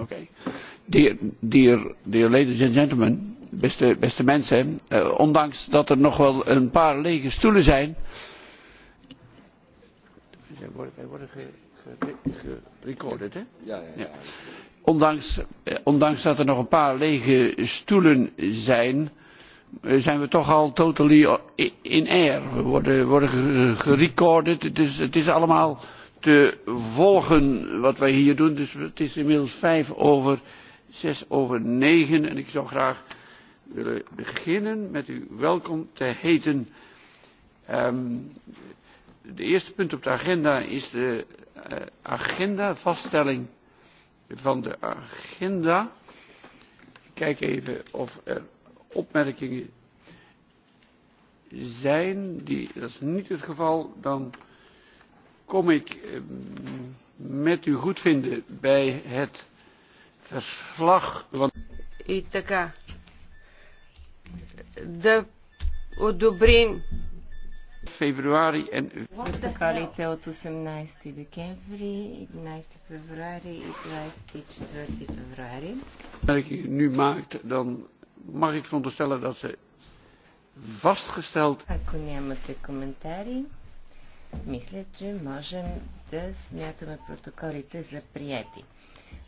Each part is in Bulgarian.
Okay. Dear, dear, dear ladies and gentlemen, beste, beste mensen, uh, ondanks dat er nog wel een paar lege stoelen zijn. Wij worden gerecorded, hè? Ja, ja, ja. Ondanks, uh, ondanks dat er nog een paar lege stoelen zijn, zijn we toch al totally in air. We worden, worden gerecorded. Het is, het is allemaal te volgen wat wij hier doen. Dus het is inmiddels vijf over zes over negen en ik zou graag willen beginnen met u welkom te heten. Um, de eerste punt op de agenda is de uh, agenda, vaststelling van de agenda. Ik kijk even of er opmerkingen zijn. Die, dat is niet het geval. Dan kom ik met uw goedvinden bij het verslag. van И така, да одобрим февруари и... Протоколите от 18 декември, 11 февруари и 24 февруари. Merking nu maakt, dan mag ik veronderstellen dat ze vastgesteld... Ако нямате коментари... Мисля, че можем да смятаме протоколите за прияти.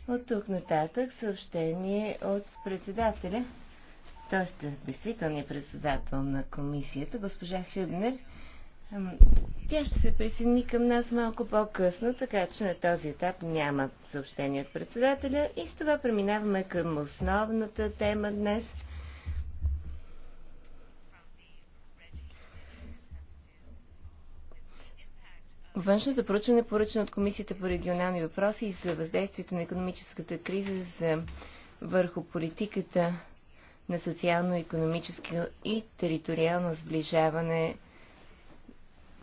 От тук нататък съобщение от председателя, т.е. действителният председател на комисията, госпожа Хюбнер. Тя ще се присъедини към нас малко по-късно, така че на този етап няма съобщение от председателя. И с това преминаваме към основната тема днес – Външното проучване, поръчано от Комисията по регионални въпроси и за въздействието на економическата криза за върху политиката на социално-економическо и териториално сближаване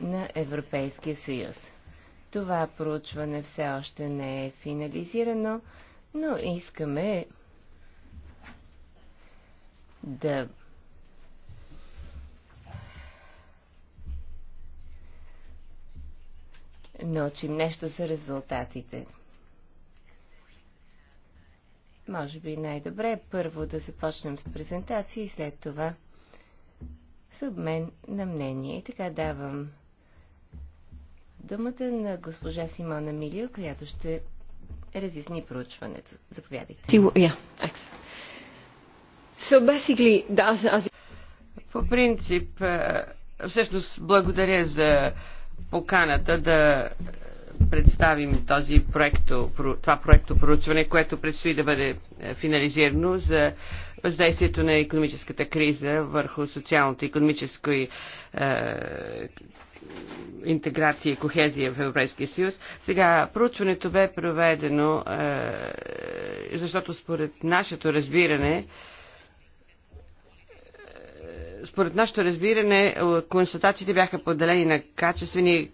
на Европейския съюз. Това проучване все още не е финализирано, но искаме да научим нещо за резултатите. Може би най-добре е първо да започнем с презентация и след това с обмен на мнение. И така давам думата на госпожа Симона Милио, която ще разясни проучването. Заповядайте. По принцип, е, всъщност благодаря за поканата да представим този проекто, това проекто проучване, което предстои да бъде е, финализирано за въздействието на економическата криза върху социалното, економическо и е, интеграция и кохезия в Европейския съюз. Сега, проучването бе проведено, е, защото според нашето разбиране, е, според нашето разбиране, е, констатациите бяха поделени на качествени и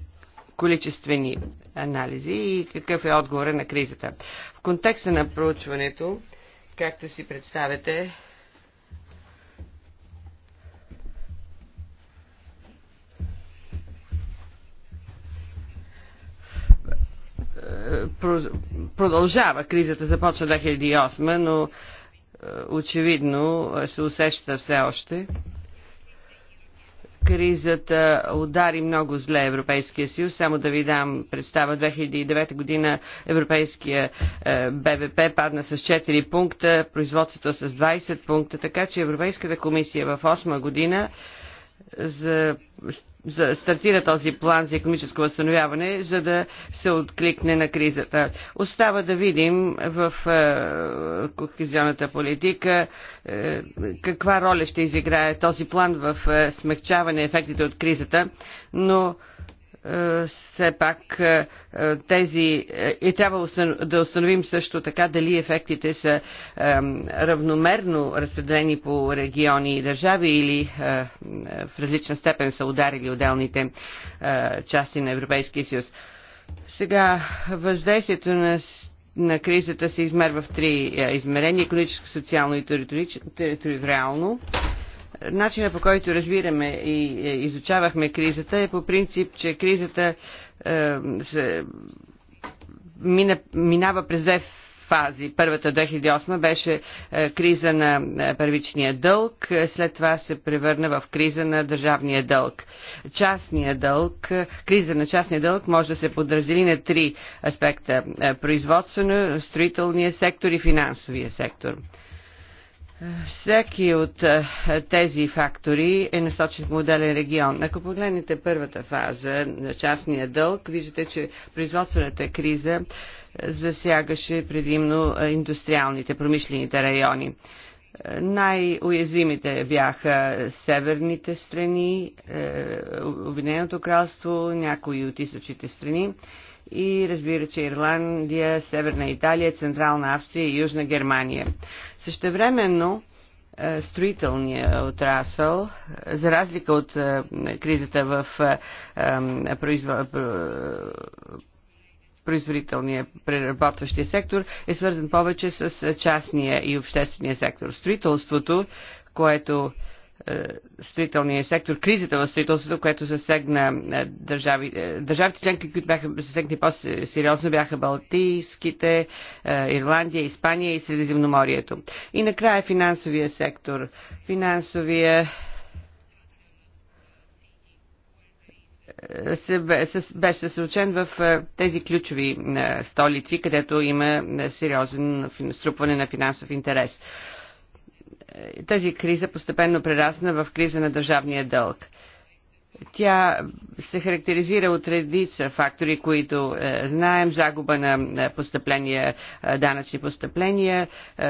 количествени анализи и какъв е отговора на кризата. В контекста на проучването, както си представяте, продължава кризата, започва 2008, но е, очевидно е, се усеща все още кризата удари много зле Европейския съюз. Само да ви дам представа, 2009 година Европейския е, БВП падна с 4 пункта, производството с 20 пункта, така че Европейската комисия в 8 година за, за стартира този план за економическо възстановяване, за да се откликне на кризата. Остава да видим в кокезионната кохезионната политика е, каква роля ще изиграе този план в е, смягчаване ефектите от кризата, но е, все пак е, е, тези е, и трябва да установим също така дали ефектите са равномерно разпределени по региони и държави или в различна степен са ударили отделните части на Европейския съюз. Сега въздействието на на кризата се измерва в три измерения – економическо, социално и териториално. Начина по който разбираме и е, изучавахме кризата е по принцип, че кризата е, се, мина, минава през две фази. Първата 2008 беше е, криза на е, първичния дълг, е, след това се превърна в криза на държавния дълг. Частния дълг, криза на частния дълг може да се подраздели на три аспекта. Производствено, строителния сектор и финансовия сектор. Всеки от тези фактори е насочен в моделен регион. Ако погледнете първата фаза на частния дълг, виждате, че производствената криза засягаше предимно индустриалните, промишлените райони. Най-уязвимите бяха северните страни, Обединеното кралство, някои от източните страни и разбира, че Ирландия, Северна Италия, Централна Австрия и Южна Германия. Същевременно е, строителния отрасъл, е, за разлика от е, кризата в производителния преработващия сектор, е свързан повече с частния и обществения сектор. Строителството, което е, строителния сектор, кризата в строителството, което засегна е, държави, е, държавите членки, които бяха засегнати по-сериозно, бяха Балтийските, Ирландия, Испания и Средиземноморието. И накрая финансовия сектор. Финансовия беше съсредоточен в тези ключови столици, където има сериозен струпване на финансов интерес тази криза постепенно прерасна в криза на държавния дълг. Тя се характеризира от редица фактори, които е, знаем. Загуба на постъпления, е, данъчни постъпления, е,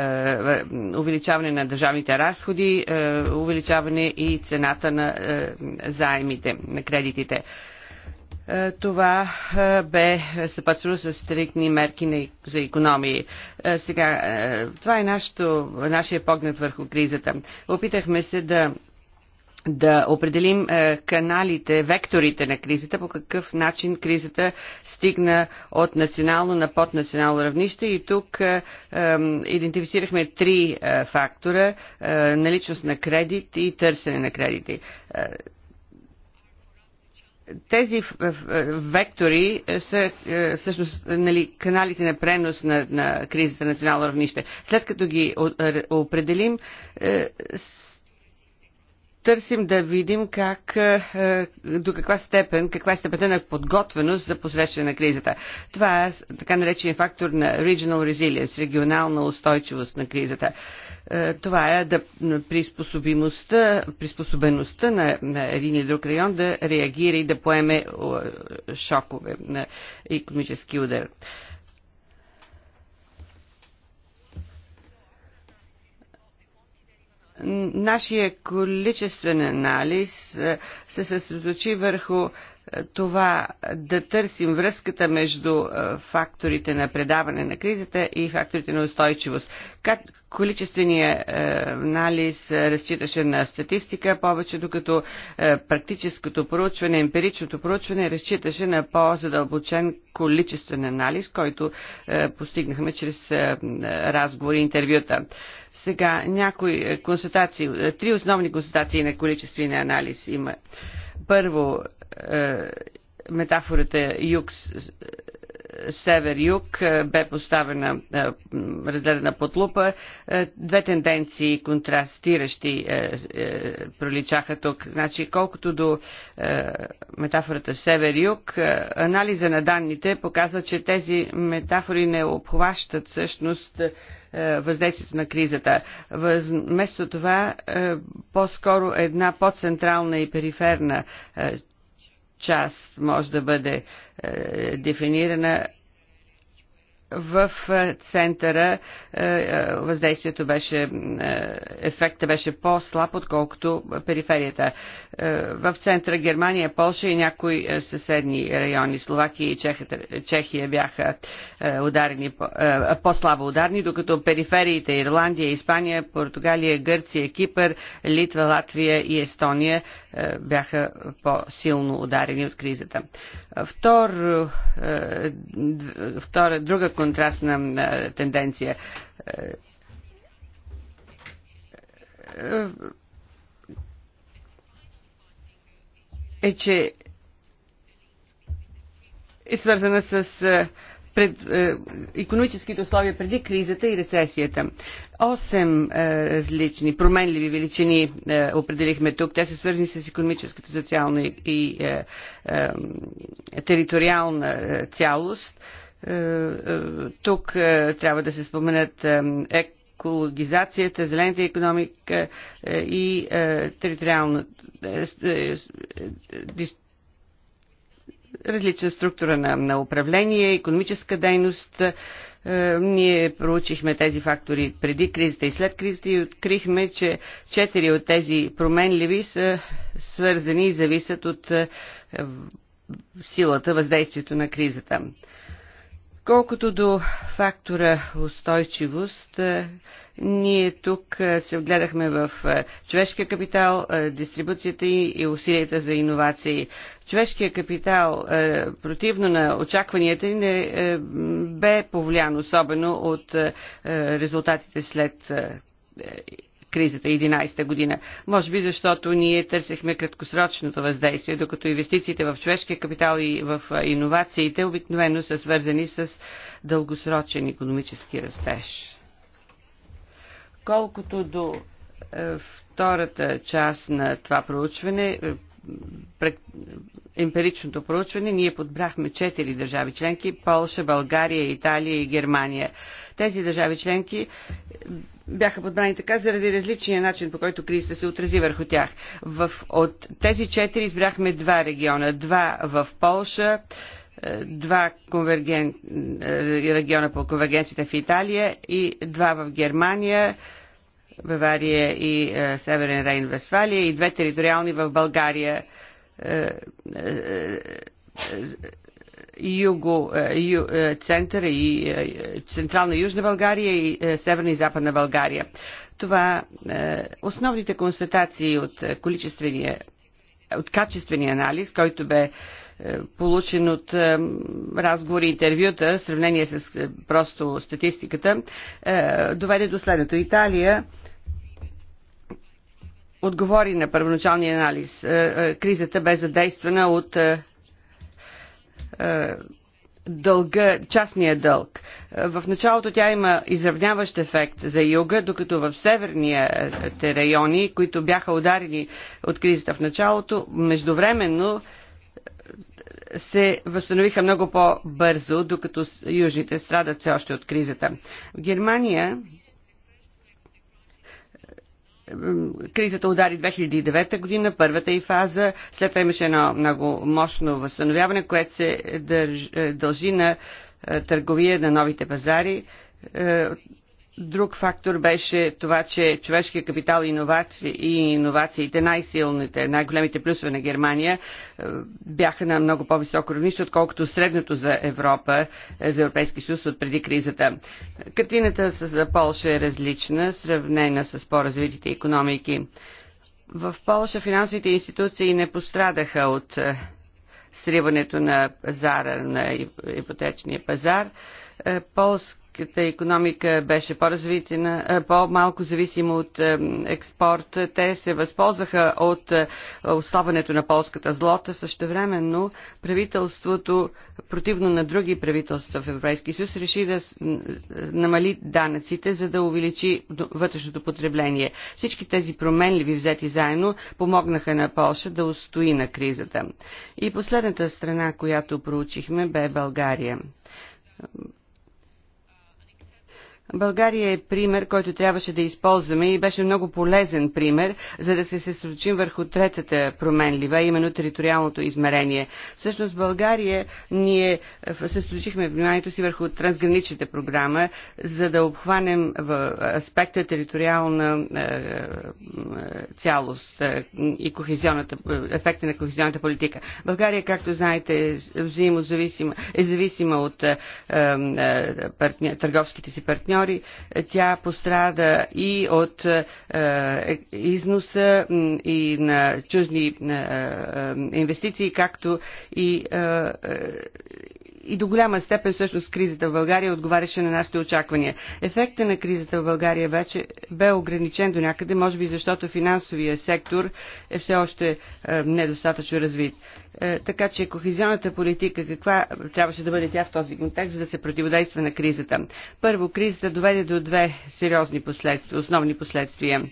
увеличаване на държавните разходи, е, увеличаване и цената на е, заемите, на кредитите. Е, това бе съпътствано с стрикни мерки за економии. Сега, това е, е, е, е нашото, нашия погнат върху кризата. Опитахме се да да определим каналите, векторите на кризата, по какъв начин кризата стигна от национално на поднационално равнище. И тук е, идентифицирахме три фактора е, наличност на кредит и търсене на кредити тези вектори са е, всъщност нали, каналите на пренос на, на кризата на национално равнище. След като ги е, определим, е, търсим да видим как, е, е, до каква степен, каква е степента на подготвеност за посрещане на кризата. Това е така наречен фактор на regional resilience, регионална устойчивост на кризата. Е, това е да приспособимостта, приспособеността на, на един или друг район да реагира и да поеме шокове на економически удар. Нашия количествен анализ е, се съсредоточи върху това да търсим връзката между е, факторите на предаване на кризата и факторите на устойчивост. Как количествения е, анализ разчиташе на статистика повече, докато е, практическото проучване, емпиричното проучване разчиташе на по-задълбочен количествен анализ, който постигнахме чрез разговори и интервюта. Сега някои констатации, три основни констатации на количествения анализ има. Първо, е, метафората юг е, север-юг е, бе поставена, разгледана под лупа. Две тенденции контрастиращи проличаха тук. Значи, колкото до метафората север-юг, анализа на данните показва, че тези метафори не обхващат всъщност въздействието на кризата. Вместо това, по-скоро една по-централна и периферна част може да бъде е, дефинирана в е, центъра е, е, въздействието беше, ефекта беше по-слаб, отколкото периферията. В центъра Германия, Полша и някои съседни райони, Словакия и Чехия бяха ударени, по-слабо ударни, докато перифериите Ирландия, Испания, Португалия, Гърция, Кипър, Литва, Латвия и Естония бяха по-силно ударени от кризата. Втор, втора, друга контрастна тенденция е, е, е, е, че е свързана с пред, е, економическите условия преди кризата и рецесията. Осем е, различни променливи величини е, определихме тук. Те са свързани с економическата, социална и е, е, териториална цялост. Е, е, е, тук е, трябва да се споменат екологизацията, зелената економика и териториална различна структура на, на управление, економическа дейност. Ние проучихме тези фактори преди кризата и след кризата и открихме, че четири от тези променливи са свързани и зависят от силата, въздействието на кризата. Колкото до фактора устойчивост, е, ние тук е, се вгледахме в е, човешкия капитал, дистрибуцията и усилията за иновации. Човешкия капитал, противно на очакванията ни, не бе повлиян особено от резултатите след кризата 11-та година. Може би защото ние търсехме краткосрочното въздействие, докато инвестициите в човешкия капитал и в иновациите обикновено са свързани с дългосрочен економически растеж. Колкото до е, втората част на това проучване, е, емпиричното проучване, ние подбрахме четири държави членки – Полша, България, Италия и Германия – тези държави членки бяха подбрани така заради различния начин, по който кризата се отрази върху тях. В, от тези четири избрахме два региона. Два в Полша, е, два конверген... Е, региона по конвергенцията в Италия и два в Германия, Бавария и е, Северен Рейн, Вестфалия и две териториални в България. Е, е, е юго, е, ю, е, център и е, Централна и Южна България и Северна и Западна България. Това основните констатации от количествения, от качествения анализ, който бе получен от разговори и интервюта, в сравнение с просто статистиката, доведе до следното. Италия отговори на първоначалния анализ. Кризата бе задействана от е, дълга, частния дълг. Е, в началото тя има изравняващ ефект за юга, докато в северните е, райони, които бяха ударени от кризата в началото, междувременно се възстановиха много по-бързо, докато южните страдат все още от кризата. В Германия кризата удари 2009 година, първата и фаза. След това имаше едно много мощно възстановяване, което се е, дължи на е, търговия на новите пазари. Е, Друг фактор беше това, че човешкият капитал и, и иновациите, най-силните, най-големите плюсове на Германия, е, бяха на много по-високо равнище, отколкото средното за Европа, е, за Европейски съюз от преди кризата. Картината за Полша е различна, сравнена с по-развитите економики. В Полша финансовите институции не пострадаха от е, сриването на пазара на ипотечния пазар. Е, полската економика беше по-развитена, е, по-малко зависима от е, експорт. Те се възползваха от ослабването на полската злота. Същевременно правителството, противно на други правителства в Европейския съюз, реши да намали данъците, за да увеличи вътрешното потребление. Всички тези променливи взети заедно помогнаха на Полша да устои на кризата. И последната страна, която проучихме, бе България. България е пример, който трябваше да използваме и беше много полезен пример, за да се съсредоточим върху третата променлива, именно териториалното измерение. Всъщност България ние съсредоточихме вниманието си върху трансграничната програма, за да обхванем в аспекта териториална е, е, цялост е, и ефекта на кохезионната политика. България, както знаете, е взаимозависима, е зависима от партньор, търговските си партньори, партньори. Тя пострада и от е, е износа и на чужни е, е, инвестиции, както и е, е и до голяма степен всъщност кризата в България отговаряше на нашите очаквания. Ефекта на кризата в България вече бе ограничен до някъде, може би защото финансовия сектор е все още е, недостатъчно развит. Е, така че кохезионната политика, каква трябваше да бъде тя в този контекст, за да се противодейства на кризата? Първо, кризата доведе до две сериозни последствия, основни последствия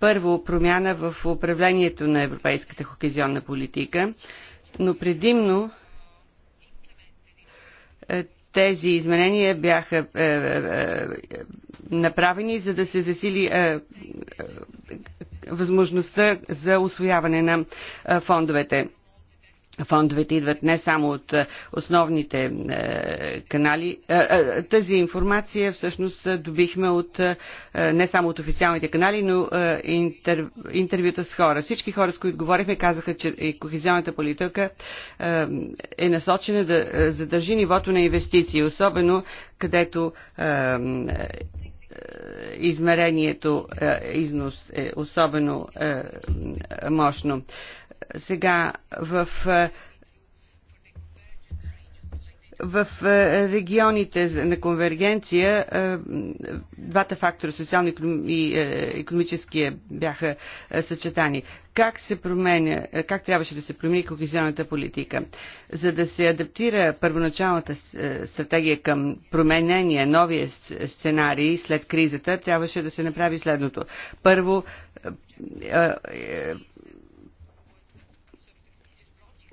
първо промяна в управлението на европейската кохезионна политика, но предимно е, тези изменения бяха е, е, направени, за да се засили е, е възможността за освояване на е, фондовете фондовете идват не само от е, основните е, канали. Е, тази информация всъщност добихме от, не само от официалните канали, но интер, интервюта с хора. Всички хора, с които говорихме, казаха, че и кохезионната политика е насочена да задържи нивото на инвестиции, особено където измерението износ е особено мощно сега в в регионите на конвергенция е, двата фактора, социално и е, економическия, бяха е, съчетани. Как се променя, как трябваше да се промени кохезионната политика? За да се адаптира първоначалната стратегия към променение, новия сценарий след кризата, трябваше да се направи следното. Първо,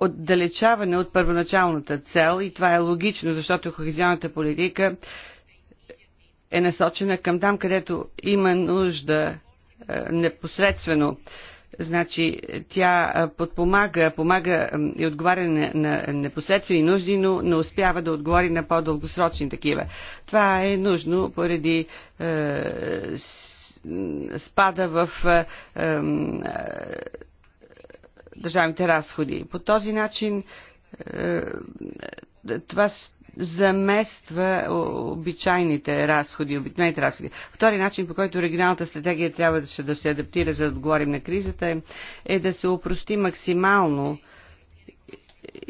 отдалечаване от първоначалната цел и това е логично, защото кохезионната политика е насочена към там, където има нужда е, непосредствено. Значи тя е, подпомага, помага и отговаря на, на непосредствени нужди, но не успява да отговори на по-дългосрочни такива. Това е нужно поради е, спада в е, е държавните разходи. По този начин е, това замества обичайните разходи, обикновените разходи. Втори начин, по който оригиналната стратегия трябва да се, адаптира, за да отговорим на кризата, е, е да се упрости максимално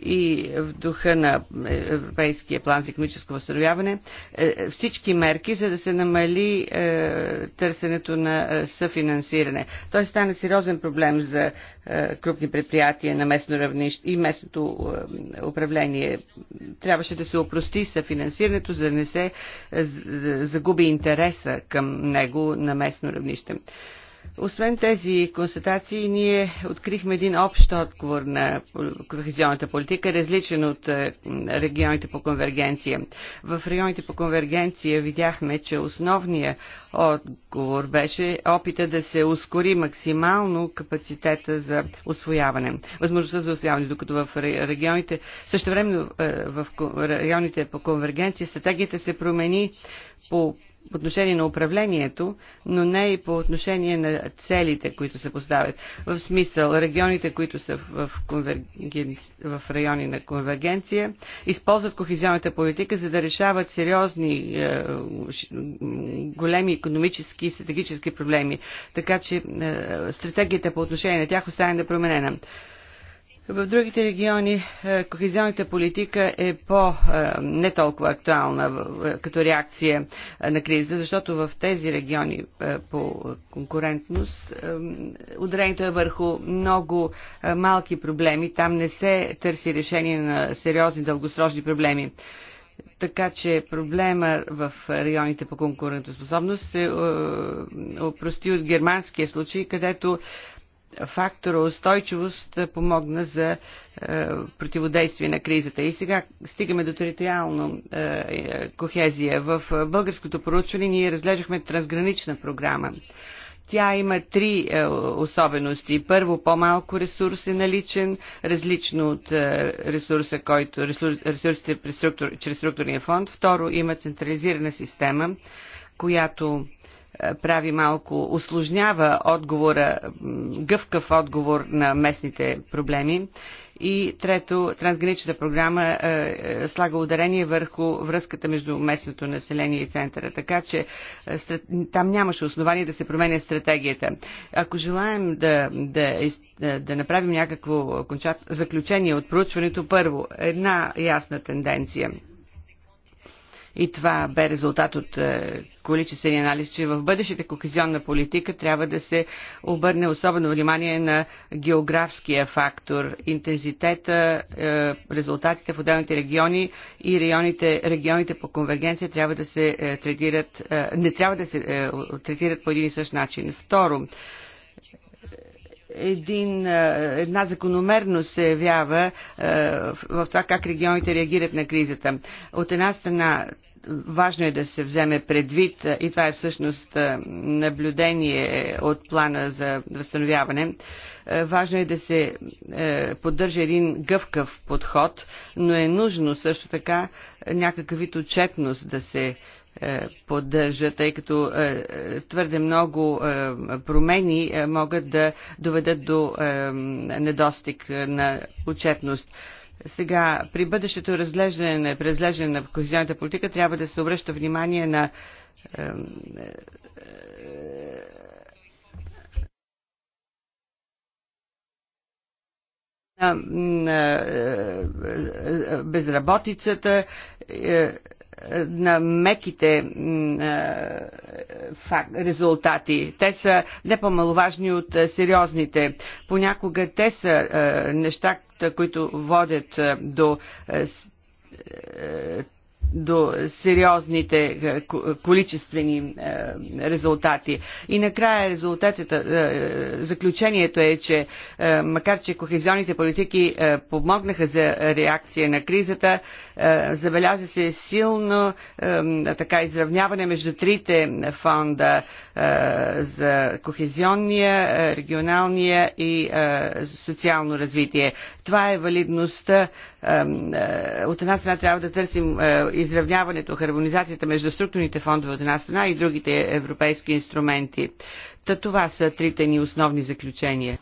и в духа на Европейския план за економическо възстановяване е, всички мерки, за да се намали е, търсенето на е, съфинансиране. Той стана сериозен проблем за крупни предприятия на местно равнище и местното управление. Трябваше да се опрости съфинансирането, за да не се загуби интереса към него на местно равнище. Освен тези констатации, ние открихме един общ отговор на кохезионната политика, различен от е, регионите по конвергенция. В регионите по конвергенция видяхме, че основният отговор беше опита да се ускори максимално капацитета за освояване, възможността за освояване, докато в регионите, също време е, в районите по конвергенция стратегията се промени по по отношение на управлението, но не и по отношение на целите, които се поставят. В смисъл, регионите, които са в, конверген... в райони на конвергенция, използват кохезионната политика, за да решават сериозни, е, големи економически и стратегически проблеми. Така че е, стратегията по отношение на тях остане непроменена. Да в другите региони е, кохезионната политика е по е, не толкова актуална е, като реакция на криза, защото в тези региони по конкурентност ударението е върху много малки проблеми. Там не се търси решение на сериозни дългосрочни проблеми. Така че проблема в районите по конкурентоспособност се опрости от германския случай, където фактора устойчивост помогна за е, противодействие на кризата. И сега стигаме до териториално е, кохезия. В е, българското проучване ние разглеждахме трансгранична програма. Тя има три е, особености. Първо, по-малко ресурс е наличен, различно от е, ресурса, който, ресурс, ресурсите структур, чрез структурния фонд. Второ, има централизирана система, която е, прави малко, осложнява отговора, гъвкав отговор на местните проблеми. И трето, трансграничната програма е, е, слага ударение върху връзката между местното население и центъра. Така че е, там нямаше основание да се променя стратегията. Ако желаем да, да, е, да направим някакво заключение от проучването, първо, една ясна тенденция – и това бе резултат от е, количествения анализ, че в бъдещата кохезионна политика трябва да се обърне особено внимание на географския фактор, интензитета, е, резултатите в отделните региони и районите, регионите по конвергенция трябва да се е, третират, не трябва да се третират по един и същ начин. Второ, един, една закономерност се явява е, в това как регионите реагират на кризата. От една страна важно е да се вземе предвид и това е всъщност наблюдение от плана за възстановяване. Важно е да се поддържа един гъвкав подход, но е нужно също така някакъв вид отчетност да се поддържа, тъй като твърде много промени могат да доведат до недостиг на отчетност. Сега, при бъдещето разглеждане, разглеждане на кохезионната политика трябва да се обръща внимание на е, на, на е, е, безработицата, на меките резултати. Те са не по-маловажни от сериозните. Понякога те са нещата, които водят до до сериозните количествени резултати. И накрая резултатите, заключението е, че макар че кохезионните политики помогнаха за реакция на кризата, е, забеляза се силно е, така изравняване между трите фонда е, за кохезионния, регионалния и социално развитие. Това е валидността. От една страна трябва да търсим изравняването, хармонизацията между структурните фондове от една страна и другите европейски инструменти. Та това са трите ни основни заключения.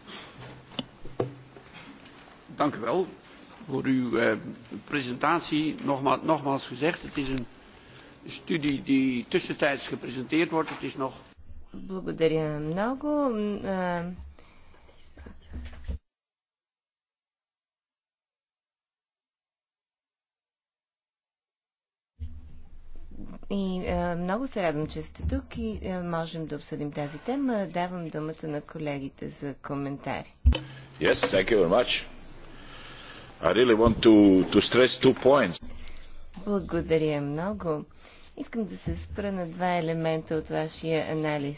Dank u wel voor uw presentatie. Nogmaals gezegd, het is een studie die tussentijds gepresenteerd wordt. Het is nog... Благодаря много. И а, много се радвам, че сте тук и а, можем да обсъдим тази тема. Давам думата на колегите за коментари. Yes, thank you very much. I really want to, to stress two points. Благодаря много. Искам да се спра на два елемента от вашия анализ.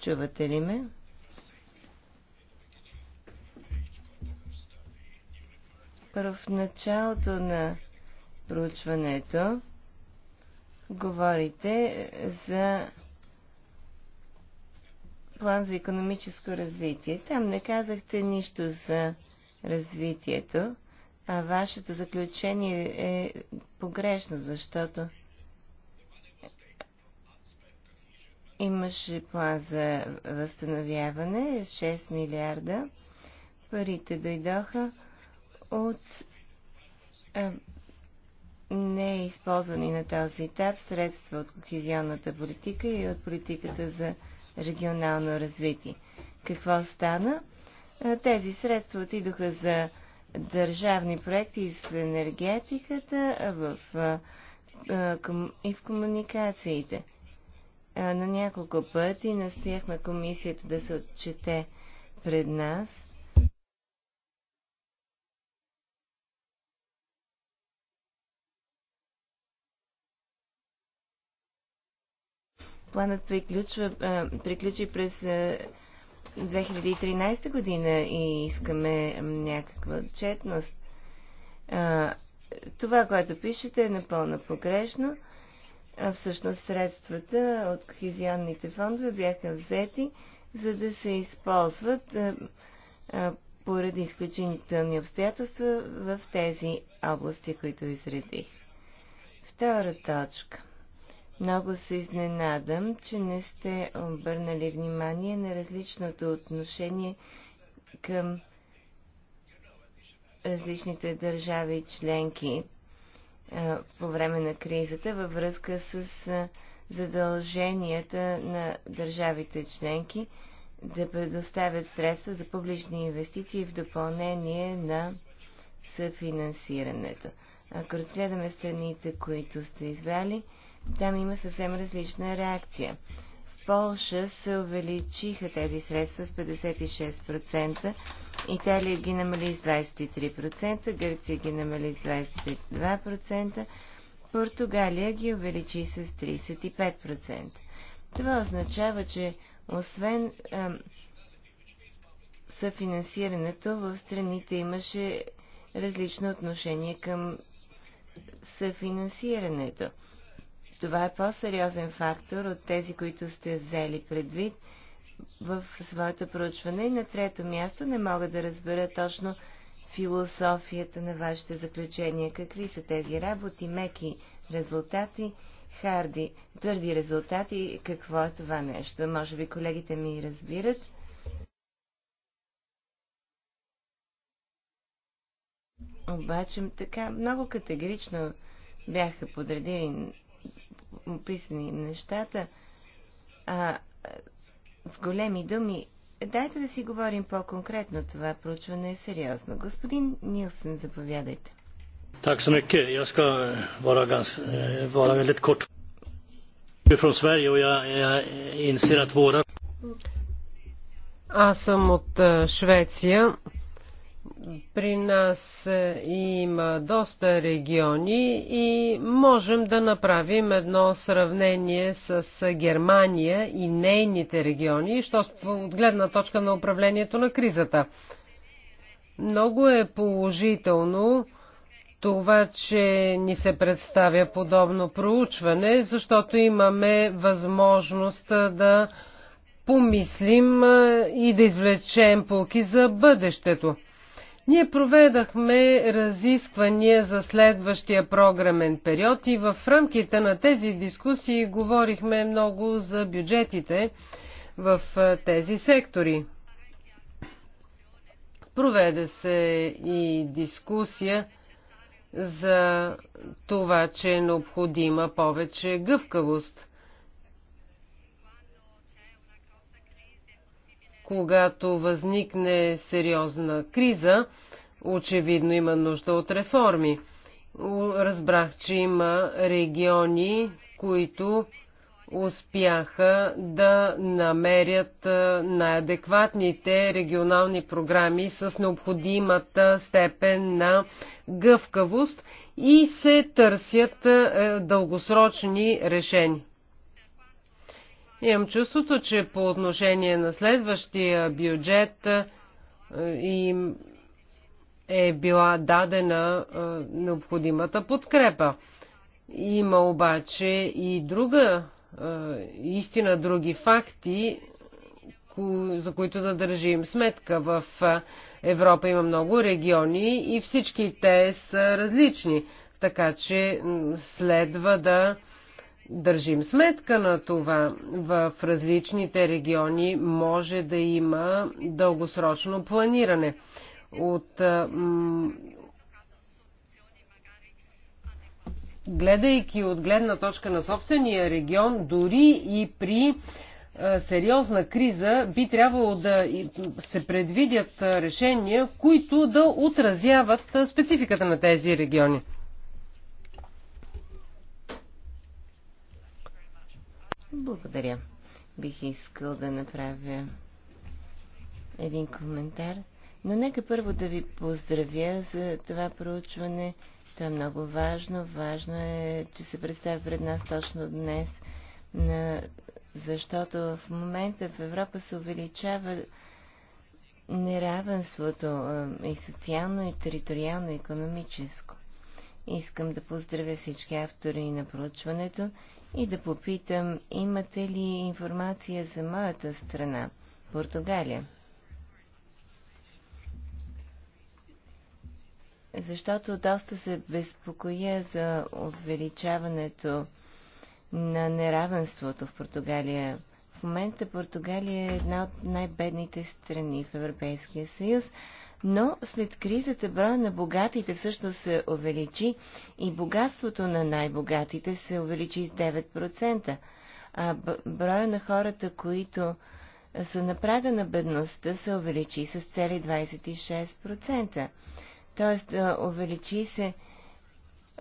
Чувате ли ме? Първо в началото на проучването говорите за план за економическо развитие. Там не казахте нищо за развитието, а вашето заключение е погрешно, защото имаше план за възстановяване 6 милиарда. Парите дойдоха от а, не използвани на този етап средства от кохезионната политика и от политиката за регионално развитие. Какво стана? Е, тези средства отидоха за държавни проекти в енергетиката в, и в комуникациите. Е, на няколко пъти настояхме комисията да се отчете пред нас. Планът приключва, е, приключи през 2013 година и искаме някаква отчетност. А, това, което пишете, е напълно погрешно. А, всъщност средствата от кохезионните фондове бяха взети, за да се използват а, а, поради изключителни обстоятелства в тези области, които изредих. Втора точка. Много се изненадам, че не сте обърнали внимание на различното отношение към различните държави и членки по време на кризата във връзка с задълженията на държавите членки да предоставят средства за публични инвестиции в допълнение на съфинансирането. Ако разгледаме страните, които сте извели, там има съвсем различна реакция. В Полша се увеличиха тези средства с 56%, Италия ги намали с 23%, Гърция ги намали с 22%, Португалия ги увеличи с 35%. Това означава, че освен съфинансирането, в страните имаше различно отношение към съфинансирането. Това е по-сериозен фактор от тези, които сте взели предвид в своето проучване. И на трето място не мога да разбера точно философията на вашите заключения. Какви са тези работи, меки резултати, харди, твърди резултати, какво е това нещо? Може би колегите ми разбират. Обаче така много категорично бяха подредени описани нещата а, с големи думи. Дайте да си говорим по-конкретно. Това проучване е сериозно. Господин Нилсен, заповядайте. Так så mycket. Я ска eh, vara, ганс... Eh, vara väldigt kort. Jag är från Sverige och jag, jag Аз съм от eh, Швеция при нас е, има доста региони и можем да направим едно сравнение с Германия и нейните региони, що от гледна точка на управлението на кризата. Много е положително това, че ни се представя подобно проучване, защото имаме възможност е, да помислим е, и да извлечем полки за бъдещето. Ние проведахме разисквания за следващия програмен период и в рамките на тези дискусии говорихме много за бюджетите в е, тези сектори. Проведе се и дискусия за това, че е необходима повече гъвкавост. когато възникне сериозна криза, очевидно има нужда от реформи. Разбрах, че има региони, които успяха да намерят най-адекватните регионални програми с необходимата степен на гъвкавост и се търсят дългосрочни решения. Имам чувството, че по отношение на следващия бюджет им е била дадена необходимата подкрепа. Има обаче и друга истина, други факти, за които да държим сметка. В Европа има много региони и всички те са различни, така че следва да държим сметка на това. В различните региони може да има дългосрочно планиране. От, гледайки от гледна точка на собствения регион, дори и при сериозна криза, би трябвало да се предвидят решения, които да отразяват спецификата на тези региони. Благодаря. Бих искал да направя един коментар. Но нека първо да ви поздравя за това проучване. То е много важно. Важно е, че се представя пред нас точно днес, на... защото в момента в Европа се увеличава неравенството и социално, и териториално, и економическо. Искам да поздравя всички автори на проучването и да попитам, имате ли информация за моята страна, Португалия? Защото доста се безпокоя за увеличаването на неравенството в Португалия. В момента Португалия е една от най-бедните страни в Европейския съюз, но след кризата броя на богатите всъщност се увеличи и богатството на най-богатите се увеличи с 9%, а броя на хората, които са на прага на бедността, се увеличи с цели 26%. Тоест, увеличи се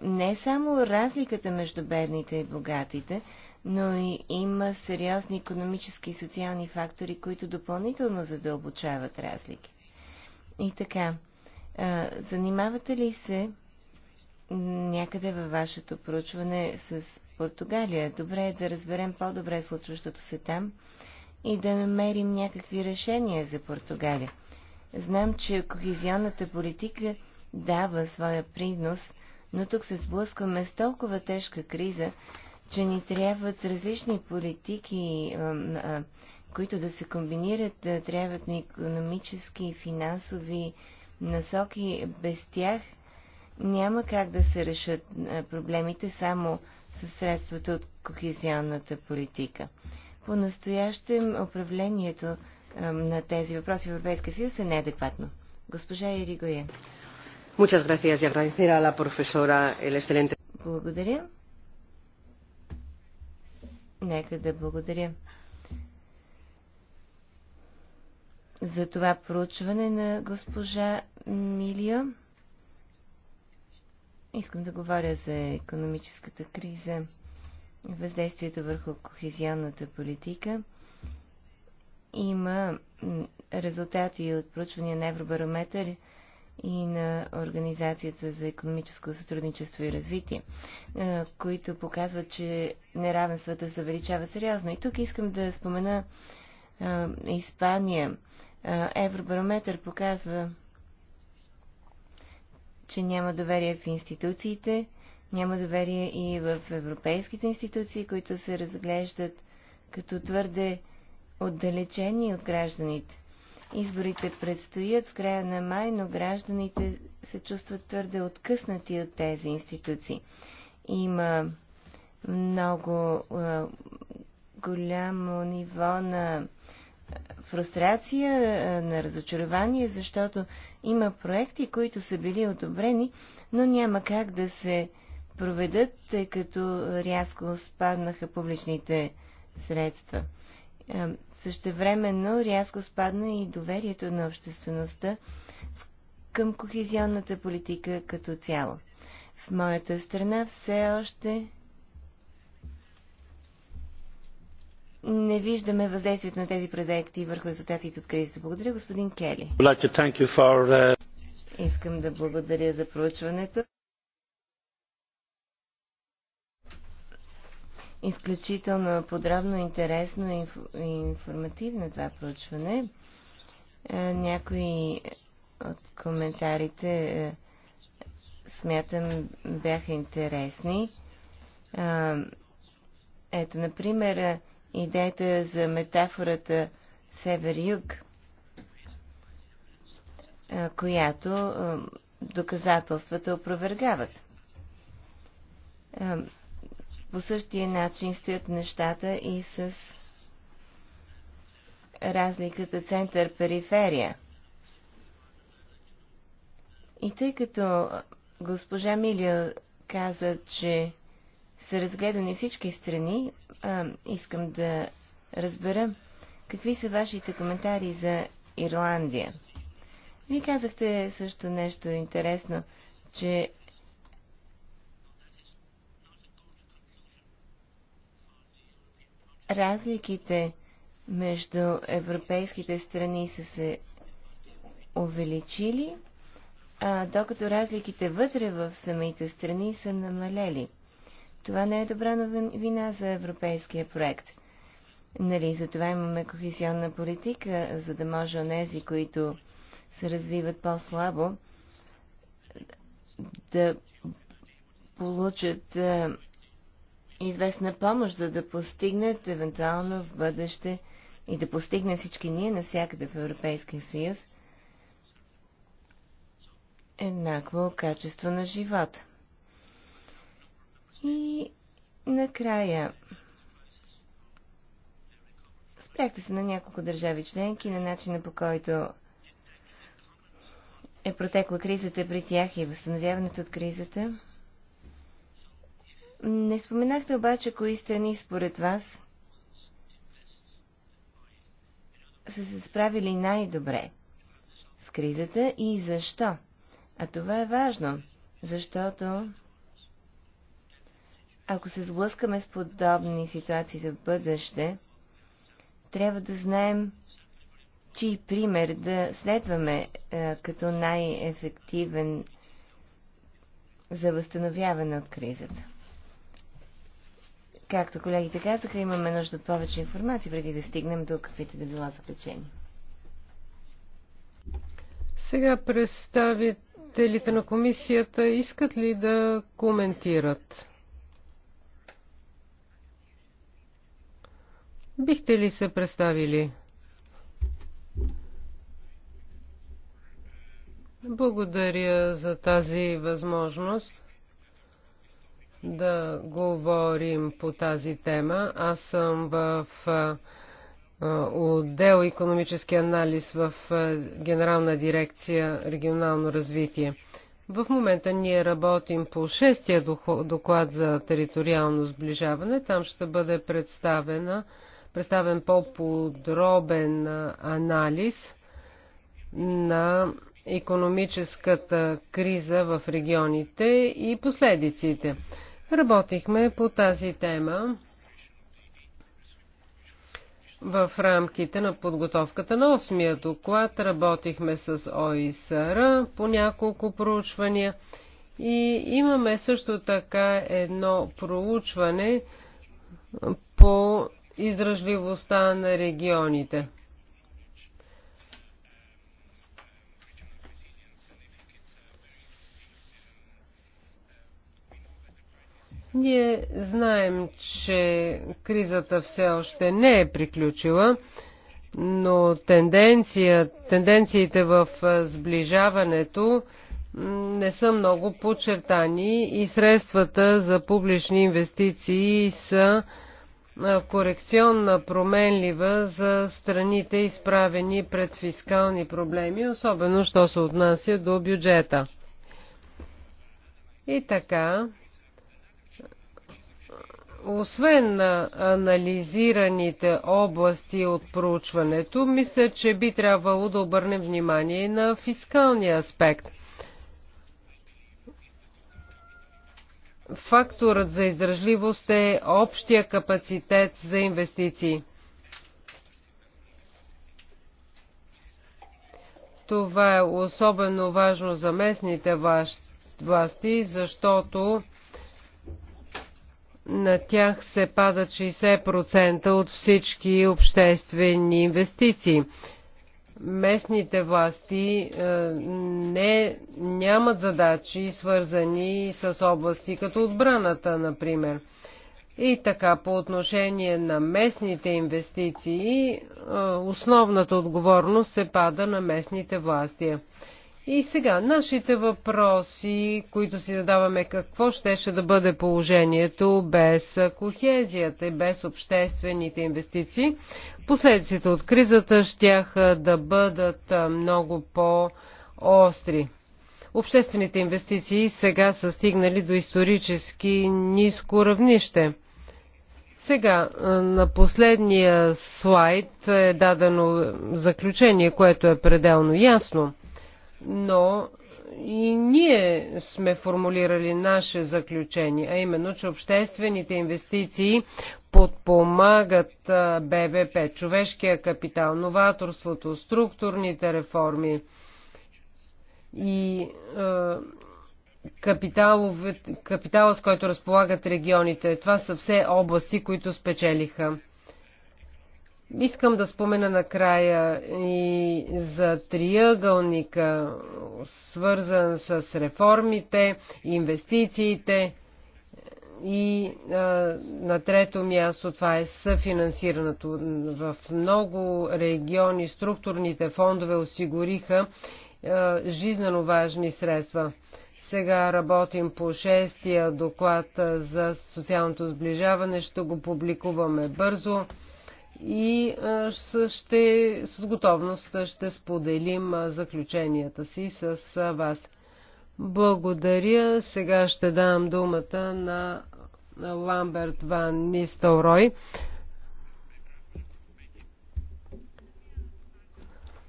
не само разликата между бедните и богатите, но и има сериозни економически и социални фактори, които допълнително задълбочават разликите. И така, а, занимавате ли се някъде във вашето проучване с Португалия? Добре е да разберем по-добре случващото се там и да намерим някакви решения за Португалия. Знам, че кохезионната политика дава своя принос, но тук се сблъскваме с толкова тежка криза, че ни трябват различни политики, които да се комбинират, трябват на економически и финансови насоки. Без тях няма как да се решат проблемите само с средствата от кохезионната политика. По настоящем управлението на тези въпроси в Европейския съюз е неадекватно. Госпожа Иригоя. Muchas gracias y agradecer a la profesora el excelente. Благодаря. Нека да благодаря за това проучване на госпожа Милия Искам да говоря за економическата криза, въздействието върху кохезионната политика. Има резултати от проучвания на Евробарометър и на Организацията за економическо сътрудничество и развитие, които показват, че неравенствата се увеличават сериозно. И тук искам да спомена Испания Евробарометър показва, че няма доверие в институциите, няма доверие и в европейските институции, които се разглеждат като твърде отдалечени от гражданите. Изборите предстоят в края на май, но гражданите се чувстват твърде откъснати от тези институции. Има много е, голямо ниво на фрустрация, на разочарование, защото има проекти, които са били одобрени, но няма как да се проведат, тъй като рязко спаднаха публичните средства. Същевременно рязко спадна и доверието на обществеността към кохезионната политика като цяло. В моята страна все още не виждаме въздействието на тези проекти върху резултатите от кризата. Благодаря, господин Кели. Uh, Искам да благодаря за проучването. Изключително подробно, интересно и информативно това проучване. Е, някои от коментарите е, смятам бяха интересни. Е, ето, например, идеята за метафората север-юг, която доказателствата опровергават. По същия начин стоят нещата и с разликата център-периферия. И тъй като госпожа Милио каза, че са разгледани всички страни. А, искам да разбера какви са вашите коментари за Ирландия. Вие казахте също нещо интересно, че разликите между европейските страни са се увеличили, а докато разликите вътре в самите страни са намалели. Това не е добра новина за европейския проект. Нали, за това имаме кохесионна политика, за да може онези, които се развиват по-слабо, да получат е, известна помощ, за да постигнат евентуално в бъдеще и да постигнем всички ние навсякъде в Европейския съюз еднакво качество на живота. И накрая спряхте се на няколко държави членки, на начина по който е протекла кризата при тях и възстановяването от кризата. Не споменахте обаче кои страни според вас са се справили най-добре с кризата и защо. А това е важно, защото ако се сблъскаме с подобни ситуации за бъдеще, трябва да знаем, чий пример да следваме а, е, като най-ефективен за възстановяване от кризата. Както колегите казаха, имаме нужда от повече информация, преди да стигнем до каквито да било заключения. Сега представителите на комисията искат ли да коментират? Бихте ли се представили? Благодаря за тази възможност да говорим по тази тема. Аз съм в отдел економически анализ в Генерална дирекция регионално развитие. В момента ние работим по шестия доклад за териториално сближаване. Там ще бъде представена представен по-подробен анализ на економическата криза в регионите и последиците. Работихме по тази тема в рамките на подготовката на осмия доклад. Работихме с ОИСР по няколко проучвания и имаме също така едно проучване по издръжливостта на регионите. Ние знаем, че кризата все още не е приключила, но тенденция, тенденциите в сближаването не са много подчертани и средствата за публични инвестиции са корекционна променлива за страните изправени пред фискални проблеми, особено що се отнася до бюджета. И така, освен на анализираните области от проучването, мисля, че би трябвало да обърнем внимание и на фискалния аспект – Факторът за издържливост е общия капацитет за инвестиции. Това е особено важно за местните власти, защото на тях се пада 60% от всички обществени инвестиции местните власти е, не, нямат задачи, свързани с области като отбраната, например. И така, по отношение на местните инвестиции, е, основната отговорност се пада на местните власти. И сега, нашите въпроси, които си задаваме, какво щеше да бъде положението без кохезията и без обществените инвестиции, последиците от кризата ще да бъдат много по-остри. Обществените инвестиции сега са стигнали до исторически ниско равнище. Сега, на последния слайд е дадено заключение, което е пределно ясно но и ние сме формулирали наше заключение, а именно, че обществените инвестиции подпомагат БВП, човешкия капитал, новаторството, структурните реформи и капитала, с който разполагат регионите. Това са все области, които спечелиха. Искам да спомена накрая и за триъгълника, свързан с реформите, инвестициите и а, на трето място това е съфинансирането. В много региони структурните фондове осигуриха а, жизненно важни средства. Сега работим по шестия доклад за социалното сближаване. Ще го публикуваме бързо и ще, с готовност ще споделим заключенията си с вас. Благодаря. Сега ще дам думата на Ламберт Ван Нистелрой.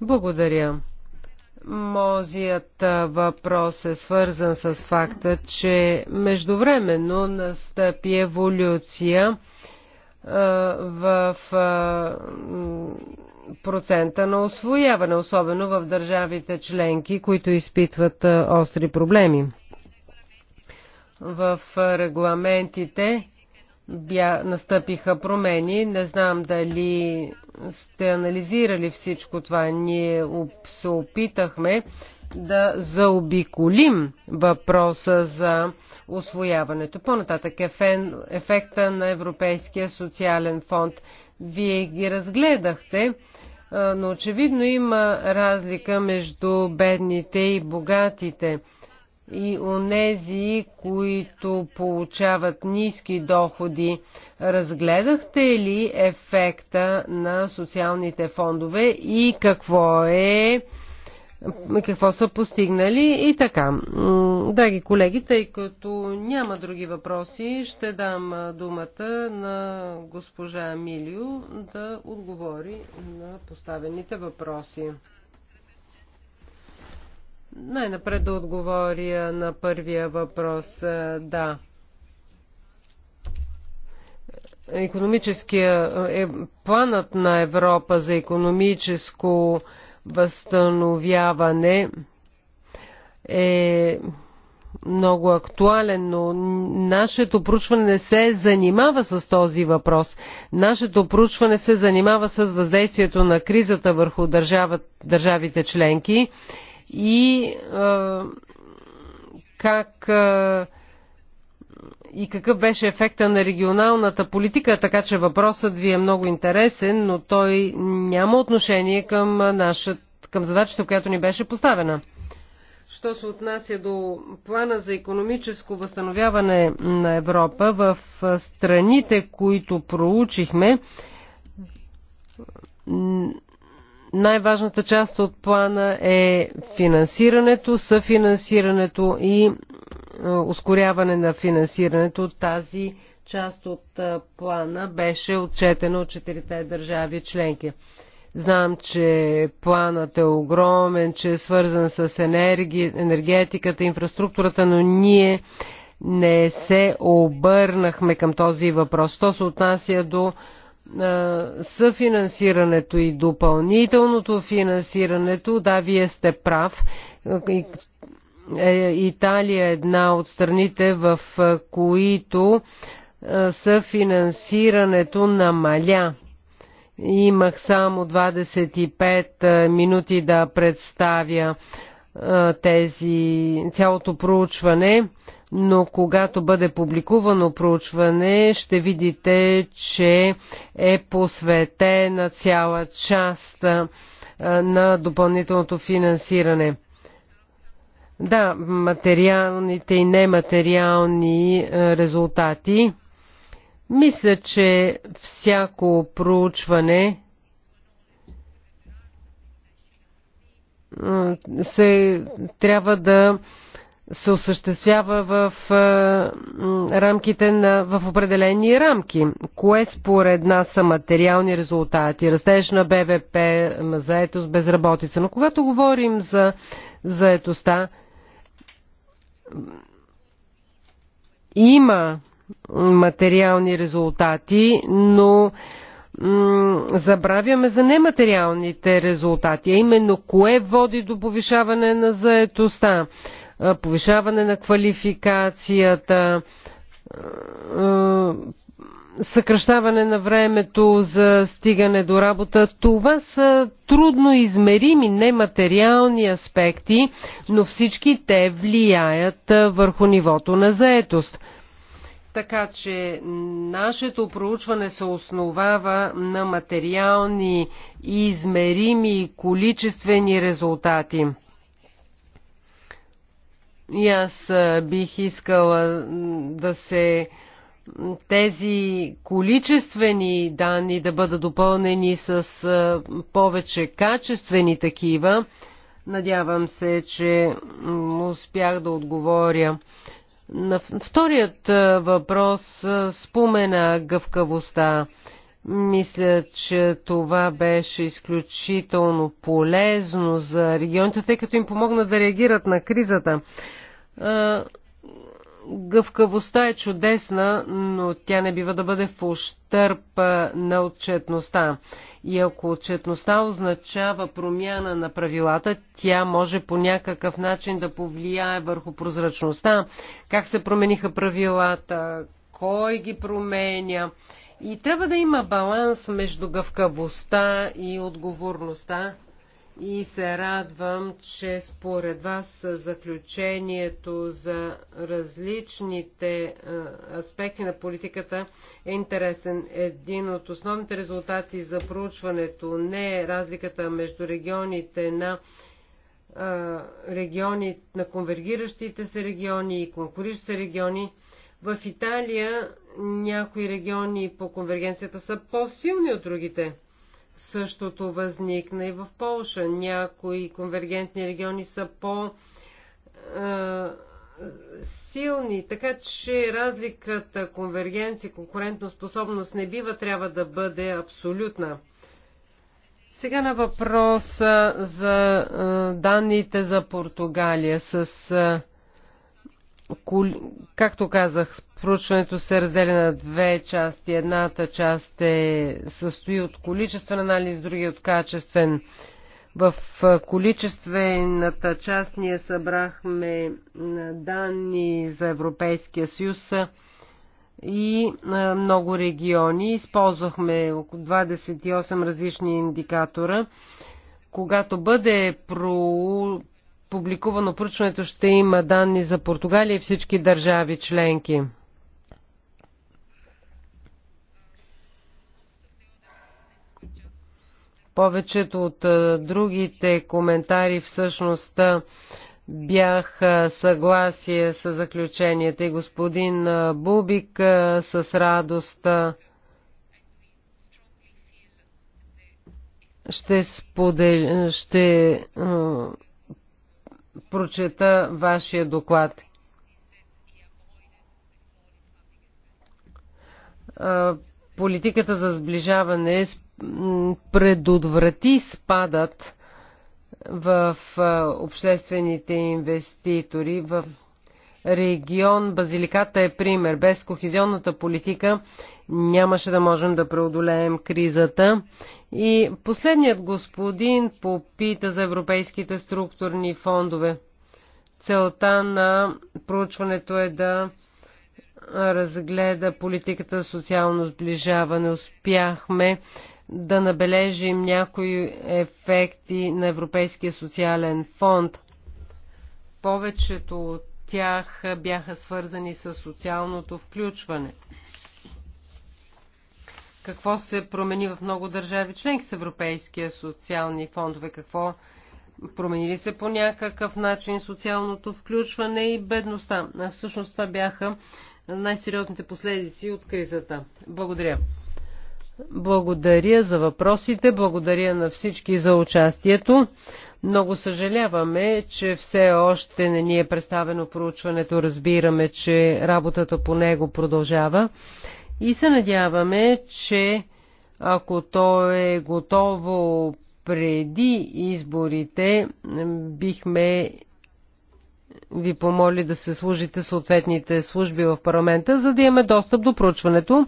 Благодаря. Мозият въпрос е свързан с факта, че междувременно настъпи еволюция в процента на освояване, особено в държавите членки, които изпитват остри проблеми. В регламентите бя, настъпиха промени. Не знам дали сте анализирали всичко това. Ние се опитахме да заобиколим въпроса за освояването. По-нататък ефен, ефекта на Европейския социален фонд. Вие ги разгледахте, но очевидно има разлика между бедните и богатите и онези, които получават ниски доходи. Разгледахте ли ефекта на социалните фондове и какво е какво са постигнали и така. Драги колеги, тъй като няма други въпроси, ще дам думата на госпожа Милио да отговори на поставените въпроси. Най-напред да отговоря на първия въпрос. Да. Економическия е, планът на Европа за економическо възстановяване е много актуален, но нашето проучване не се занимава с този въпрос. Нашето проучване се занимава с въздействието на кризата върху държава, държавите членки и е, как е, и какъв беше ефекта на регионалната политика, така че въпросът ви е много интересен, но той няма отношение към, нашът, към задачата, която ни беше поставена. Що се отнася до плана за економическо възстановяване на Европа, в страните, които проучихме, най-важната част от плана е финансирането, съфинансирането и е, ускоряване на финансирането. Тази част от е, плана беше отчетена от четирите държави членки. Знам, че планът е огромен, че е свързан с енерги, енергетиката, инфраструктурата, но ние не се обърнахме към този въпрос. Що се отнася до е, съфинансирането и допълнителното финансирането, да, вие сте прав. Е, Италия е една от страните, в е, които е, съфинансирането намаля. Имах само 25 минути да представя тези, цялото проучване, но когато бъде публикувано проучване, ще видите, че е посветена цяла част на допълнителното финансиране. Да, материалните и нематериални е, резултати. Мисля, че всяко проучване е, се трябва да се осъществява в е, рамките на, в определени рамки. Кое според нас са материални резултати? Растеж на БВП, заетост, безработица. Но когато говорим за заетостта, има материални резултати, но забравяме за нематериалните резултати, а именно кое води до повишаване на заетостта, повишаване на квалификацията, съкръщаване на времето за стигане до работа. Това са трудно измерими нематериални аспекти, но всички те влияят върху нивото на заетост. Така че нашето проучване се основава на материални и измерими количествени резултати. И аз бих искала да се тези количествени данни да бъдат допълнени с повече качествени такива. Надявам се, че успях да отговоря. На вторият въпрос спомена гъвкавостта. Мисля, че това беше изключително полезно за регионите, тъй като им помогна да реагират на кризата. Гъвкавостта е чудесна, но тя не бива да бъде в ущърп на отчетността. И ако отчетността означава промяна на правилата, тя може по някакъв начин да повлияе върху прозрачността. Как се промениха правилата, кой ги променя. И трябва да има баланс между гъвкавостта и отговорността и се радвам, че според вас заключението за различните е, аспекти на политиката е интересен. Един от основните резултати за проучването не е разликата между регионите на е, региони, на конвергиращите се региони и конкуриращи се региони. В Италия някои региони по конвергенцията са по-силни от другите Същото възникна и в Полша. Някои конвергентни региони са по- силни, така че разликата конвергенция и конкурентоспособност не бива трябва да бъде абсолютна. Сега на въпроса за данните за Португалия с както казах, проучването се разделя на две части. Едната част е, състои от количествен анализ, други от качествен. В количествената част ние събрахме данни за Европейския съюз и много региони. Използвахме около 28 различни индикатора. Когато бъде про публикувано проучването, ще има данни за Португалия и всички държави членки. Повечето от другите коментари всъщност бях съгласие с заключенията и господин Бубик с радост ще споделя, ще прочета вашия доклад. Политиката за сближаване предотврати спадът в обществените инвеститори в регион Базиликата е пример. Без кохезионната политика нямаше да можем да преодолеем кризата и последният господин попита за европейските структурни фондове. Целта на проучването е да разгледа политиката за социално сближаване. Успяхме да набележим някои ефекти на Европейския социален фонд. Повечето от тях бяха свързани с социалното включване какво се промени в много държави членки с Европейския социални фондове, какво промени ли се по някакъв начин социалното включване и бедността. Всъщност това бяха най-сериозните последици от кризата. Благодаря. Благодаря за въпросите, благодаря на всички за участието. Много съжаляваме, че все още не ни е представено проучването. Разбираме, че работата по него продължава. И се надяваме, че ако то е готово преди изборите, бихме ви помоли да се служите съответните служби в парламента, за да имаме достъп до проучването,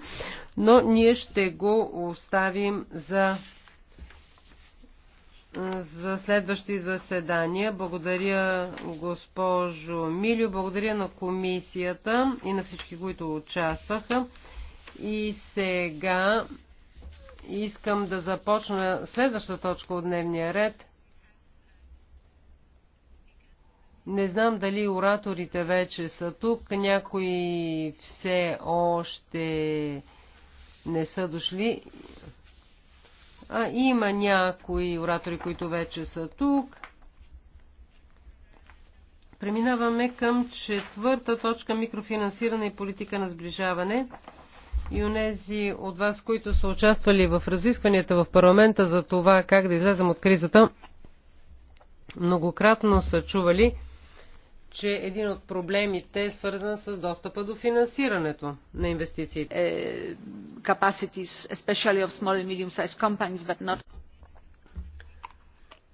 но ние ще го оставим за, за следващи заседания. Благодаря госпожо Милю, благодаря на комисията и на всички, които участваха. И сега искам да започна следваща точка от дневния ред. Не знам дали ораторите вече са тук, някои все още не са дошли. А има някои оратори, които вече са тук. Преминаваме към четвърта точка микрофинансиране и политика на сближаване и унези от вас, които са участвали в разискванията в парламента за това как да излезем от кризата, многократно са чували, че един от проблемите е свързан с достъпа до финансирането на инвестициите. Е,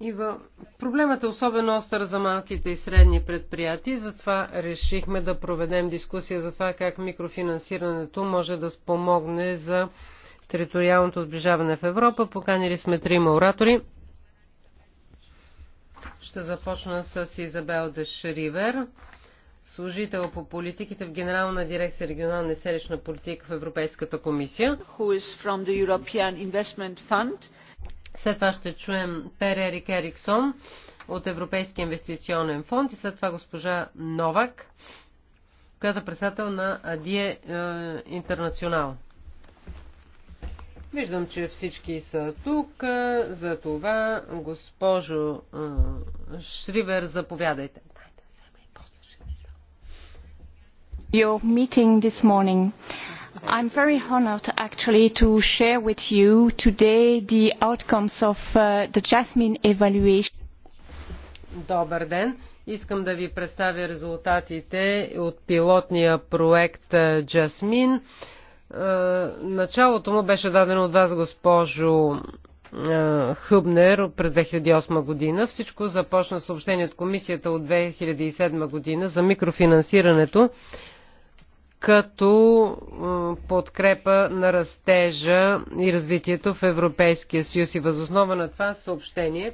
Ива, Проблемът е особено остър за малките и средни предприятия, затова решихме да проведем дискусия за това как микрофинансирането може да спомогне за териториалното сближаване в Европа. Поканили сме трима оратори. Ще започна с Изабел Дешривер, служител по политиките в Генерална дирекция регионална и селищна политика в Европейската комисия. Who is from the European Investment Fund след това ще чуем Пер Ерик Ериксон от Европейския инвестиционен фонд и след това госпожа Новак, която е председател на Адие е, Интернационал. Виждам, че всички са тук. Е, за това, госпожо е, Шривер, заповядайте. Your meeting this morning am very honoured actually to share with you today the outcomes of uh, the Jasmine evaluation. Добър ден! Искам да ви представя резултатите от пилотния проект е, Jasmine. Е, началото му беше дадено от вас, госпожо е, Хъбнер през 2008 година. Всичко започна съобщение от комисията от 2007 година за микрофинансирането като подкрепа на растежа и развитието в Европейския съюз. И възоснова на това съобщение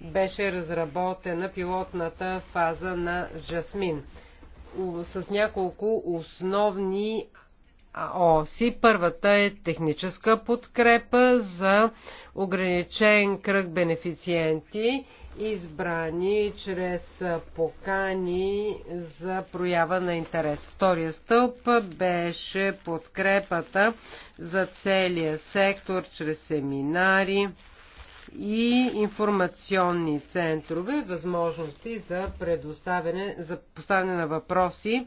беше разработена пилотната фаза на Жасмин с няколко основни оси. Първата е техническа подкрепа за ограничен кръг бенефициенти избрани чрез покани за проява на интерес. Втория стълб беше подкрепата за целия сектор чрез семинари и информационни центрове, възможности за предоставяне, за поставяне на въпроси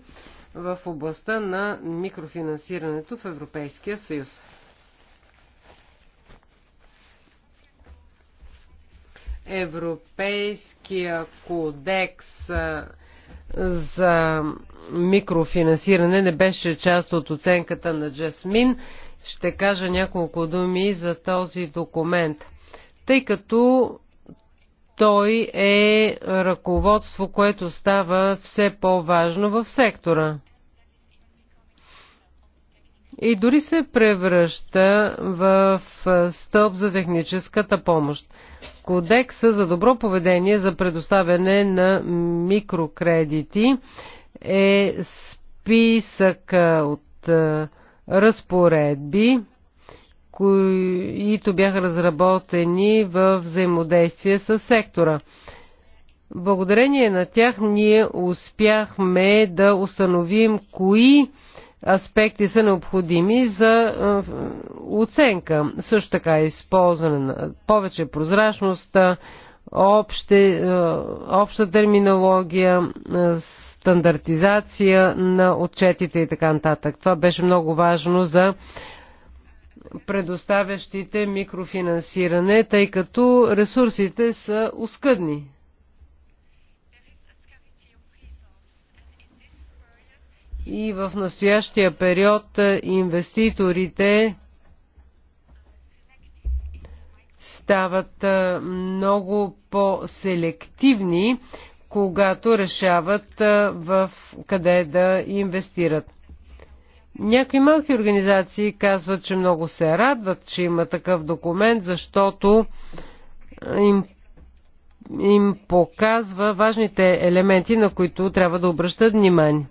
в областта на микрофинансирането в Европейския съюз. Европейския кодекс за микрофинансиране не беше част от оценката на Джасмин. Ще кажа няколко думи за този документ. Тъй като той е ръководство, което става все по-важно в сектора и дори се превръща в стълб за техническата помощ. Кодекса за добро поведение за предоставяне на микрокредити е списък от разпоредби, които бяха разработени в взаимодействие с сектора. Благодарение на тях ние успяхме да установим кои аспекти са необходими за оценка. Също така е използване на повече прозрачност, обща терминология, стандартизация на отчетите и така нататък. Това беше много важно за предоставящите микрофинансиране, тъй като ресурсите са оскъдни. И в настоящия период е, инвеститорите стават е, много по-селективни, когато решават е, в къде да инвестират. Някои малки организации казват, че много се радват, че има такъв документ, защото им, им показва важните елементи, на които трябва да обръщат внимание.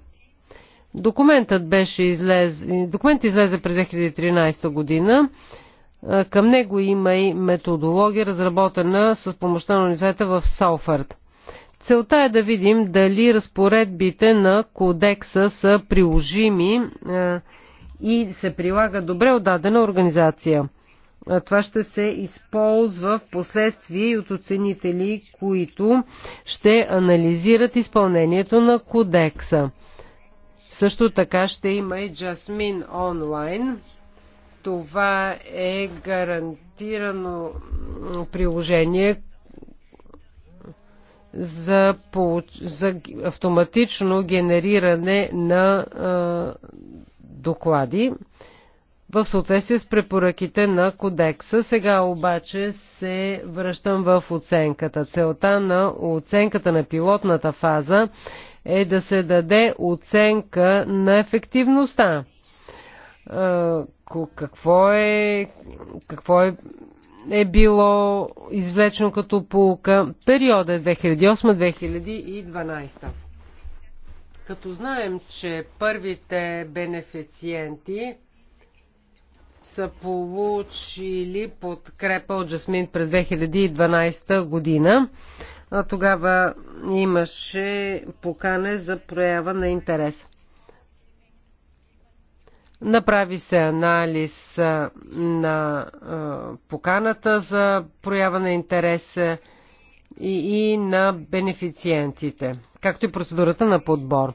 Документът беше излез... Документът излезе през 2013 година. Към него има и методология, разработена с помощта на университета в Салфърд. Целта е да видим дали разпоредбите на кодекса са приложими и се прилага добре от дадена организация. Това ще се използва в последствие и от оценители, които ще анализират изпълнението на кодекса. Също така ще има и Джасмин онлайн. Това е гарантирано приложение за, за автоматично генериране на а, доклади в съответствие с препоръките на кодекса. Сега обаче се връщам в оценката. Целта на оценката на пилотната фаза е да се даде оценка на ефективността. Какво е, какво е, е било извлечено като полука периода 2008-2012. Е като знаем, че първите бенефициенти са получили подкрепа от Жасмин през 2012 година. Тогава имаше покане за проява на интерес. Направи се анализ на поканата за проява на интерес и, и на бенефициентите, както и процедурата на подбор.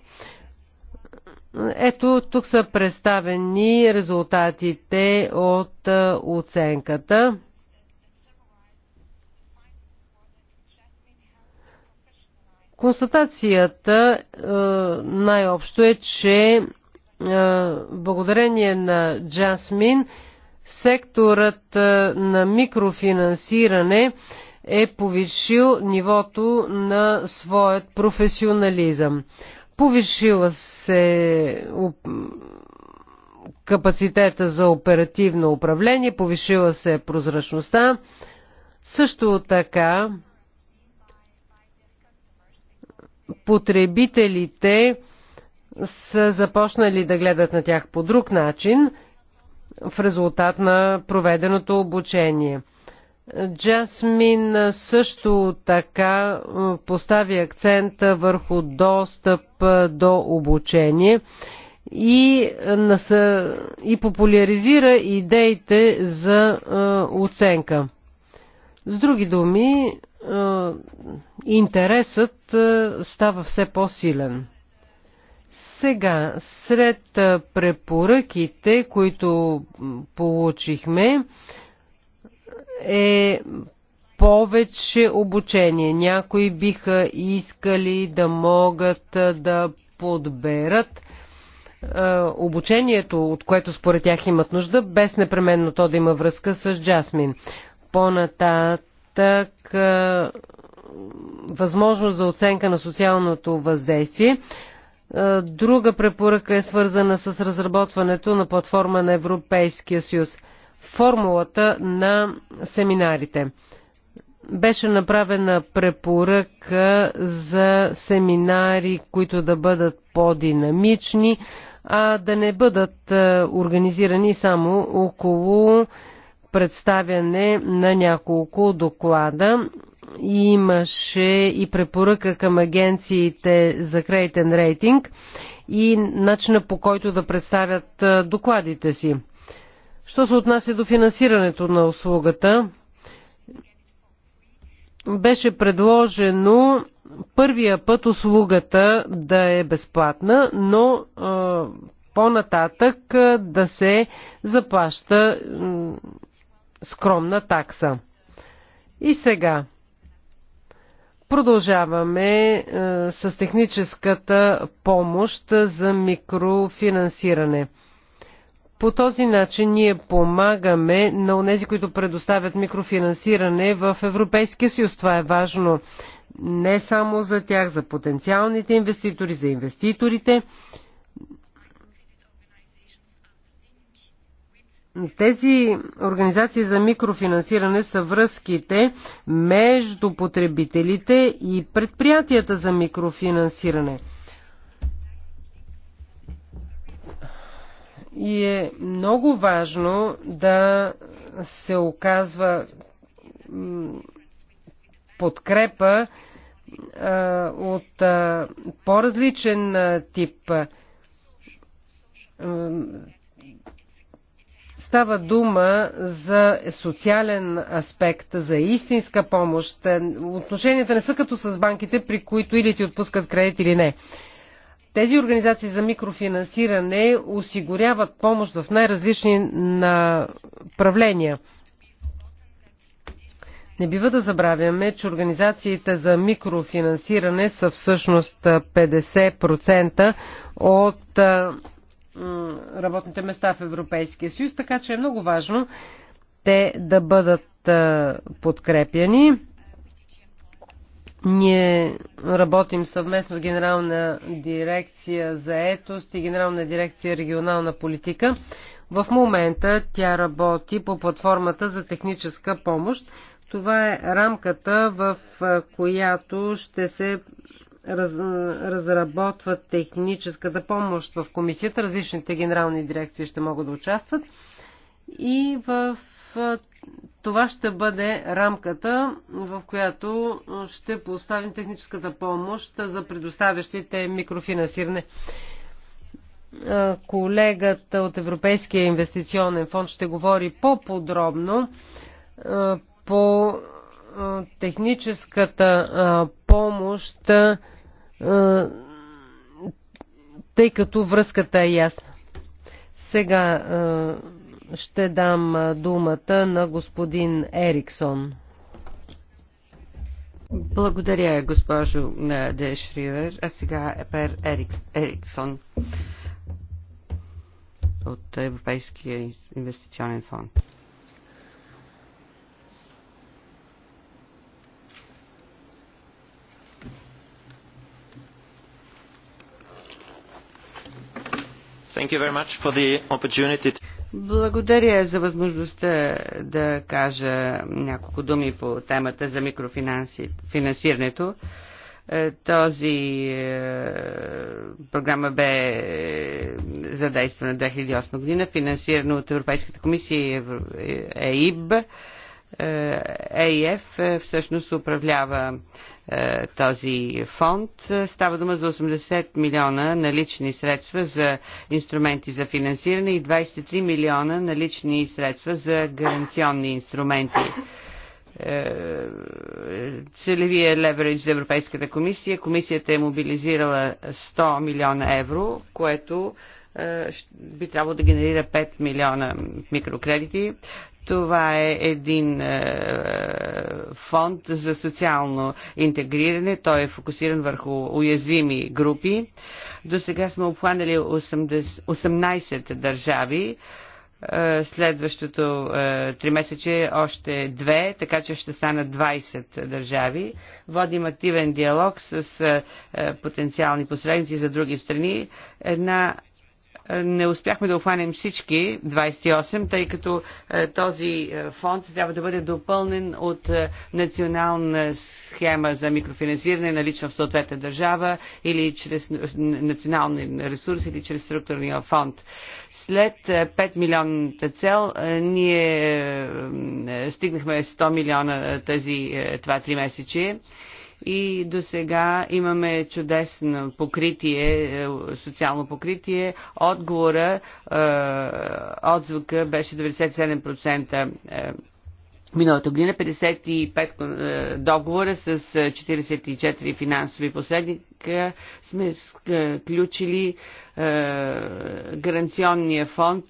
Ето, тук са представени резултатите от оценката. Констатацията е, най-общо е, че е, благодарение на Джасмин секторът е, на микрофинансиране е повишил нивото на своят професионализъм. Повишила се капацитета за оперативно управление, повишила се прозрачността. Също така потребителите са започнали да гледат на тях по друг начин в резултат на проведеното обучение. Джасмин също така постави акцент върху достъп до обучение и, и популяризира идеите за оценка. С други думи, интересът става все по-силен. Сега, сред препоръките, които получихме, е повече обучение. Някои биха искали да могат да подберат обучението, от което според тях имат нужда, без непременно то да има връзка с Джасмин по-нататък възможност за оценка на социалното въздействие. Друга препоръка е свързана с разработването на платформа на Европейския съюз. Формулата на семинарите. Беше направена препоръка за семинари, които да бъдат по-динамични, а да не бъдат организирани само около представяне на няколко доклада. Имаше и препоръка към агенциите за кредитен рейтинг и начина по който да представят докладите си. Що се отнася до финансирането на услугата, беше предложено първия път услугата да е безплатна, но по-нататък да се заплаща скромна такса. И сега продължаваме е, с техническата помощ за микрофинансиране. По този начин ние помагаме на онези, които предоставят микрофинансиране в Европейския съюз. Това е важно не само за тях, за потенциалните инвеститори, за инвеститорите тези организации за микрофинансиране са връзките между потребителите и предприятията за микрофинансиране. И е много важно да се оказва подкрепа от по-различен тип става дума за социален аспект, за истинска помощ, отношенията не са като с банките, при които или ти отпускат кредит или не. Тези организации за микрофинансиране осигуряват помощ в най-различни направления. Не бива да забравяме, че организациите за микрофинансиране са всъщност 50% от работните места в Европейския съюз, така че е много важно те да бъдат подкрепяни. Ние работим съвместно с Генерална дирекция за етост и Генерална дирекция регионална политика. В момента тя работи по платформата за техническа помощ. Това е рамката, в която ще се раз, разработват техническата помощ в комисията. Различните генерални дирекции ще могат да участват. И в това ще бъде рамката, в която ще поставим техническата помощ за предоставящите микрофинансиране. Колегата от Европейския инвестиционен фонд ще говори по-подробно по техническата помощ е, тъй като връзката е ясна. Сега е, ще дам е, думата на господин Ериксон. Благодаря, госпожо Де А сега е Пер Ерикс, Ериксон от Европейския инвестиционен фонд. Благодаря за възможността да кажа няколко думи по темата за микрофинансирането. Е, този е, програма бе задействана 2008 година, финансирана от Европейската комисия и е, ЕИБ. ЕИФ е е, всъщност управлява е, този фонд. Става дума за 80 милиона налични средства за инструменти за финансиране и 23 милиона налични средства за гаранционни инструменти целевия леверидж за Европейската комисия. Комисията е мобилизирала 100 милиона евро, което би трябвало да генерира 5 милиона микрокредити. Това е един е, фонд за социално интегриране. Той е фокусиран върху уязвими групи. До сега сме обхванали 18 държави е, следващото е, месече е още две, така че ще станат 20 държави. Водим активен диалог с потенциални посредници за други страни. Една е, не успяхме да охванем всички 28, тъй като е, този е, фонд трябва да бъде допълнен от национална схема за микрофинансиране, на лично в съответна държава или чрез национални ресурси или чрез структурния фонд. След 5 милионната цел ние стигнахме 100 милиона тази, това 3 месече и до сега имаме чудесно покритие, е, социално покритие. Отговора, е, отзвука беше 97% е, миналата година 55 договора с 44 финансови последника сме включили гаранционния фонд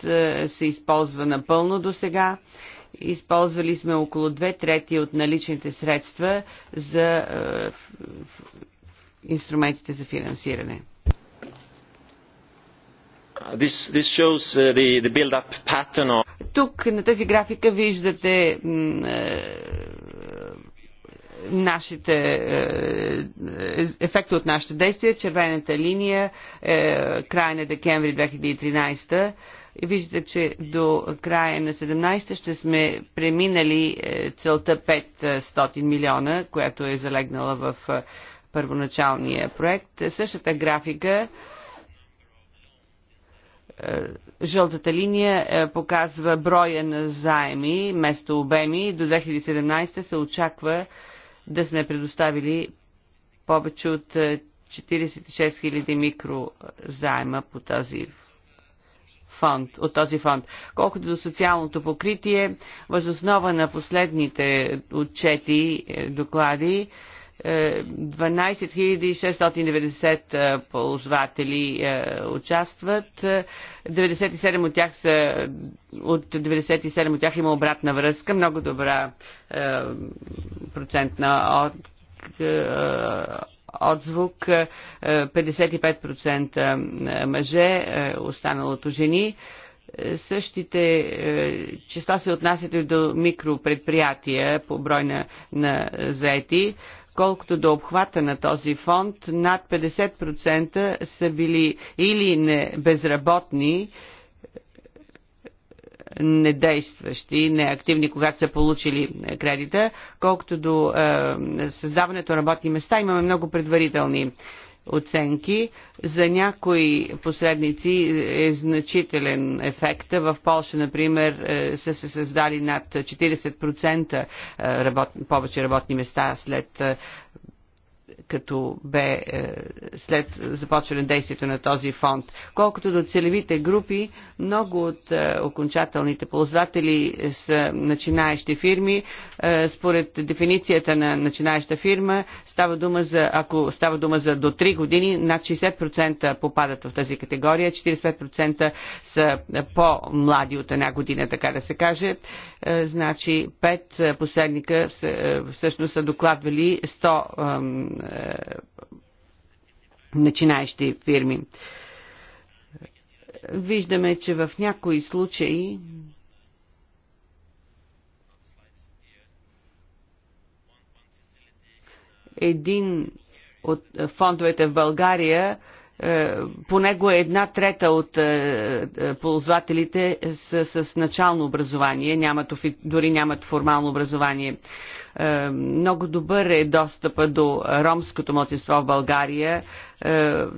се използва напълно до сега Използвали сме около две трети от наличните средства за е, инструментите за финансиране. Uh, this, this shows uh, the, the build-up pattern of... Тук на тази графика виждате е, нашите, е, е, ефекта от нашите действия. Червената линия е края на декември 2013 Виждате, че до края на 17 ще сме преминали е, целта 500 милиона, която е залегнала в е, първоначалния проект. Същата графика е, жълтата линия показва броя на заеми вместо обеми. До 2017 се очаква да сме предоставили повече от 46 000 микрозаема по този фонд, от този фонд. Колкото до социалното покритие, възоснова на последните отчети, е, доклади, 12690 е, е, ползватели участват. 97 от тях са, от 97 от тях има обратна връзка, много добра процентна от отзвук 55% е, е, мъже, е, останалото жени. Същите често се отнасят до микропредприятия по брой на, на заети. Колкото до обхвата на този фонд, над 50% са били или не безработни, недействащи, неактивни, когато са получили е, кредита. Колкото до е, създаването на работни места, имаме много предварителни оценки. За някои посредници е значителен ефект. В Польша, например, е, са се създали над 40% е, работ... повече работни места след като бе е, след започване действието на този фонд. Колкото до целевите групи, много от е, окончателните ползватели са начинаещи фирми. Е, според дефиницията на начинаеща фирма, става дума за, ако става дума за до 3 години, над 60% попадат в тази категория, 45% са по-млади от една година, така да се каже. Значи 5 последника всъщност са докладвали 100 е, начинаещи фирми. Виждаме, че в някои случаи един от фондовете в България е, по него е една трета от е, ползвателите са с начално образование, нямат, дори нямат формално образование. Много добър е достъпа до ромското младсинство в България.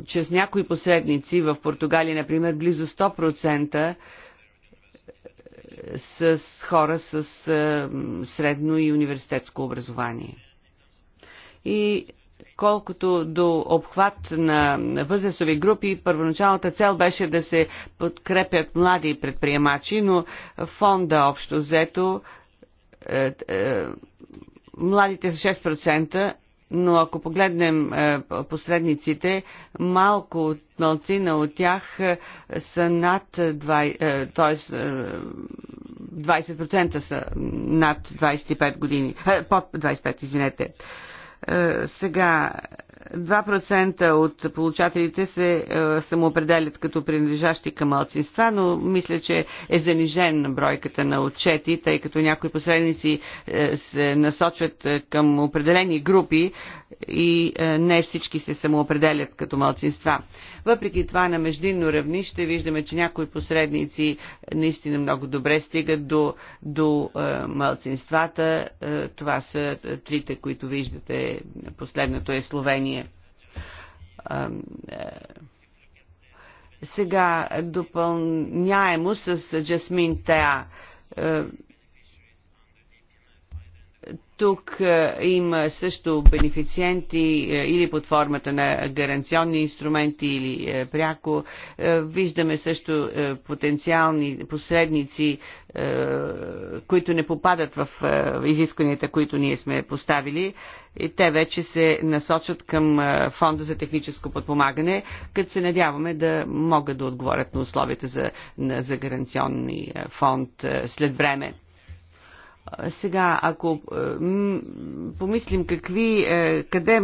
Чрез някои посредници в Португалия, например, близо 100% с хора с средно и университетско образование. И Колкото до обхват на възрастови групи, първоначалната цел беше да се подкрепят млади предприемачи, но фонда общо взето е, е младите са 6%, но ако погледнем е, посредниците, малко от малцина от тях е, са над 20, е, т.е. 20% са над 25 години, е, под 25, извинете. Е, сега 2% от получателите се е, самоопределят като принадлежащи към малцинства, но мисля, че е занижен бройката на отчети, тъй като някои посредници е, се насочват е, към определени групи и не всички се самоопределят като малцинства. Въпреки това на междинно равнище виждаме, че някои посредници наистина много добре стигат до, до малцинствата. Това са трите, които виждате. Последното е Словения отношение. Е, сега допълняемо с Джасмин Теа е, тук е, има също бенефициенти е, или под формата на гаранционни инструменти или е, пряко. Виждаме също потенциални посредници, които не попадат в изискванията, които ние сме поставили. И те вече се насочат към Фонда за техническо подпомагане, като се надяваме да могат да отговорят на условията за, за гаранционни фонд след време. Сега, ако е, помислим какви, е, къде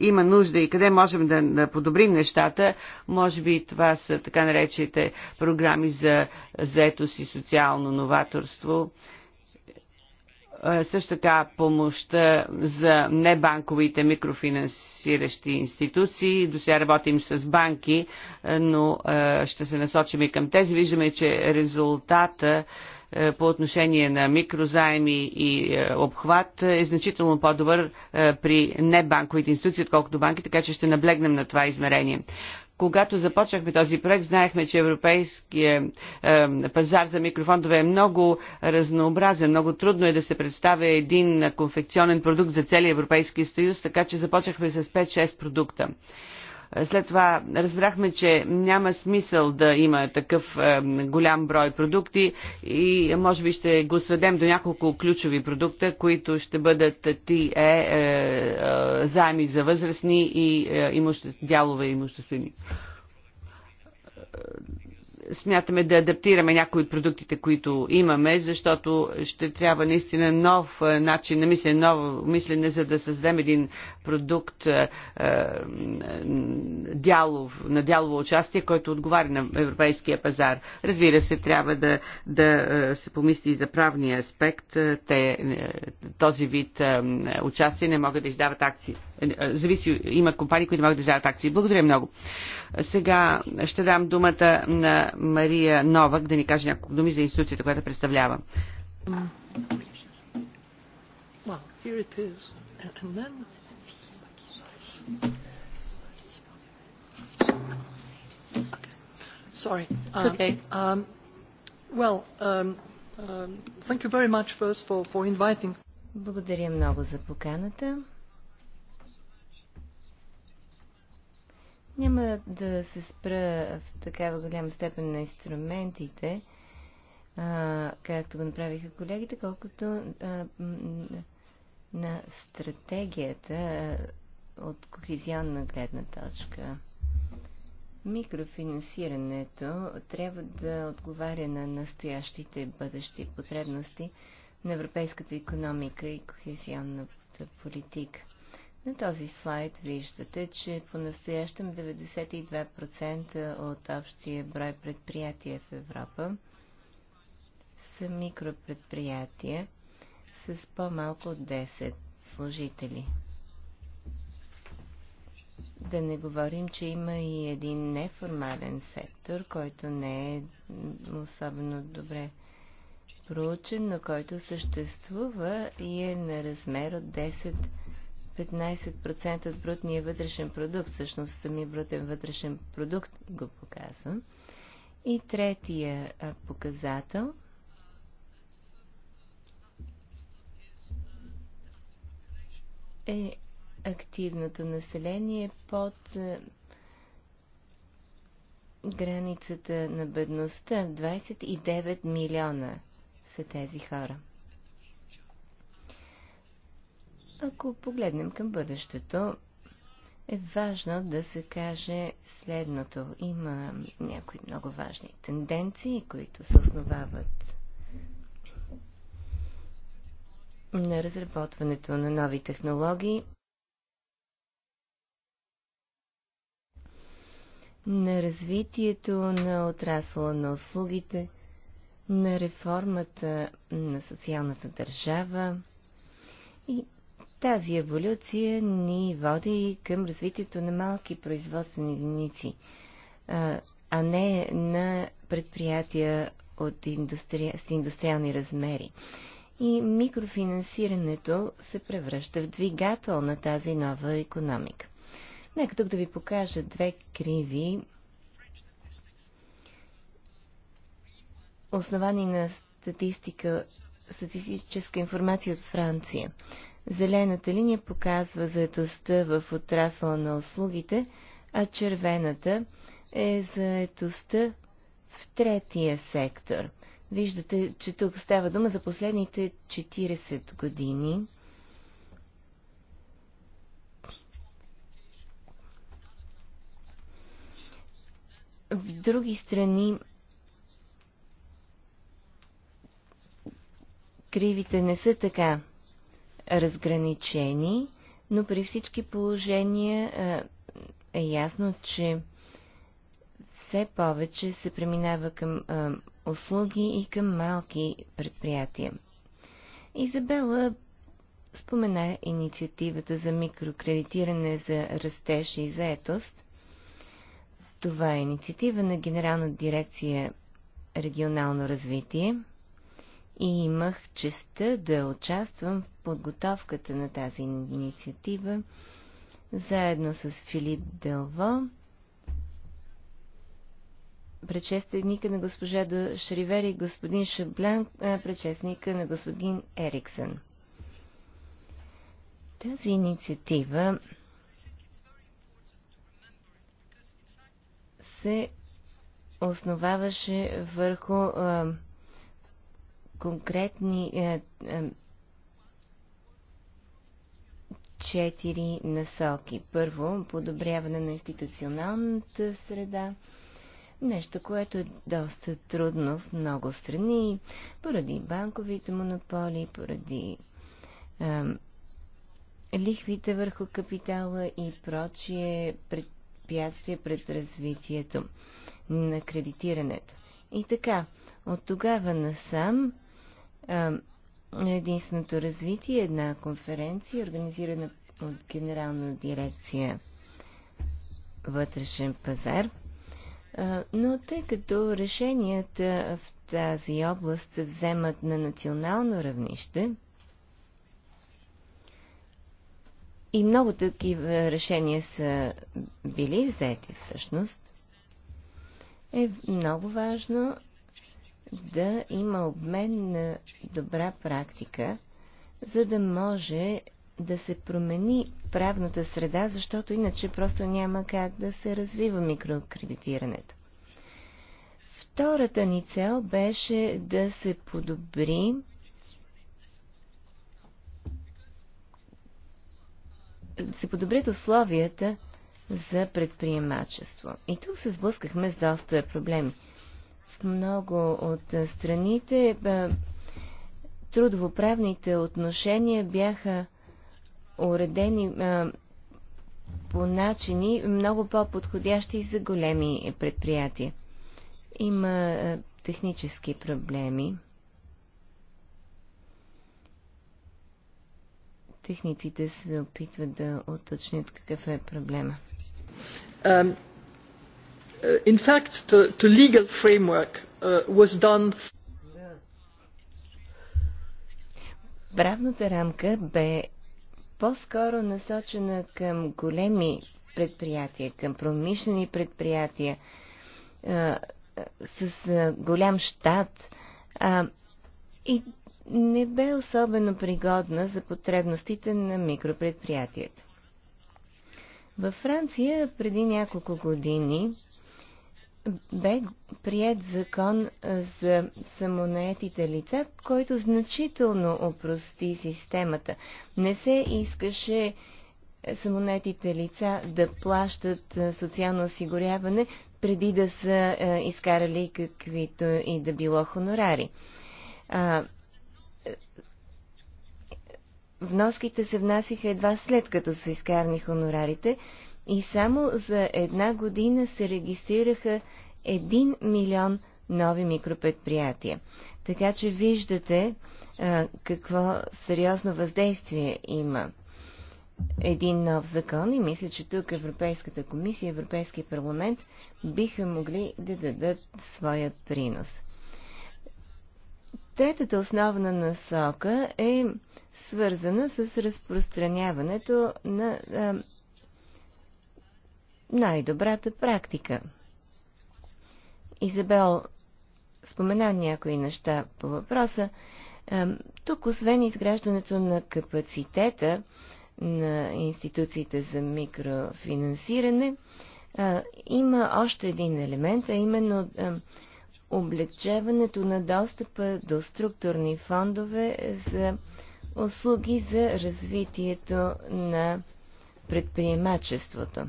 има нужда и къде можем да, да подобрим нещата, може би това са така наречените програми за заетост и социално новаторство. Е, също така помощта за небанковите микрофинансиращи институции. До сега работим с банки, но ще се насочим и към тези. Виждаме, че резултата е, по отношение на микрозаеми и е, обхват е значително по-добър е, при небанковите институции, отколкото банки, така че ще наблегнем на това измерение когато започнахме този проект, знаехме, че европейския е, пазар за микрофондове е много разнообразен. Много трудно е да се представя един конфекционен продукт за целия Европейски съюз, така че започнахме с 5-6 продукта. След това разбрахме, че няма смисъл да има такъв е, голям брой продукти и може би ще го сведем до няколко ключови продукта, които ще бъдат ти е, е, е заеми за възрастни и е, имуще, дялове имуществени смятаме да адаптираме някои от продуктите, които имаме, защото ще трябва наистина нов е, начин на мислене, ново мислене, за да създадем един продукт е, е, дялов, на дялово участие, който отговаря на европейския пазар. Разбира се, трябва да, да е, се помисли и за правния аспект. Те, този вид участие не могат да издават акции зависи, има компании, които могат да вземат акции. Благодаря много. Сега ще дам думата на Мария Новак да ни каже няколко думи за институцията, която представлява. Well, here It's okay. Um, um, well, um, um, thank you very much first for, for inviting. Благодаря много за поканата. Няма да се спра в такава голяма степен на инструментите, а, както го направиха колегите, колкото а, на стратегията от кохезионна гледна точка. Микрофинансирането трябва да отговаря на настоящите бъдещи потребности на европейската економика и кохезионната политика. На този слайд виждате, че по-настоящем 92% от общия брой предприятия в Европа са микропредприятия с по-малко от 10 служители. Да не говорим, че има и един неформален сектор, който не е особено добре проучен, но който съществува и е на размер от 10 15% от брутния вътрешен продукт. Всъщност сами брутен вътрешен продукт го показва. И третия показател е активното население под границата на бедността. 29 милиона са тези хора. Ако погледнем към бъдещето, е важно да се каже следното. Има някои много важни тенденции, които се основават на разработването на нови технологии, на развитието на отрасъла на услугите, на реформата на социалната държава и тази еволюция ни води към развитието на малки производствени единици, а не на предприятия от индустри... с индустриални размери. И микрофинансирането се превръща в двигател на тази нова економика. Нека тук да ви покажа две криви, основани на статистика, статистическа информация от Франция. Зелената линия показва заетостта в отрасъл на услугите, а червената е заетостта в третия сектор. Виждате, че тук става дума за последните 40 години. В други страни кривите не са така разграничени, но при всички положения е ясно, че все повече се преминава към услуги и към малки предприятия. Изабела спомена инициативата за микрокредитиране за растеж и заетост. Това е инициатива на Генерална дирекция регионално развитие и имах честа да участвам в подготовката на тази инициатива заедно с Филип Дълво, предшественика на госпожа До Шривер и господин Шаблян, предшественика на господин Ериксън. Тази инициатива се основаваше върху а, конкретни е, е, четири насоки. Първо, подобряване на институционалната среда. Нещо, което е доста трудно в много страни, поради банковите монополи, поради е, лихвите върху капитала и прочие препятствия пред развитието на кредитирането. И така, от тогава насам единственото развитие, е една конференция, организирана от Генерална дирекция вътрешен пазар. Но тъй като решенията в тази област се вземат на национално равнище, и много такива решения са били взети всъщност, е много важно да има обмен на добра практика, за да може да се промени правната среда, защото иначе просто няма как да се развива микрокредитирането. Втората ни цел беше да се подобри да се подобрят условията за предприемачество. И тук се сблъскахме с доста проблеми много от страните трудовоправните отношения бяха уредени по начини много по-подходящи за големи предприятия. Има технически проблеми. Техниците се опитват да уточнят какъв е проблема. Uh, in fact, the, the legal framework uh, was done. Правната рамка бе по-скоро насочена към големи предприятия, към промишлени предприятия а, с а, голям щат а, и не бе особено пригодна за потребностите на микропредприятията. Във Франция преди няколко години бе прият закон за самонаетите лица, който значително опрости системата. Не се искаше самонетите лица да плащат социално осигуряване преди да са изкарали каквито и да било хонорари. Вноските се внасиха едва след като са изкарани хонорарите, и само за една година се регистрираха 1 милион нови микропредприятия. Така че виждате а, какво сериозно въздействие има един нов закон и мисля, че тук Европейската комисия и Европейския парламент биха могли да дадат своя принос. Третата основна насока е свързана с разпространяването на а, най-добрата практика. Изабел спомена някои неща по въпроса. Тук, освен изграждането на капацитета на институциите за микрофинансиране, има още един елемент, а именно облегчаването на достъпа до структурни фондове за услуги за развитието на предприемачеството.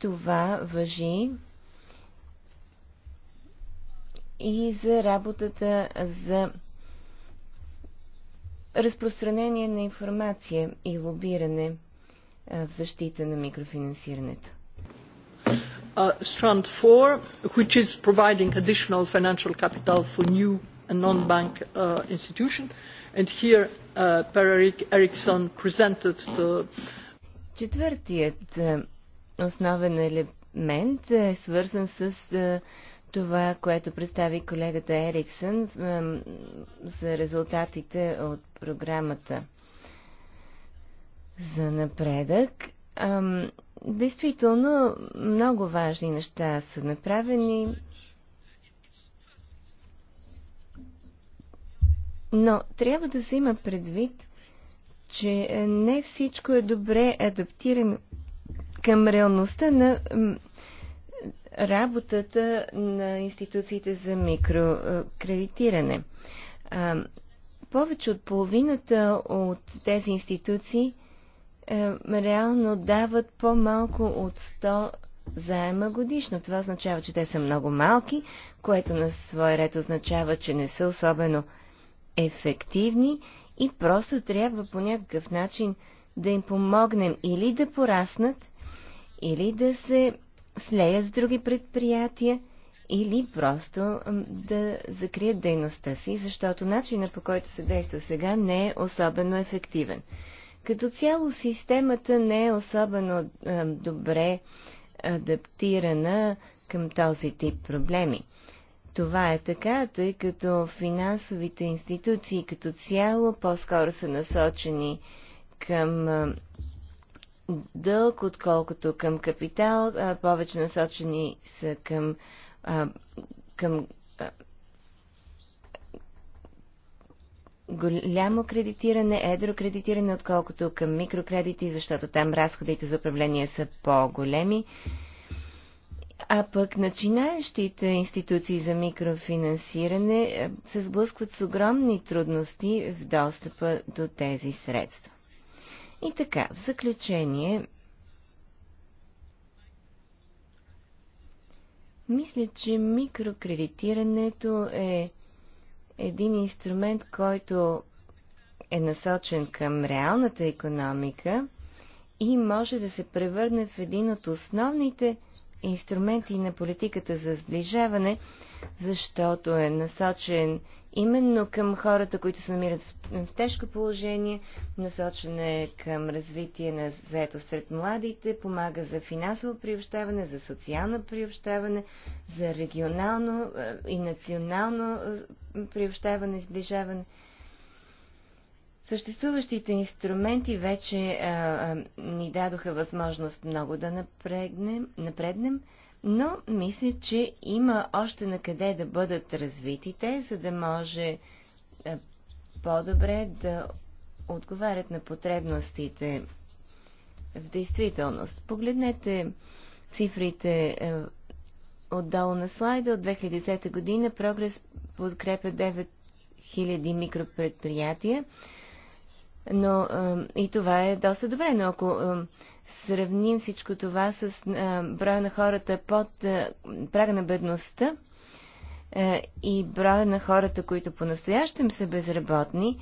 Това въжи и за работата за разпространение на информация и лобиране в защита на микрофинансирането. Uh, strand 4, which is providing additional financial capital for new and non-bank uh, institution. And here uh, Per erik Eriksson presented the... Четвъртият uh, основен елемент е свързан с е, това, което представи колегата Ериксън е, за резултатите от програмата за напредък. Действително, много важни неща са направени. Но трябва да се има предвид, че не всичко е добре адаптирано към реалността на работата на институциите за микрокредитиране. Повече от половината от тези институции е, реално дават по-малко от 100 заема годишно. Това означава, че те са много малки, което на своя ред означава, че не са особено ефективни и просто трябва по някакъв начин да им помогнем или да пораснат, или да се слеят с други предприятия, или просто да закрият дейността си, защото начина по който се действа сега не е особено ефективен. Като цяло системата не е особено добре адаптирана към този тип проблеми. Това е така, тъй като финансовите институции като цяло по-скоро са насочени към дълг, отколкото към капитал. Повече насочени са към, а, към а, голямо кредитиране, едро кредитиране, отколкото към микрокредити, защото там разходите за управление са по-големи. А пък начинаещите институции за микрофинансиране се сблъскват с огромни трудности в достъпа до тези средства. И така, в заключение, мисля, че микрокредитирането е един инструмент, който е насочен към реалната економика и може да се превърне в един от основните инструменти на политиката за сближаване, защото е насочен именно към хората, които се намират в, в тежко положение, насочена е към развитие на заето сред младите, помага за финансово приобщаване, за социално приобщаване, за регионално е, и национално е, приобщаване, изближаване. Съществуващите инструменти вече а, е, а, ни дадоха възможност много да напрегнем, напреднем но мисля, че има още на къде да бъдат развитите, за да може е, по-добре да отговарят на потребностите в действителност. Погледнете цифрите е, отдолу на слайда от 2010 година. Прогрес подкрепя 9000 микропредприятия, но е, и това е доста добре, но ако сравним всичко това с броя на хората под прага на бедността и броя на хората, които по-настоящем са безработни,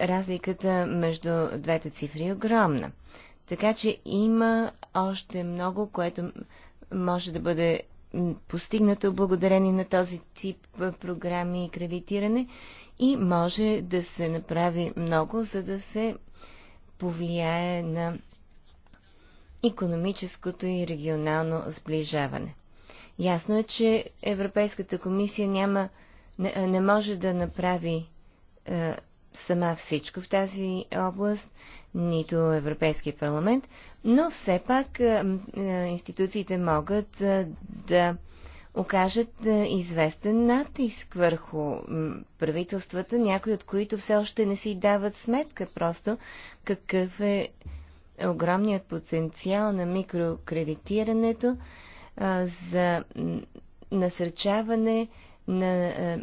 разликата между двете цифри е огромна. Така че има още много, което може да бъде постигнато благодарение на този тип програми и кредитиране и може да се направи много, за да се повлияе на економическото и регионално сближаване. Ясно е, че Европейската комисия няма, не, не може да направи е, сама всичко в тази област, нито Европейския парламент, но все пак е, е, институциите могат е, да е, окажат е, известен натиск върху правителствата, някои от които все още не си дават сметка просто какъв е огромният потенциал на микрокредитирането за насърчаване на е,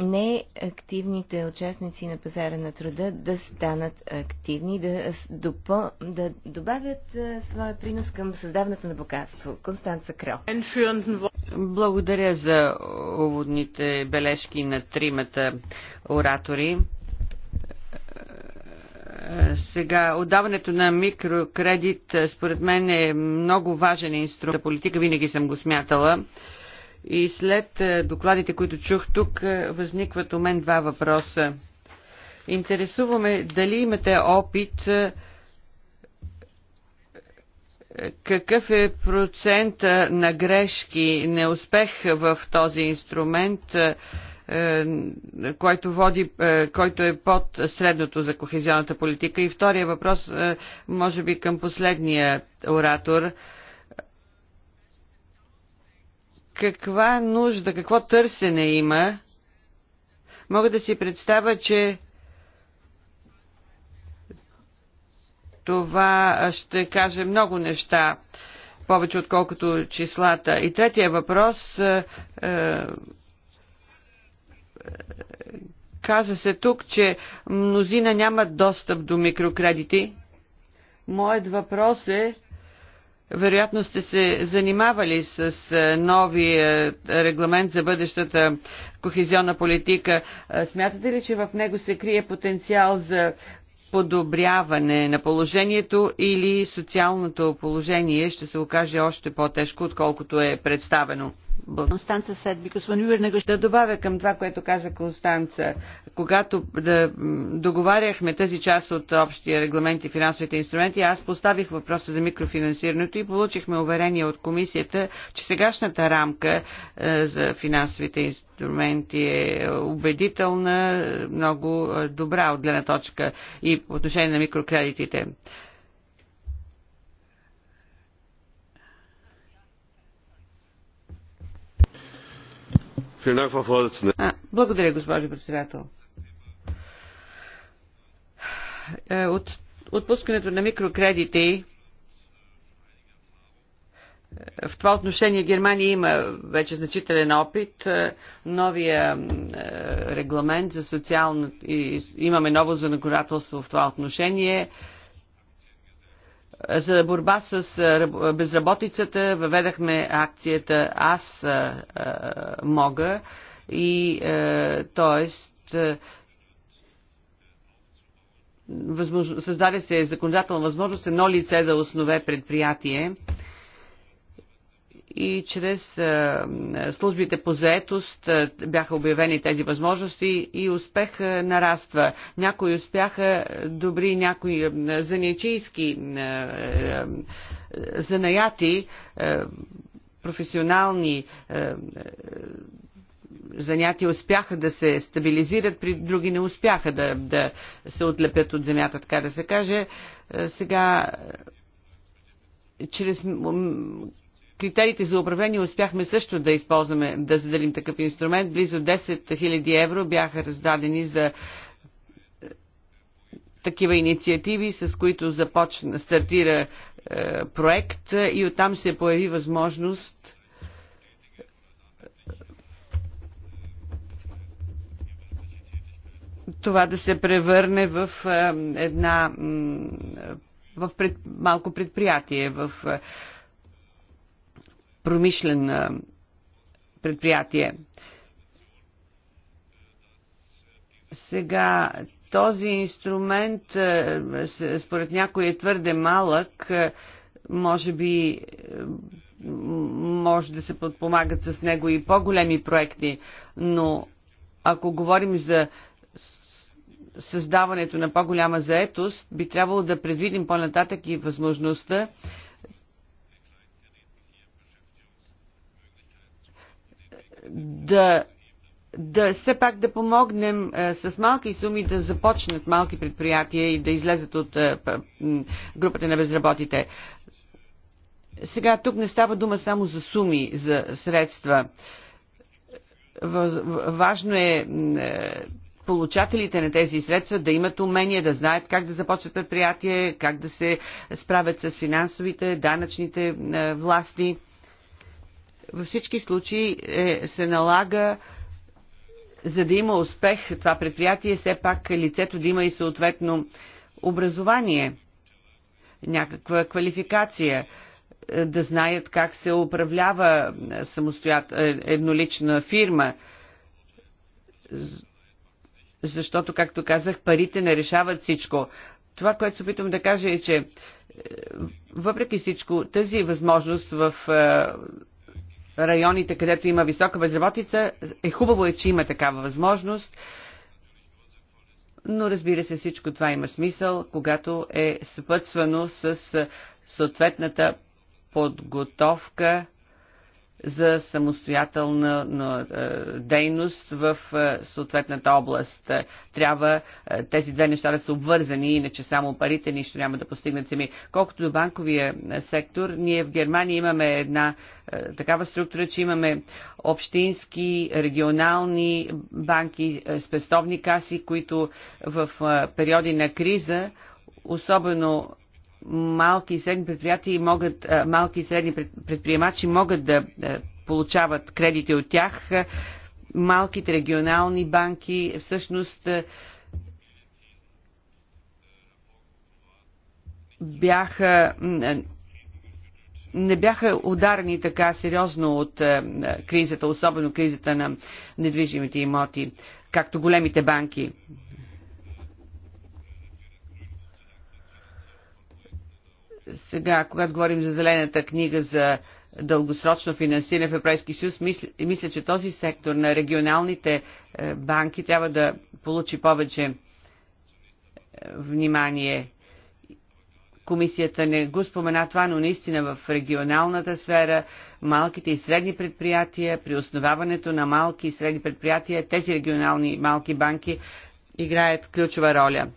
неактивните участници на пазара на труда да станат активни, да, допъл... да добавят своя принос към създаването на богатство. Констанца Крал. Благодаря за уводните бележки на тримата оратори. Сега, отдаването на микрокредит, според мен, е много важен инструмент. Политика винаги съм го смятала и след е, докладите, които чух тук, е, възникват у мен два въпроса. Интересуваме дали имате опит е, какъв е процент на грешки, неуспех в този инструмент, който, води, който е под средното за кохезионната политика? И втория въпрос, може би към последния оратор каква нужда, какво търсене има, мога да си представя, че това ще каже много неща, повече отколкото числата. И третия въпрос. Е, е, каза се тук, че мнозина нямат достъп до микрокредити. Моят въпрос е вероятно сте се занимавали с е, новия регламент за бъдещата кохезионна политика. Е, смятате ли, че в него се крие потенциал за подобряване на положението или социалното положение ще се окаже още по-тежко, отколкото е представено? Да добавя към това, което каза Констанца. Когато да договаряхме тази част от общия регламент и финансовите инструменти, аз поставих въпроса за микрофинансирането и получихме уверение от комисията, че сегашната рамка е, за финансовите инструменти е убедителна, е, много е, добра от гледна точка и по отношение на микрокредитите. Благодаря, госпожо председател. Е, от, отпускането на микрокредити е, в това отношение Германия има вече значителен опит. Е, новия регламент за социално... Имаме ново законодателство в това отношение за борба с безработицата въведахме акцията Аз мога и т.е. създаде се законодателна възможност едно лице да основе предприятие и чрез службите по заетост бяха обявени тези възможности и успех нараства. Някои успяха добри, някои занечийски занаяти, професионални занятия успяха да се стабилизират, при други не успяха да, да се отлепят от земята, така да се каже. Сега чрез критериите за управление успяхме също да използваме, да заделим такъв инструмент. Близо 10 000 евро бяха раздадени за е, такива инициативи, с които започна, стартира е, проект и оттам се появи възможност това да се превърне в е, една в пред, малко предприятие, в е, промишлен предприятие. Сега този инструмент, според някой е твърде малък, може би може да се подпомагат с него и по-големи проекти, но ако говорим за създаването на по-голяма заетост, би трябвало да предвидим по-нататък и възможността да да все пак да помогнем а, е, с малки суми да започнат малки предприятия и да излезат от а, е, п, групата на безработите. Сега тук не става дума само за суми, за средства. Важно е, е получателите на тези средства да имат умение, да знаят как да започнат предприятие, как да се справят с финансовите, данъчните власти. Във всички случаи е, се налага за да има успех това предприятие, все пак е лицето да има и съответно образование, някаква квалификация, е, да знаят как се управлява е, самостоят... еднолична фирма. Защото, както казах, парите не решават всичко. Това, което се опитвам да кажа е, че въпреки всичко, тази възможност в районите, където има висока безработица. Е хубаво е, че има такава възможност, но разбира се, всичко това има смисъл, когато е съпътствано с съответната подготовка за самостоятелна на, е, дейност в е, съответната област. Е, трябва тези две неща да са обвързани, иначе само парите нищо няма да постигнат сами. Колкото до банковия сектор, ние в Германия имаме една такава структура, че имаме общински, регионални банки, спестовни каси, които в периоди на криза особено малки и средни предприятия могат, малки и средни предприемачи могат да получават кредити от тях. Малките регионални банки всъщност бяха не бяха ударени така сериозно от кризата, особено кризата на недвижимите имоти, както големите банки Сега, когато говорим за зелената книга за дългосрочно финансиране в Европейския съюз, мисля, мисля, че този сектор на регионалните е, банки трябва да получи повече е, внимание. Комисията не го спомена това, но наистина в регионалната сфера малките и средни предприятия, при основаването на малки и средни предприятия, тези регионални малки банки играят ключова роля.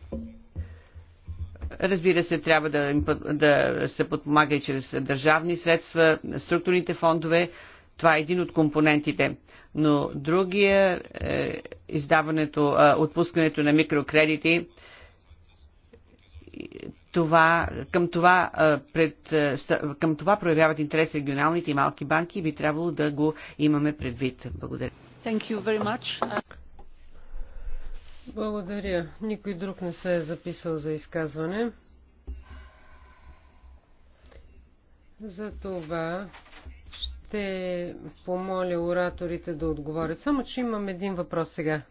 Разбира се, трябва да, им, да се подпомага и чрез държавни средства, структурните фондове. Това е един от компонентите. Но другия е издаването, е, отпускането на микрокредити. Това, към, това, е, пред, е, към това проявяват интерес регионалните и малки банки и би трябвало да го имаме предвид. Благодаря. Thank you very much. Благодаря. Никой друг не се е записал за изказване. За това ще помоля ораторите да отговорят. Само, че имам един въпрос сега.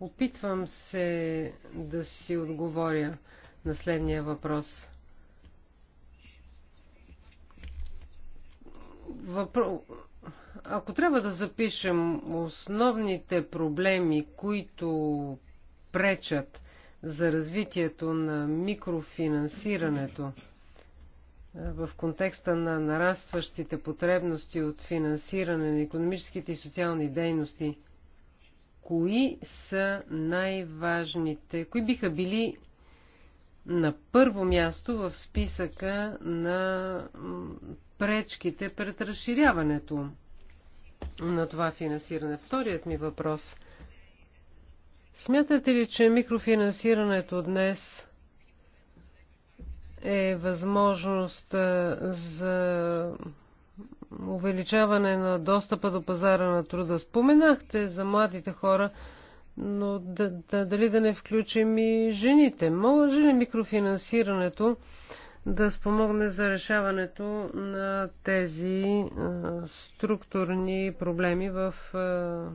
Опитвам се да си отговоря на следния въпрос. Въпро... Ако трябва да запишем основните проблеми, които пречат за развитието на микрофинансирането в контекста на нарастващите потребности от финансиране на економическите и социални дейности, кои са най-важните, кои биха били на първо място в списъка на пречките пред разширяването на това финансиране? Вторият ми въпрос – Смятате ли, че микрофинансирането днес е възможност за увеличаване на достъпа до пазара на труда? Споменахте за младите хора, но да, да, дали да не включим и жените? Може ли микрофинансирането да спомогне за решаването на тези а, структурни проблеми в а,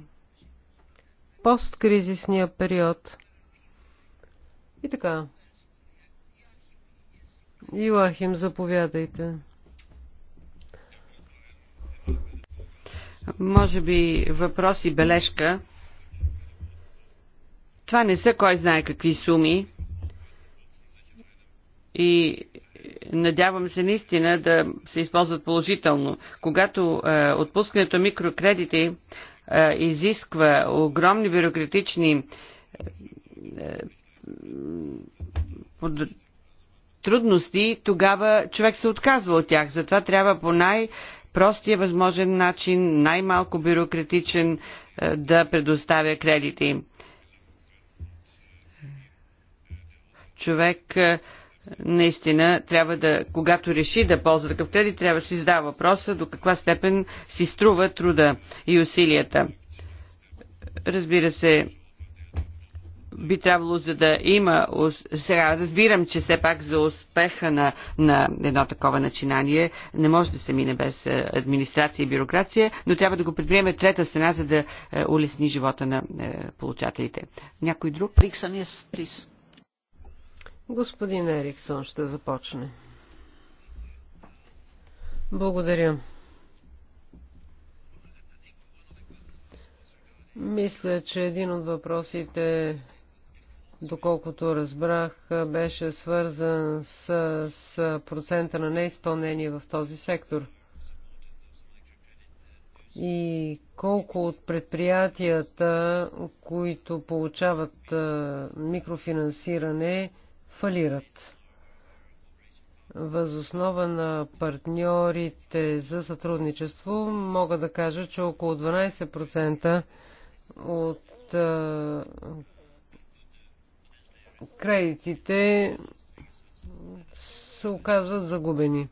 посткризисния период. И така. Илахим, заповядайте. Може би въпрос и бележка. Това не са кой знае какви суми. И надявам се наистина да се използват положително. Когато е, отпускането микрокредити е, изисква огромни бюрократични е, трудности, тогава човек се отказва от тях. Затова трябва по най- простия възможен начин, най-малко бюрократичен, е, да предоставя кредити. Човек наистина трябва да, когато реши да ползва такъв кредит, трябва да си задава въпроса до каква степен си струва труда и усилията. Разбира се, би трябвало за да има... Сега разбирам, че все пак за успеха на, на едно такова начинание не може да се мине без е, администрация и бюрокрация, но трябва да го предприеме трета страна, за да е, улесни живота на е, получателите. Някой друг? Риксън е приз. Господин Ериксон ще започне. Благодаря. Мисля, че един от въпросите, доколкото разбрах, беше свързан с, с процента на неизпълнение в този сектор. И колко от предприятията, които получават микрофинансиране, фалират. Възоснова на партньорите за сътрудничество мога да кажа, че около 12% от а, кредитите се оказват загубени.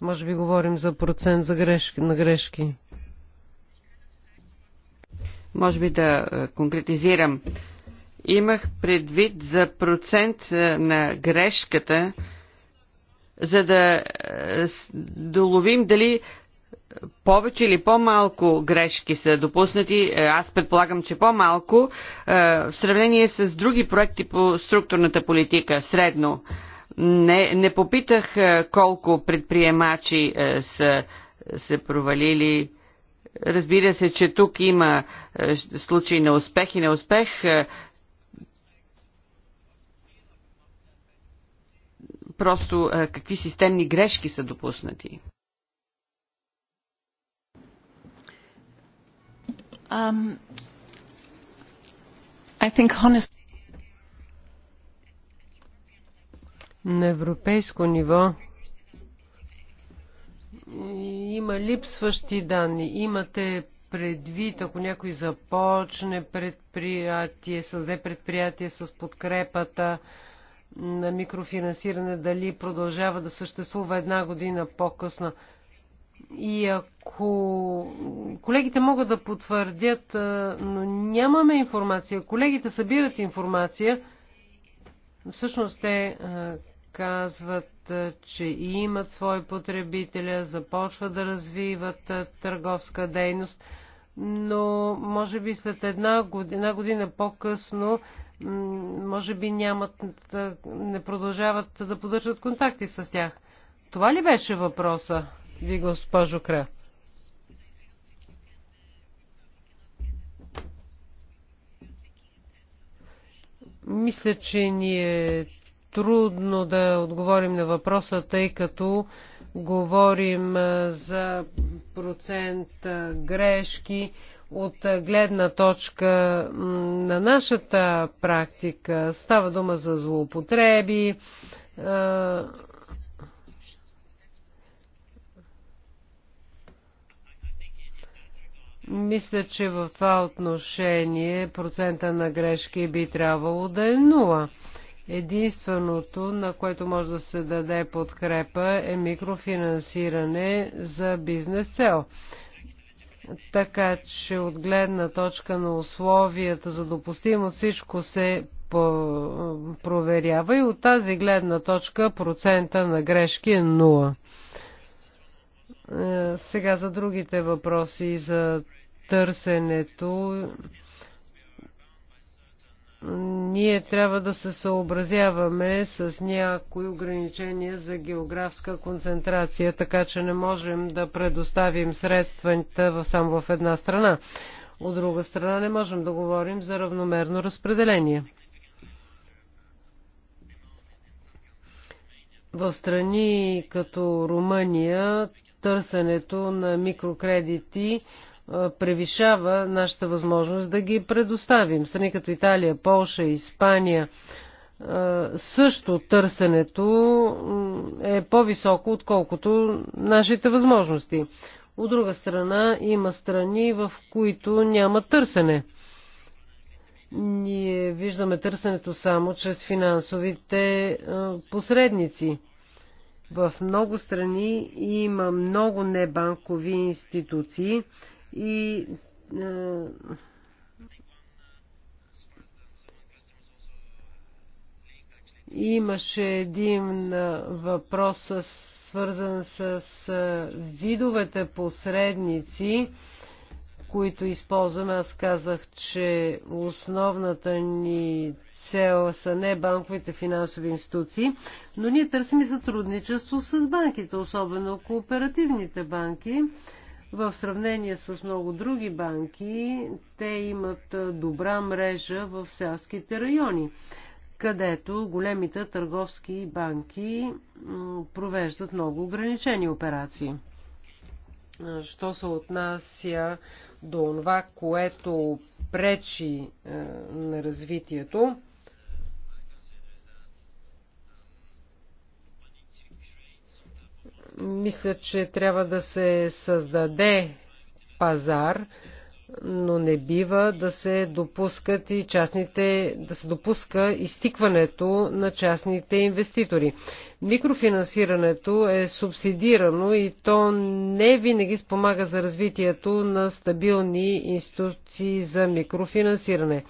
Може би говорим за процент за грешки, на грешки. Може би да е, конкретизирам. Имах предвид за процент е, на грешката, за да е, доловим дали повече или по-малко грешки са допуснати, аз предполагам, че по-малко, в сравнение с други проекти по структурната политика, средно. Не, не попитах колко предприемачи са се провалили Разбира се, че тук има е, случаи на успех и на успех. Е, просто е, какви системни грешки са допуснати? Um, I think На европейско ниво има липсващи данни. Имате предвид, ако някой започне предприятие, създаде предприятие с подкрепата на микрофинансиране, дали продължава да съществува една година по-късно. И ако колегите могат да потвърдят, но нямаме информация, колегите събират информация, всъщност те казват, че имат свои потребителя, започват да развиват търговска дейност, но може би след една година, една година по-късно може би нямат, не продължават да поддържат контакти с тях. Това ли беше въпроса, ви госпожо Кра? Мисля, че ние трудно да отговорим на въпроса, тъй като говорим за процент грешки от гледна точка на нашата практика. Става дума за злоупотреби. Мисля, че в това отношение процента на грешки би трябвало да е нула. Единственото, на което може да се даде подкрепа, е микрофинансиране за бизнес цел. Така че от гледна точка на условията за допустимост всичко се проверява и от тази гледна точка процента на грешки е 0. Е, сега за другите въпроси за търсенето ние трябва да се съобразяваме с някои ограничения за географска концентрация, така че не можем да предоставим средствата само в една страна. От друга страна не можем да говорим за равномерно разпределение. В страни като Румъния търсенето на микрокредити превишава нашата възможност да ги предоставим. Страни като Италия, Полша, Испания също търсенето е по-високо, отколкото нашите възможности. От друга страна, има страни, в които няма търсене. Ние виждаме търсенето само чрез финансовите посредници. В много страни има много небанкови институции, и е, имаше един е, въпрос свързан с е, видовете посредници, които използваме. Аз казах, че основната ни цел са не банковите финансови институции, но ние търсим и сътрудничество с банките, особено кооперативните банки. В сравнение с много други банки, те имат добра мрежа в селските райони, където големите търговски банки провеждат много ограничени операции. Що се отнася до това, което пречи на развитието, мисля, че трябва да се създаде пазар, но не бива да се допускат и частните, да се допуска изтикването на частните инвеститори. Микрофинансирането е субсидирано и то не винаги спомага за развитието на стабилни институции за микрофинансиране.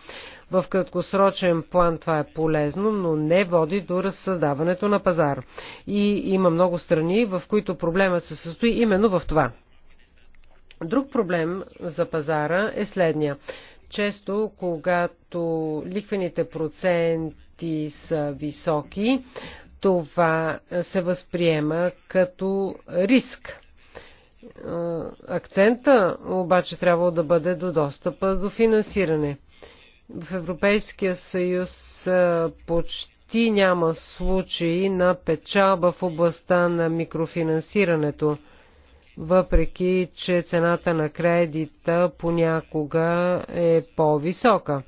В краткосрочен план това е полезно, но не води до разсъздаването на пазар. И има много страни, в които проблемът се състои именно в това. Друг проблем за пазара е следния. Често, когато ликвените проценти са високи, това се възприема като риск. Акцента обаче трябва да бъде до достъпа до финансиране. В Европейския съюз почти няма случаи на печалба в областта на микрофинансирането, въпреки че цената на кредита понякога е по-висока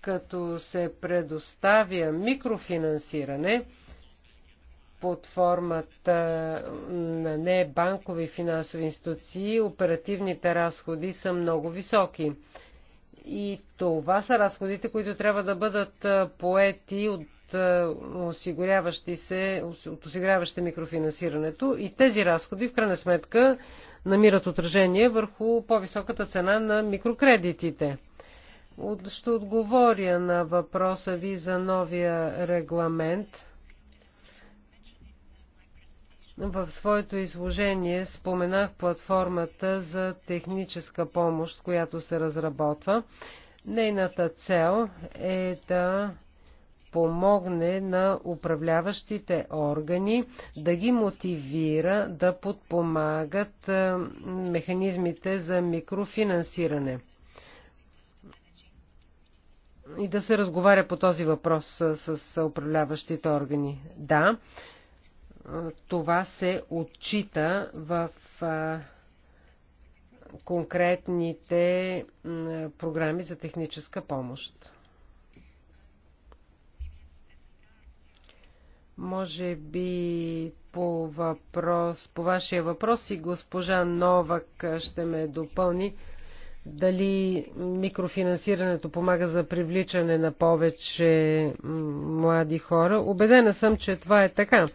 като се предоставя микрофинансиране под формата на небанкови финансови институции, оперативните разходи са много високи. И това са разходите, които трябва да бъдат поети от осигуряващи се, от осигуряващи микрофинансирането и тези разходи в крайна сметка намират отражение върху по-високата цена на микрокредитите. Ще отговоря на въпроса ви за новия регламент. В своето изложение споменах платформата за техническа помощ, която се разработва. Нейната цел е да помогне на управляващите органи да ги мотивира да подпомагат е, механизмите за микрофинансиране. И да се разговаря по този въпрос с, с управляващите органи. Да, това се отчита в конкретните програми за техническа помощ. Може би по, въпрос, по вашия въпрос и госпожа Новак ще ме допълни дали микрофинансирането помага за привличане на повече млади хора. Обедена съм, че това е така.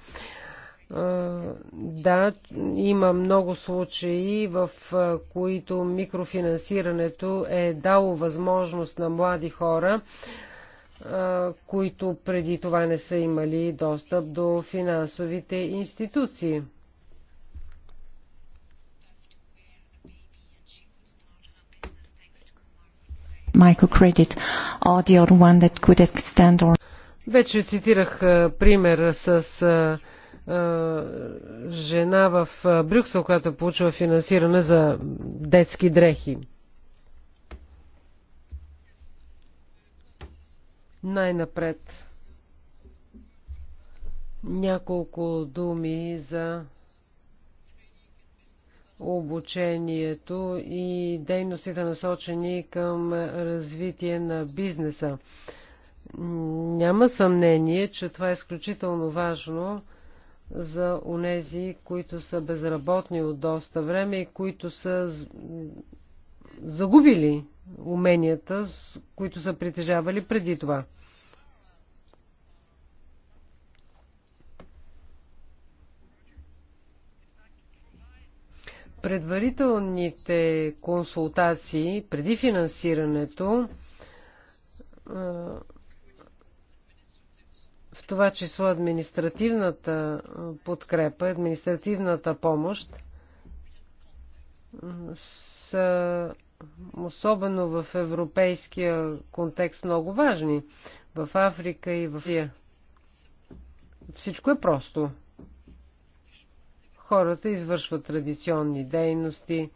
Да, има много случаи, в които микрофинансирането е дало възможност на млади хора, които преди това не са имали достъп до финансовите институции. microcredit or the other one that could extend or... Вече цитирах пример с жена в Брюксел, която е получила финансиране за детски дрехи. Най-напред няколко думи за обучението и дейностите насочени към развитие на бизнеса. Няма съмнение, че това е изключително важно – за онези, които са безработни от доста време и които са загубили уменията, които са притежавали преди това. Предварителните консултации преди финансирането това число административната подкрепа, административната помощ са особено в европейския контекст много важни. В Африка и в Азия. Всичко е просто. Хората извършват традиционни дейности,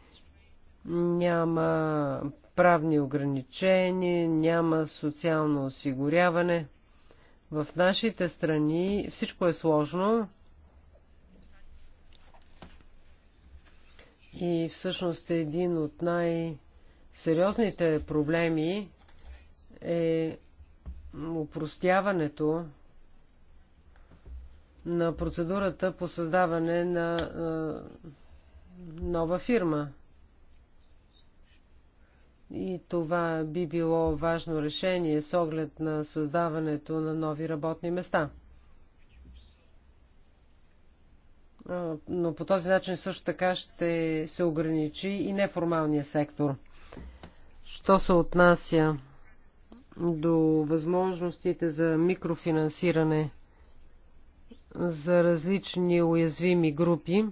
няма правни ограничения, няма социално осигуряване – в нашите страни всичко е сложно и всъщност един от най-сериозните проблеми е упростяването на процедурата по създаване на нова фирма. И това би било важно решение с оглед на създаването на нови работни места. Но по този начин също така ще се ограничи и неформалния сектор. Що се отнася до възможностите за микрофинансиране за различни уязвими групи,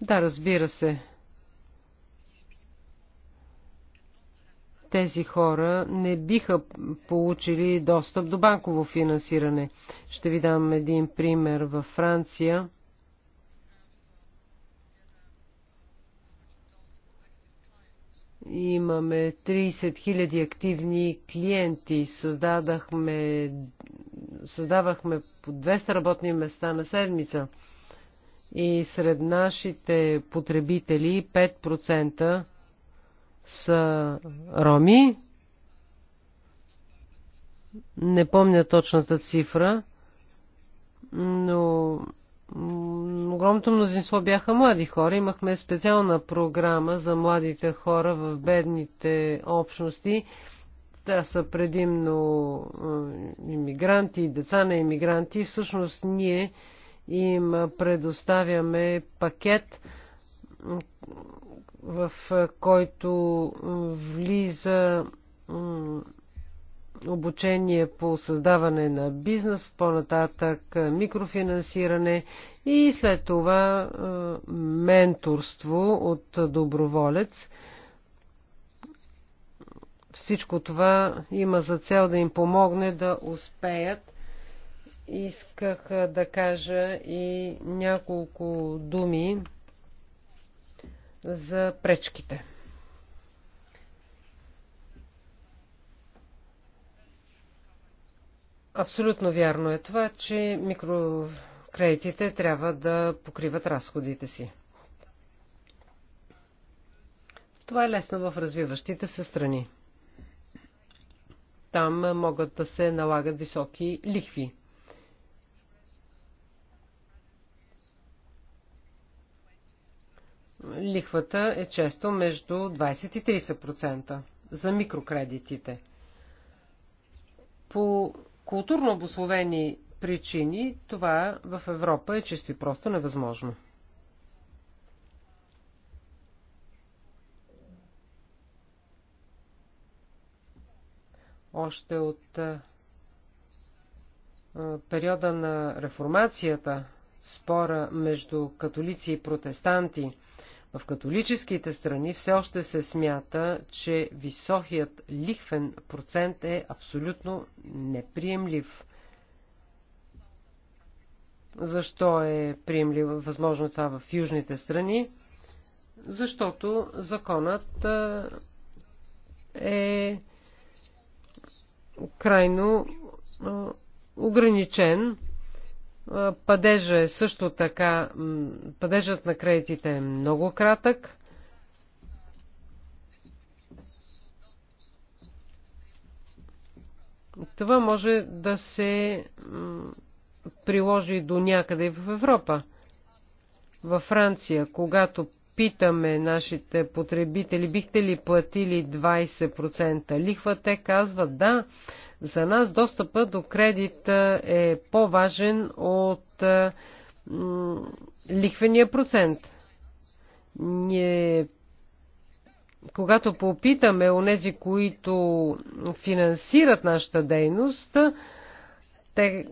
да, разбира се, тези хора не биха получили достъп до банково финансиране. Ще ви дам един пример. Във Франция имаме 30 000 активни клиенти. Създадахме, създавахме по 200 работни места на седмица. И сред нашите потребители 5% са роми. Не помня точната цифра, но огромното мнозинство бяха млади хора. Имахме специална програма за младите хора в бедните общности. Те са предимно иммигранти, деца на иммигранти. Всъщност ние им предоставяме пакет, в който влиза обучение по създаване на бизнес, по-нататък микрофинансиране и след това менторство от доброволец. Всичко това има за цел да им помогне да успеят. Исках да кажа и няколко думи за пречките. Абсолютно вярно е това, че микрокредитите трябва да покриват разходите си. Това е лесно в развиващите се страни. Там могат да се налагат високи лихви. лихвата е често между 20 и 30% за микрокредитите. По културно обословени причини това в Европа е чисто и просто невъзможно. Още от периода на реформацията, спора между католици и протестанти, в католическите страни все още се смята, че високият лихвен процент е абсолютно неприемлив. Защо е приемлив възможно това в южните страни? Защото законът е крайно ограничен Падежа е също така, падежът на кредитите е много кратък. Това може да се приложи до някъде в Европа. Във Франция, когато питаме нашите потребители, бихте ли платили 20% лихва? Те казват да. За нас достъпа до кредит е по-важен от лихвения процент. Ние, когато попитаме онези, които финансират нашата дейност, те,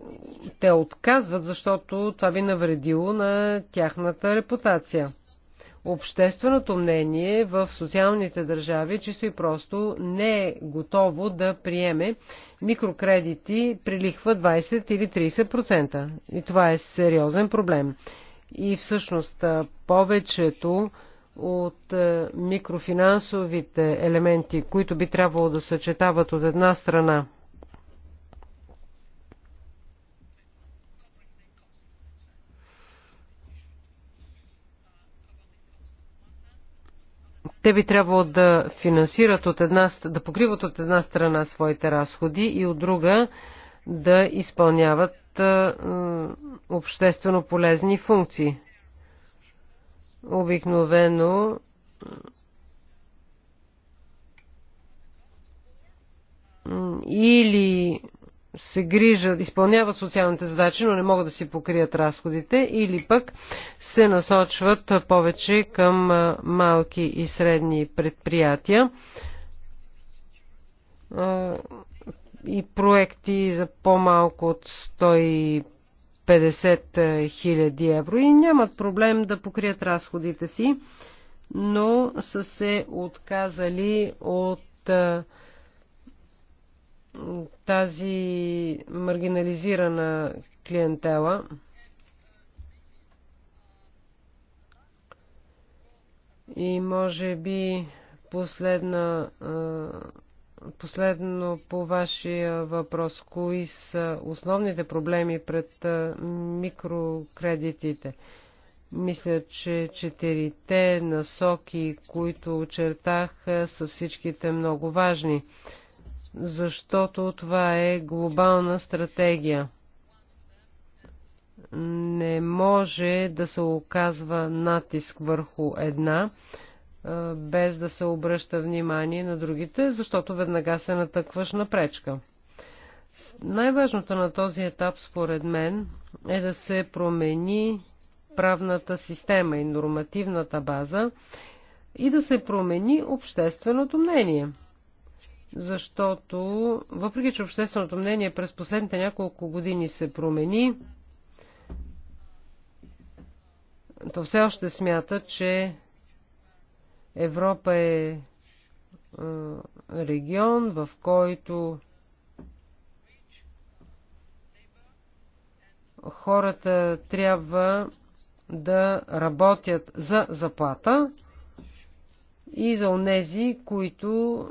те отказват, защото това би навредило на тяхната репутация общественото мнение в социалните държави чисто и просто не е готово да приеме микрокредити при лихва 20 или 30%. И това е сериозен проблем. И всъщност повечето от микрофинансовите елементи, които би трябвало да съчетават от една страна Те би трябвало да финансират от една, да покриват от една страна своите разходи и от друга да изпълняват обществено полезни функции. Обикновено или се грижат, изпълняват социалните задачи, но не могат да си покрият разходите или пък се насочват повече към малки и средни предприятия и проекти за по-малко от 150 000 евро и нямат проблем да покрият разходите си, но са се отказали от тази маргинализирана клиентела. И може би последна, последно по вашия въпрос, кои са основните проблеми пред микрокредитите? Мисля, че четирите насоки, които очертах, са всичките много важни защото това е глобална стратегия. Не може да се оказва натиск върху една, без да се обръща внимание на другите, защото веднага се натъкваш на пречка. Най-важното на този етап, според мен, е да се промени правната система и нормативната база и да се промени общественото мнение – защото въпреки, че общественото мнение през последните няколко години се промени, то все още смята, че Европа е, е регион, в който хората трябва да работят за заплата и за онези, които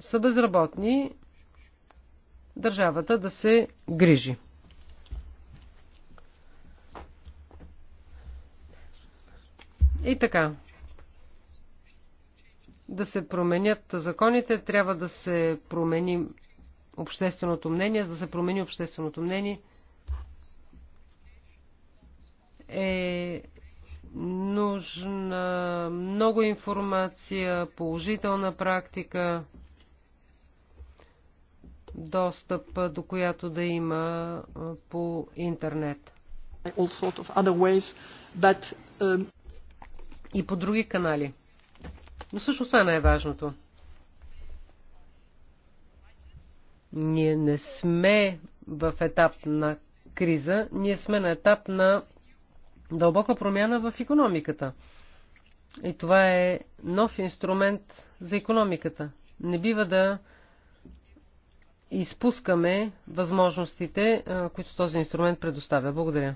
са безработни, държавата да се грижи. И така. Да се променят законите, трябва да се промени общественото мнение. За да се промени общественото мнение е нужна много информация, положителна практика, достъп до която да има по интернет. Sort of ways, but, um... И по други канали. Но също това е най-важното. Ние не сме в етап на криза, ние сме на етап на дълбока промяна в економиката. И това е нов инструмент за економиката. Не бива да изпускаме възможностите, които този инструмент предоставя. Благодаря.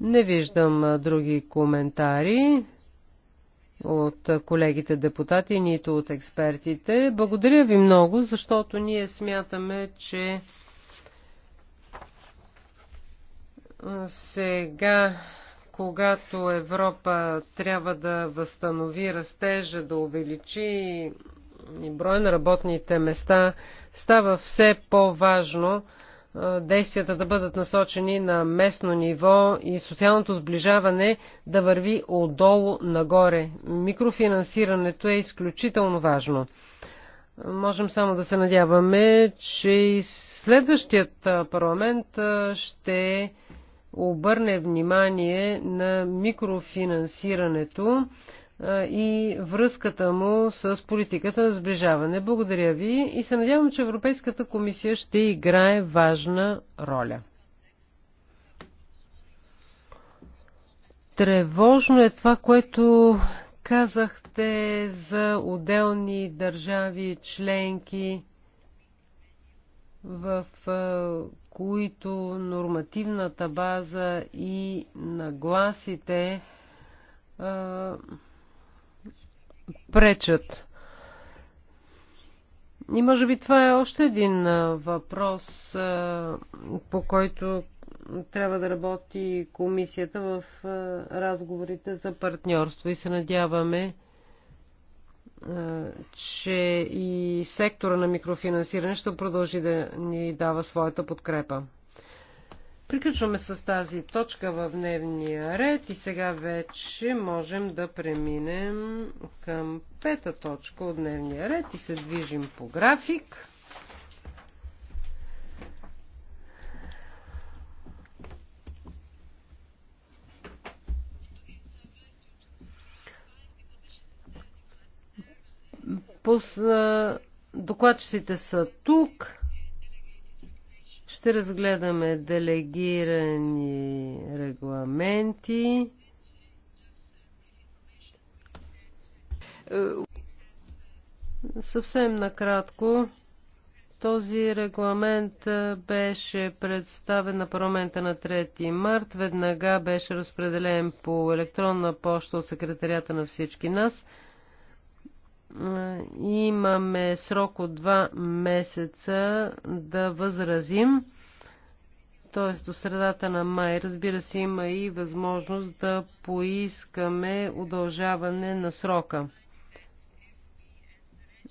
Не виждам други коментари от колегите депутати, нито от експертите. Благодаря ви много, защото ние смятаме, че Сега, когато Европа трябва да възстанови растежа, да увеличи и брой на работните места, става все по-важно действията да бъдат насочени на местно ниво и социалното сближаване да върви отдолу нагоре. Микрофинансирането е изключително важно. Можем само да се надяваме, че и следващият парламент ще обърне внимание на микрофинансирането и връзката му с политиката на сближаване. Благодаря ви и се надявам, че Европейската комисия ще играе важна роля. Тревожно е това, което казахте за отделни държави, членки, в които нормативната база и нагласите а, пречат. И може би това е още един въпрос, а, по който трябва да работи комисията в разговорите за партньорство и се надяваме, е, че и сектора на микрофинансиране ще продължи да ни дава своята подкрепа. Приключваме с тази точка в дневния ред и сега вече можем да преминем към пета точка от дневния ред и се движим по график. Докладчиците са тук. Ще разгледаме делегирани регламенти. Съвсем накратко, този регламент беше представен на парламента на 3 март. Веднага беше разпределен по електронна почта от секретарията на всички нас – Имаме срок от два месеца да възразим, т.е. до средата на май. Разбира се, има и възможност да поискаме удължаване на срока.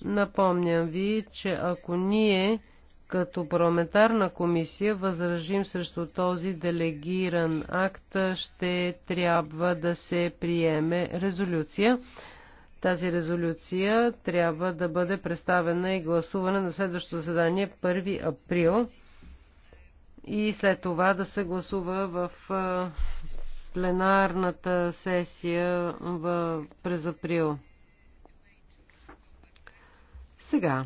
Напомням ви, че ако ние като парламентарна комисия възражим срещу този делегиран акт, ще трябва да се приеме резолюция. Тази резолюция трябва да бъде представена и гласувана на следващото заседание 1 април и след това да се гласува в пленарната сесия в, през април. Сега.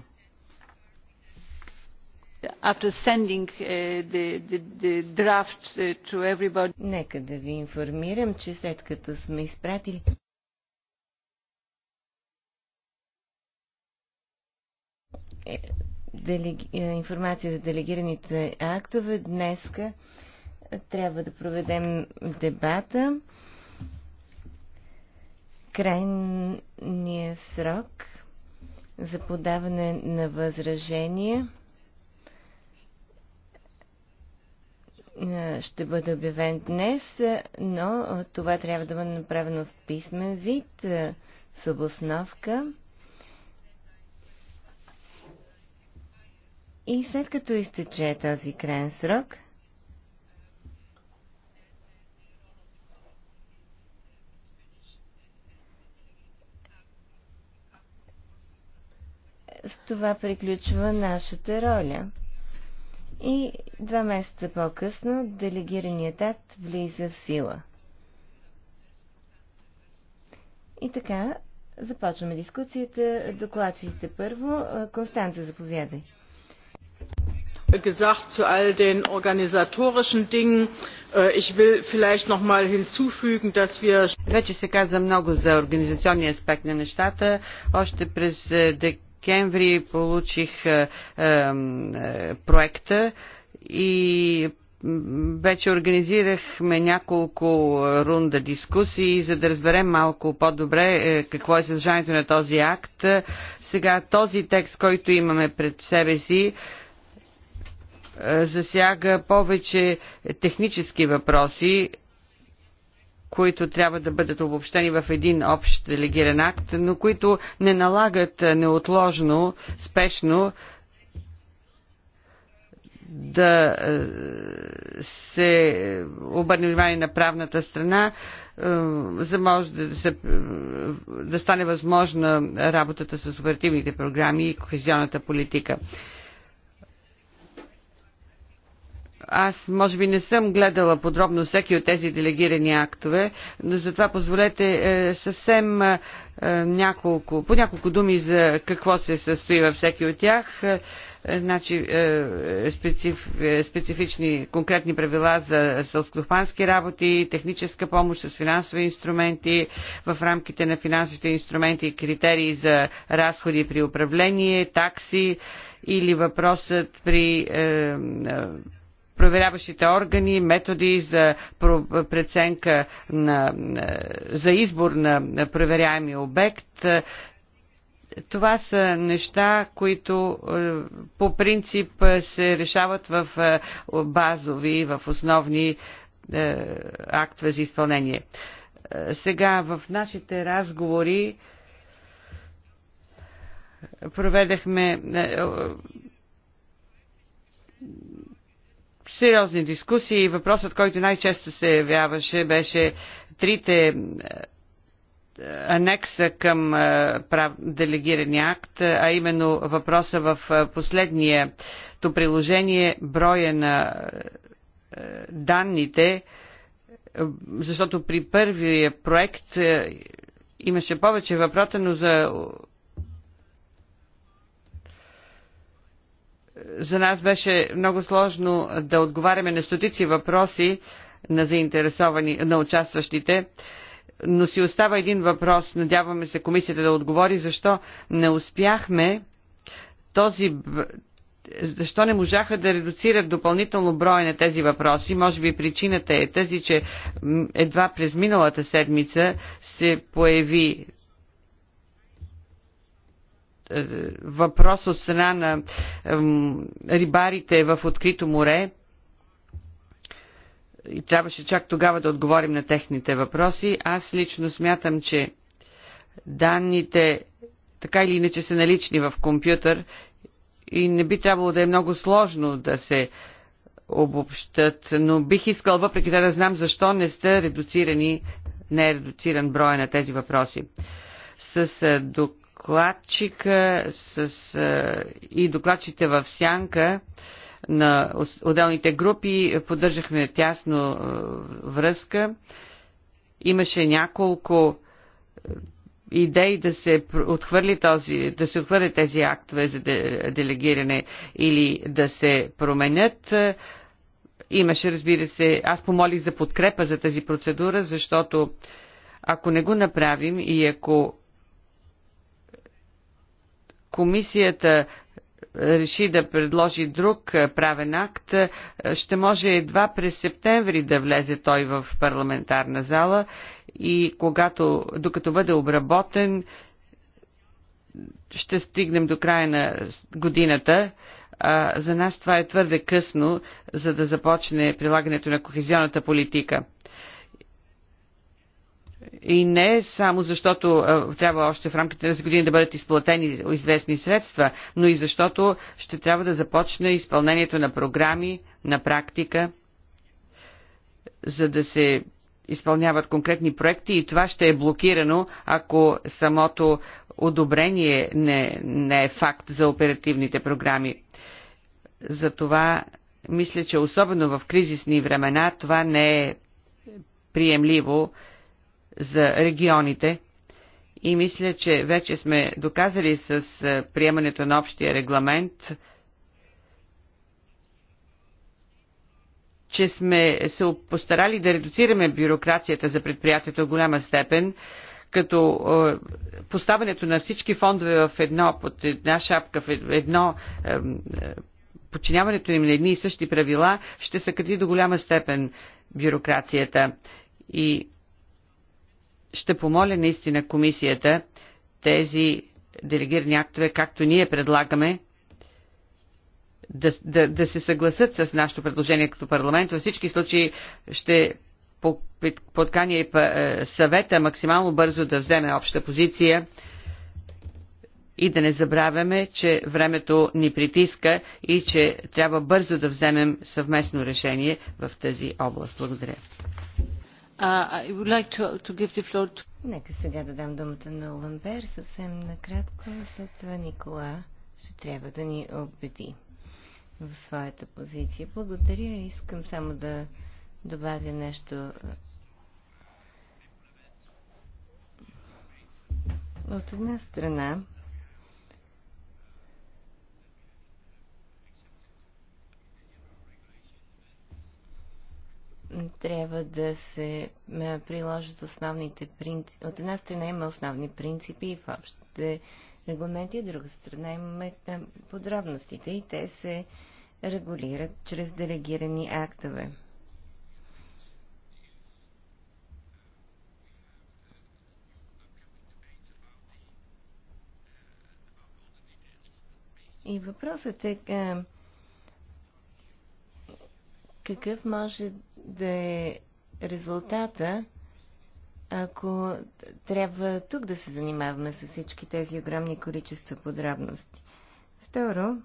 After sending uh, the, the, the draft uh, to everybody... Нека да ви информирам, че след като сме изпратили Е, е, информация за делегираните актове. Днеска трябва да проведем дебата. Крайният срок за подаване на възражения е, ще бъде обявен днес, но това трябва да бъде направено в писмен вид с обосновка. И след като изтече този крайен срок, с това приключва нашата роля. И два месеца по-късно делегираният акт влиза в сила. И така, започваме дискусията. Докладчите първо. Константа, заповядай gesagt zu all den organisatorischen Dingen. Äh, ich will vielleicht noch einmal hinzufügen, dass wir Вече се каза много за организационния аспект на нещата. Още през е, декември получих е, е, проекта и вече организирахме няколко рунда дискусии, за да разберем малко по-добре какво е съдържанието на този акт. Сега този текст, който имаме пред себе си, е, засяга повече технически въпроси, които трябва да бъдат обобщени в един общ делегиран акт, но които не налагат неотложно, спешно да е, се обърне внимание на правната страна, е, за може да, се, да стане възможна работата с оперативните програми и кохезионната политика. Аз може би не съм гледала подробно всеки от тези делегирани актове, но затова позволете е, съвсем е, е няколко, по няколко думи за какво се състои във всеки от тях. Е, е, значи, специф, специфични конкретни правила за сълскохпански работи, техническа помощ с финансови инструменти, в рамките на финансовите инструменти критерии за разходи при управление, такси или въпросът при е, проверяващите органи, методи за преценка на, за избор на проверяеми обект. Това са неща, които е, по принцип е, се решават в е, базови, в основни актове за изпълнение. Сега в нашите разговори проведахме сериозни дискусии. Въпросът, който най-често се явяваше, беше трите е, анекса към делегирани делегирания акт, а именно въпроса в е, последнието приложение броя на е, данните, защото при първия проект имаше повече въпроса, но за за нас беше много сложно да отговаряме на стотици въпроси на заинтересовани, на участващите, но си остава един въпрос, надяваме се комисията да отговори, защо не успяхме този, защо не можаха да редуцират допълнително броя на тези въпроси. Може би причината е тази, че едва през миналата седмица се появи е, въпрос от страна на рибарите в открито море, и трябваше чак тогава да отговорим на техните въпроси. Аз лично смятам, че данните така или иначе са налични в компютър и не би трябвало да е много сложно да се обобщат, но бих искал въпреки да, да знам защо не сте редуцирани, не е редуциран броя на тези въпроси. С е, док докладчика с, и докладчите в сянка на отделните групи поддържахме тясно връзка. Имаше няколко идеи да се отхвърли този, да се отхвърли тези актове за делегиране или да се променят. Имаше, разбира се, аз помолих за подкрепа за тази процедура, защото ако не го направим и ако комисията реши да предложи друг е, правен акт, е, ще може едва през септември да влезе той в парламентарна зала и когато, докато бъде обработен, ще стигнем до края на годината. А, за нас това е твърде късно, за да започне прилагането на кохезионната политика и не само защото а, трябва още в рамките на години да бъдат изплатени известни средства, но и защото ще трябва да започне изпълнението на програми, на практика, за да се изпълняват конкретни проекти и това ще е блокирано, ако самото одобрение не, не е факт за оперативните програми. Затова мисля, че особено в кризисни времена това не е приемливо за регионите. И мисля, че вече сме доказали с е, приемането на общия регламент, че сме се постарали да редуцираме бюрокрацията за предприятието в голяма степен, като е, поставянето на всички фондове в едно, под една шапка, в едно е, подчиняването им на едни и същи правила ще съкрати до голяма степен бюрокрацията. И ще помоля наистина комисията тези делегирани актове, както ние предлагаме, да, да, да се съгласат с нашето предложение като парламент. Във всички случаи ще подканя и е, съвета максимално бързо да вземе обща позиция и да не забравяме, че времето ни притиска и че трябва бързо да вземем съвместно решение в тази област. Благодаря. Uh, I would like to, to give the floor to... Нека сега да дам думата на Ламбер съвсем накратко, след това Никола ще трябва да ни убеди в своята позиция. Благодаря. Искам само да добавя нещо от една страна. трябва да се приложат основните принципи. От една страна има основни принципи в общите регламенти, от друга страна имаме подробностите и те се регулират чрез делегирани актове. И въпросът е какъв може да е резултата, ако трябва тук да се занимаваме с всички тези огромни количества подробности. Второ,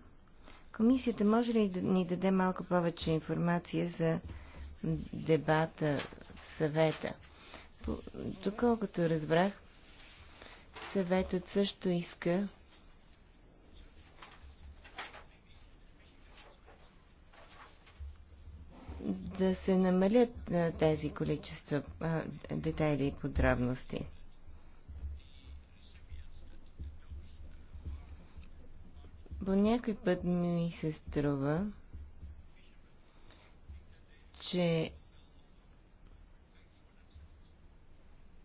комисията може ли да ни даде малко повече информация за дебата в съвета? Доколкото разбрах, съветът също иска да се намалят тези количества детайли и подробности. По някой път ми се струва, че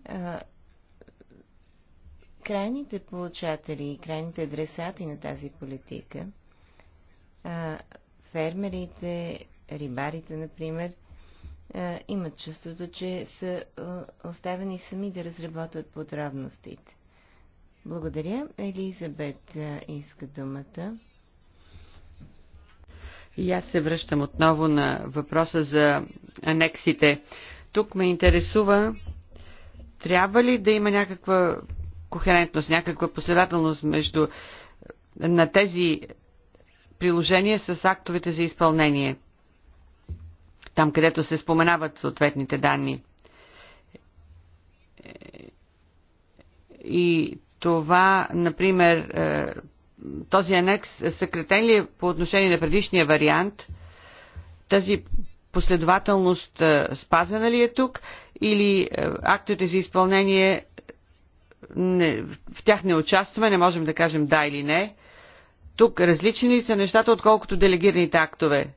а, крайните получатели и крайните адресати на тази политика, а, фермерите, рибарите, например, имат чувството, че са оставени сами да разработват подробностите. Благодаря. Елизабет иска думата. И аз се връщам отново на въпроса за анексите. Тук ме интересува, трябва ли да има някаква кохерентност, някаква последователност между на тези приложения с актовете за изпълнение? там където се споменават съответните данни. И това, например, е, този анекс съкретен ли е по отношение на предишния вариант? Тази последователност е, спазена ли е тук или е, актовете за изпълнение не, в тях не участваме, не можем да кажем да или не. Тук различни ли са нещата, отколкото делегираните актове?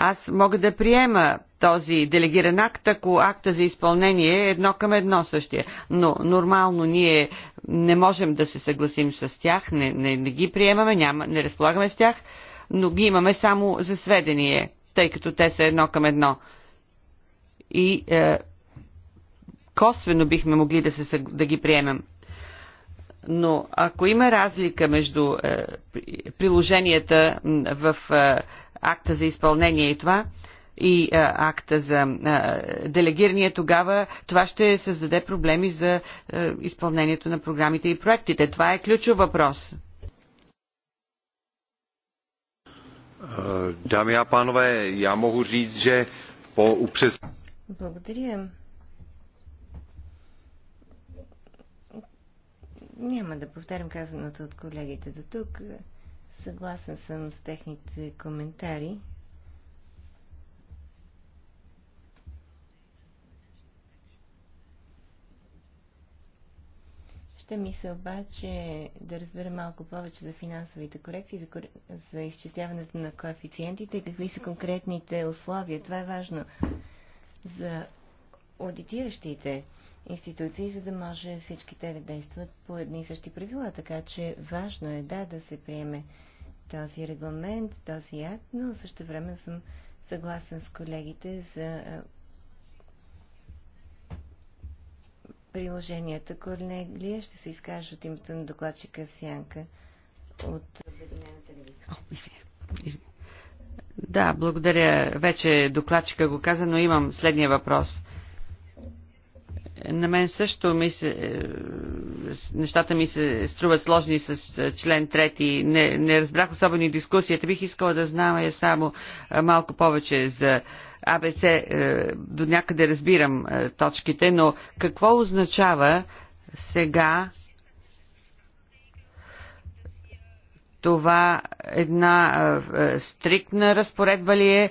Аз мога да приема този делегиран акт, ако акта за изпълнение е едно към едно същия. Но нормално ние не можем да се съгласим с тях, не, не, не ги приемаме, няма, не разполагаме с тях, но ги имаме само за сведение, тъй като те са едно към едно. И е, косвено бихме могли да, се, да ги приемем но ако има разлика между е, приложенията в е, акта за изпълнение и това, и а, акта за а, делегиране, тогава това ще създаде проблеми за а, изпълнението на програмите и проектите. Това е ключов въпрос. Дами и панове, я мога říct, че по упрес... Благодаря. Няма да повтарям казаното от колегите до тук. Съгласен съм с техните коментари. Ще ми се обаче да разбера малко повече за финансовите корекции, за, за изчисляването на коефициентите, какви са конкретните условия. Това е важно за аудитиращите институции, за да може всички те да действат по едни и същи правила. Така че важно е да, да се приеме този регламент, този акт, но също време съм съгласен с колегите за приложенията. Корнелия ще се изкаже от името на докладчика в Сянка от Обединената левица. Да, благодаря. Вече докладчика го каза, но имам следния въпрос. На мен също ми се, е, нещата ми се струват сложни с е, член 3. Не, не разбрах особено и дискусията. Бих искала да знам я само е, малко повече за АБЦ. До някъде разбирам точките, но какво означава сега това една стриктна разпоредба ли е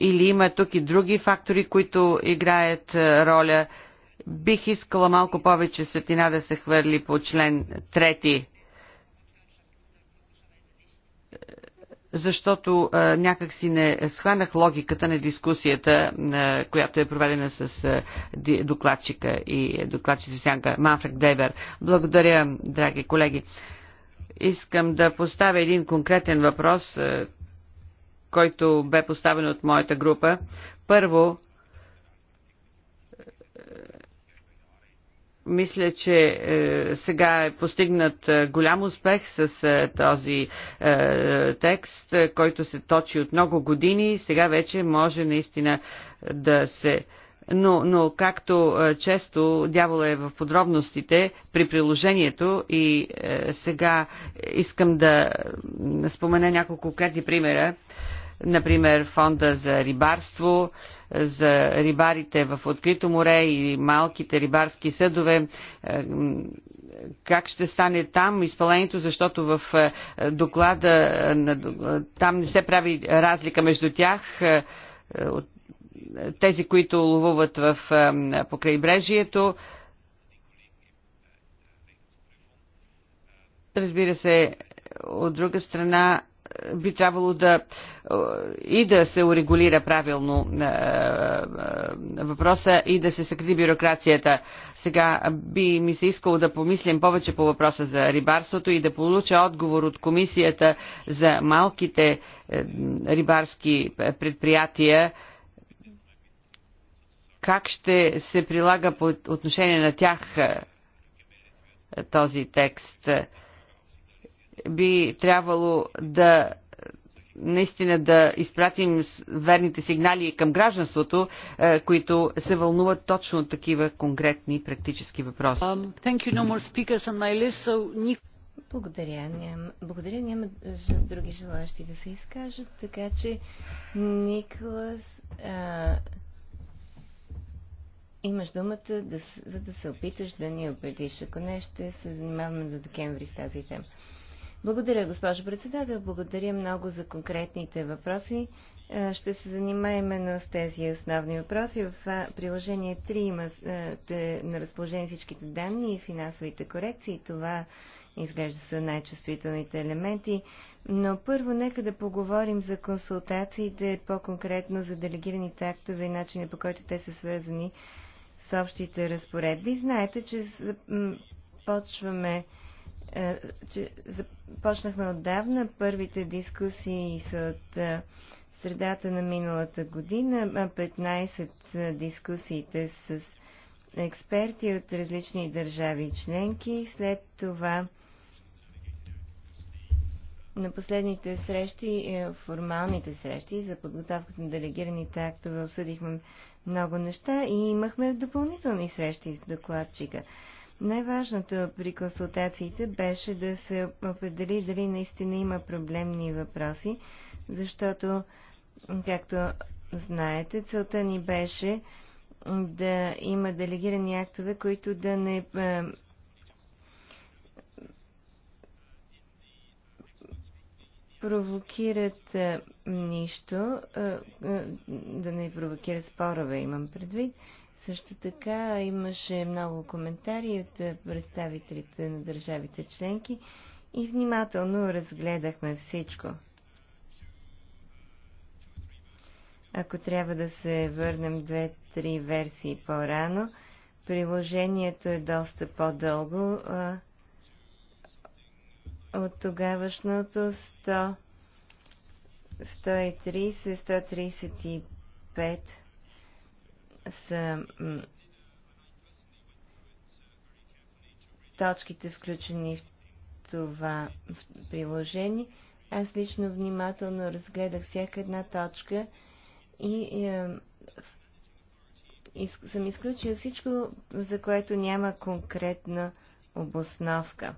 или има тук и други фактори, които играят роля? Бих искала малко повече светлина да се хвърли по член трети, защото а, някак си не схванах логиката на дискусията, а, която е проведена с а, докладчика и докладчица Сянка Манфред Дейбер. Благодаря, драги колеги. Искам да поставя един конкретен въпрос, който бе поставен от моята група. Първо, Мисля, че е, сега е постигнат е, голям успех с е, този е, текст, е, който се точи от много години. Сега вече може наистина да се. Но, но както е, често дявола е в подробностите при приложението и е, сега искам да спомена няколко конкретни примера. Е, например фонда за рибарство, за рибарите в открито море и малките рибарски съдове. Е, как ще стане там изпълнението, защото в е, доклада е, там не се прави разлика между тях тези, които ловуват в покрайбрежието. Разбира се, от друга страна би трябвало да е, и да се урегулира правилно е, е, въпроса и да се съкрати бюрокрацията. Сега би ми се искало да помислим повече по въпроса за рибарството и да получа отговор от комисията за малките рибарски предприятия, как ще се прилага по отношение на тях този текст би трябвало да наистина да изпратим верните сигнали към гражданството, е, които се вълнуват точно от такива конкретни практически въпроси. Um, благодаря. Ням, благодаря. Няма други желащи да се изкажат, така че Николас а, имаш думата, да, за да се опиташ да ни убедиш. Ако не, ще се занимаваме до декември с тази тема. Благодаря, госпожо председател. Благодаря много за конкретните въпроси. Е, ще се занимаем на с тези основни въпроси. В приложение 3 има е, на разположение всичките данни и финансовите корекции. Това изглежда са най-чувствителните елементи. Но първо нека да поговорим за консултациите, по-конкретно за делегираните актове и начина по който те са свързани с общите разпоредби. Знаете, че започваме е, че започнахме отдавна. Първите дискусии са от е, средата на миналата година. 15 са е, дискусиите с експерти от различни държави и членки. След това на последните срещи, формалните срещи за подготовката на делегираните актове обсъдихме много неща и имахме допълнителни срещи с докладчика. Най-важното при консултациите беше да се определи дали наистина има проблемни въпроси, защото, както знаете, целта ни беше да има делегирани актове, които да не е, провокират е, нищо, е, да не провокират спорове, имам предвид, също така имаше много коментари от е, представителите на държавите членки и внимателно разгледахме всичко. Ако трябва да се върнем две-три версии по-рано, приложението е доста по-дълго от тогавашното 100, 130, 135 са точките включени в това приложение. Аз лично внимателно разгледах всяка една точка и е, съм изключил всичко, за което няма конкретна обосновка.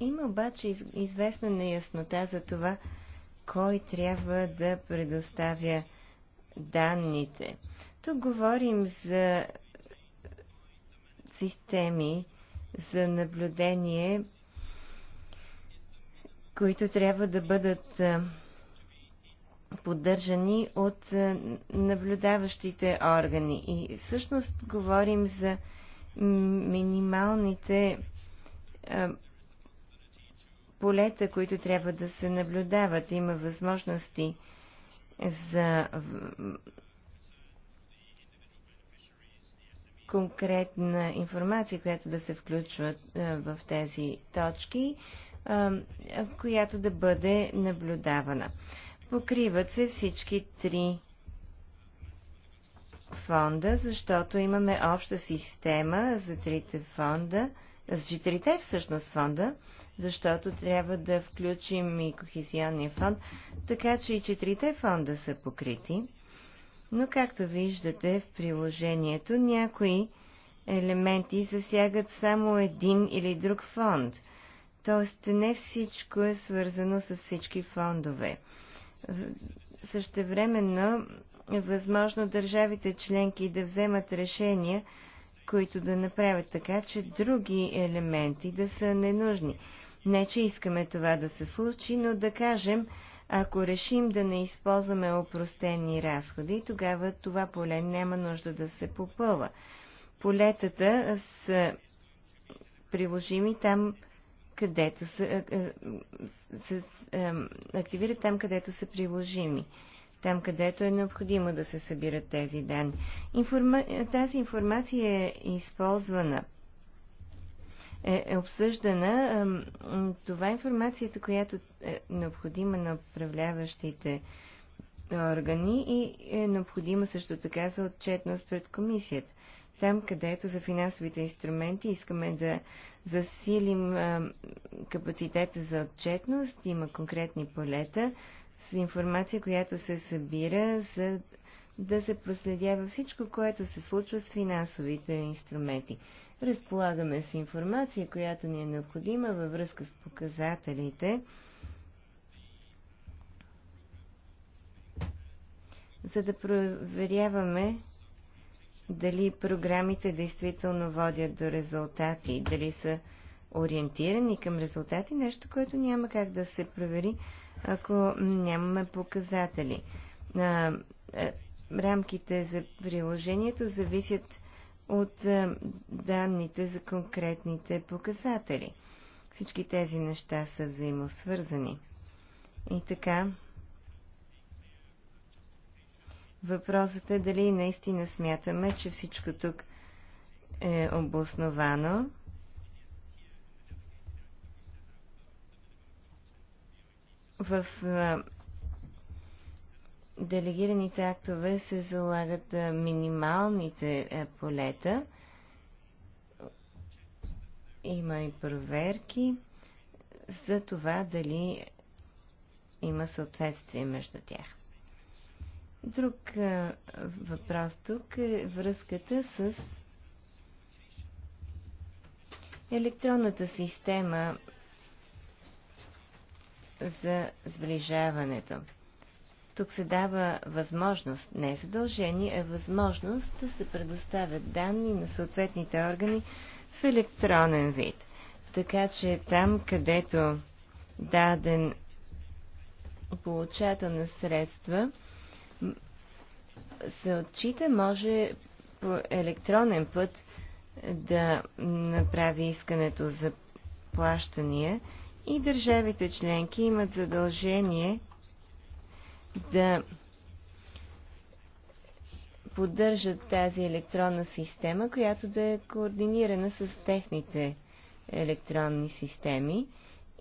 Има обаче известна неяснота за това, кой трябва да предоставя данните. Тук говорим за системи за наблюдение, които трябва да бъдат поддържани от наблюдаващите органи. И всъщност говорим за минималните полета, които трябва да се наблюдават. Има възможности за конкретна информация, която да се включва е, в тези точки, е, която да бъде наблюдавана. Покриват се всички три фонда, защото имаме обща система за трите фонда – с жителите е всъщност фонда, защото трябва да включим и Кохезионния фонд, така че и четирите фонда са покрити. Но както виждате в приложението, някои елементи засягат само един или друг фонд. Тоест не всичко е свързано с всички фондове. Същевременно е възможно държавите членки да вземат решения които да направят така, че други елементи да са ненужни. Не, че искаме това да се случи, но да кажем, ако решим да не използваме опростени разходи, тогава това поле няма нужда да се попълва. Полетата са приложими там, където са, се активират там, където са приложими там където е необходимо да се събират тези данни. Информа... Тази информация е използвана, е, е обсъждана. Това е информацията, която е необходима на управляващите органи и е необходима също така за отчетност пред комисията. Там, където за финансовите инструменти искаме да засилим капацитета за отчетност, има конкретни полета, с информация, която се събира, за да се проследява всичко, което се случва с финансовите инструменти. Разполагаме с информация, която ни е необходима във връзка с показателите, за да проверяваме дали програмите действително водят до резултати, дали са ориентирани към резултати, нещо, което няма как да се провери ако нямаме показатели. Рамките за приложението зависят от данните за конкретните показатели. Всички тези неща са взаимосвързани. И така, въпросът е дали наистина смятаме, че всичко тук е обосновано В делегираните актове се залагат минималните полета. Има и проверки за това дали има съответствие между тях. Друг въпрос тук е връзката с електронната система за сближаването. Тук се дава възможност, не задължение, а възможност да се предоставят данни на съответните органи в електронен вид. Така че там, където даден получател на средства се отчита, може по електронен път да направи искането за плащания и държавите членки имат задължение да поддържат тази електронна система, която да е координирана с техните електронни системи.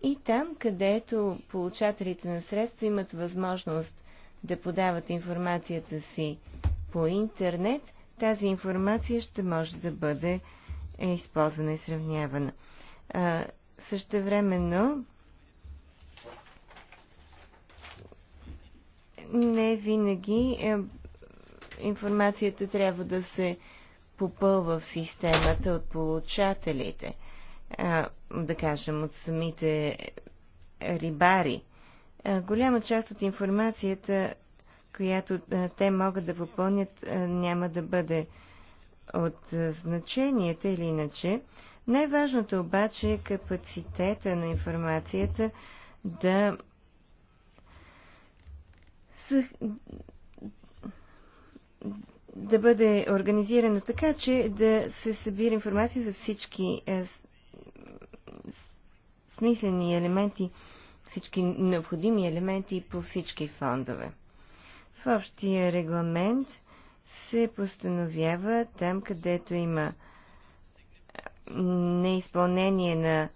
И там, където получателите на средства имат възможност да подават информацията си по интернет, тази информация ще може да бъде е използвана и сравнявана. Същевременно не винаги е, информацията трябва да се попълва в системата от получателите, а, е, да кажем от самите рибари. А, е, голяма част от информацията, която а, е, те могат да попълнят, а, няма да бъде от значението или иначе. Най-важното обаче е капацитета на информацията да да бъде организирана така, че да се събира информация за всички е, смислени елементи, всички необходими елементи по всички фондове. В общия регламент се постановява там, където има неизпълнение на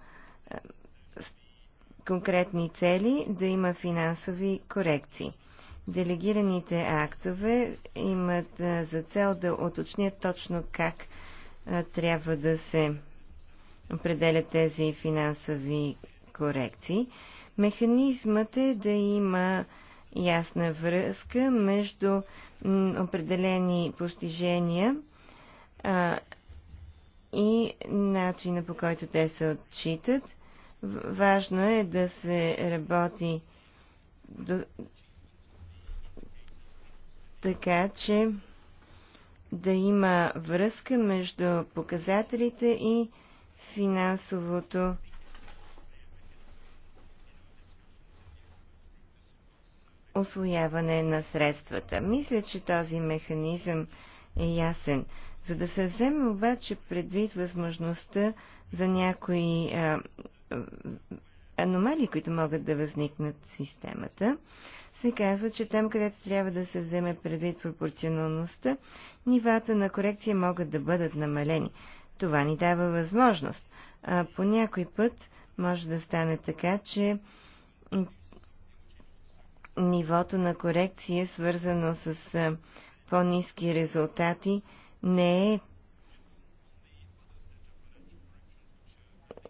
конкретни цели да има финансови корекции. Делегираните актове имат за цел да уточнят точно как трябва да се определят тези финансови корекции. Механизмът е да има ясна връзка между определени постижения и начина по който те се отчитат. Важно е да се работи до... така, че да има връзка между показателите и финансовото освояване на средствата. Мисля, че този механизъм е ясен. За да се вземе обаче предвид възможността за някои а, аномалии, които могат да възникнат в системата, се казва, че там, където трябва да се вземе предвид пропорционалността, нивата на корекция могат да бъдат намалени. Това ни дава възможност. А по някой път може да стане така, че нивото на корекция, свързано с по-низки резултати, не е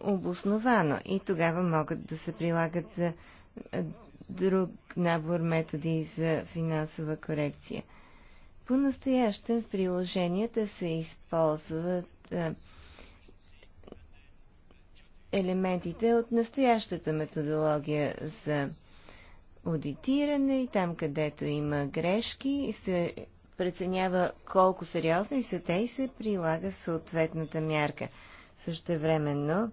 обосновано и тогава могат да се прилагат друг набор методи за финансова корекция. По-настоящем в приложенията се използват елементите от настоящата методология за аудитиране и там, където има грешки, се преценява колко сериозни са те и се прилага съответната мярка. Същевременно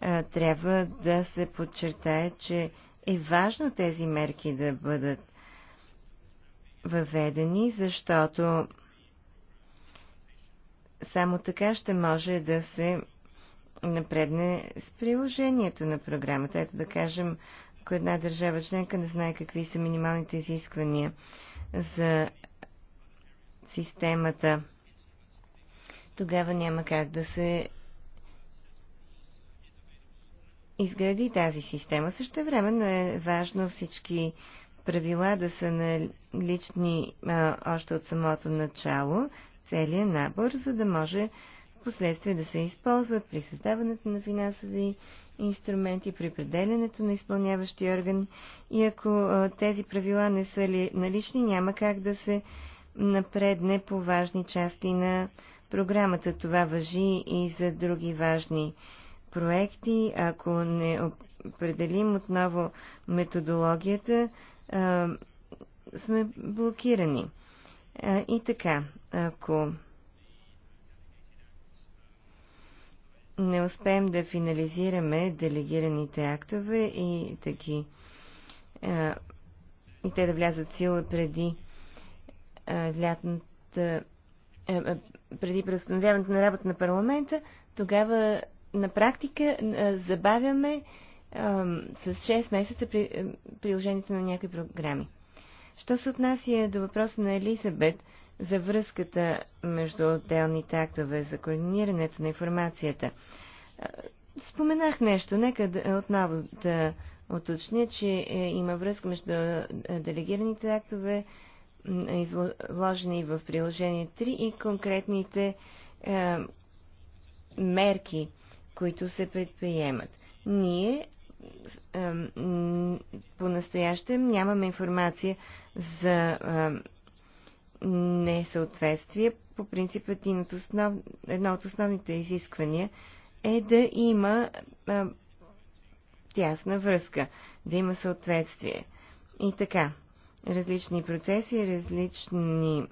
а, трябва да се подчертае, че е важно тези мерки да бъдат въведени, защото само така ще може да се напредне с приложението на програмата. Ето да кажем, ако една държава членка не знае какви са минималните изисквания за системата, тогава няма как да се изгради тази система. Също времено е важно всички правила да са лични а, още от самото начало, целият набор, за да може в последствие да се използват при създаването на финансови инструменти, при определенето на изпълняващи органи. И ако а, тези правила не са ли налични, няма как да се напредне по важни части на програмата. Това въжи и за други важни проекти. Ако не определим отново методологията, а, сме блокирани. А, и така, ако не успеем да финализираме делегираните актове и да ги а, и те да влязат в сила преди лятната преди преустановяването на работа на парламента, тогава на практика забавяме с 6 месеца при приложението на някои програми. Що се отнася до въпроса на Елизабет за връзката между отделните актове за координирането на информацията, споменах нещо. Нека да, отново да уточня, че е, има връзка между делегираните актове, е изложени в приложение 3 и конкретните е, мерки, които се предприемат. Ние е, по-настоящем нямаме информация за е, несъответствие. По принцип, основ... едно от основните изисквания е да има е, тясна връзка, да има съответствие. И така, различни процеси, различни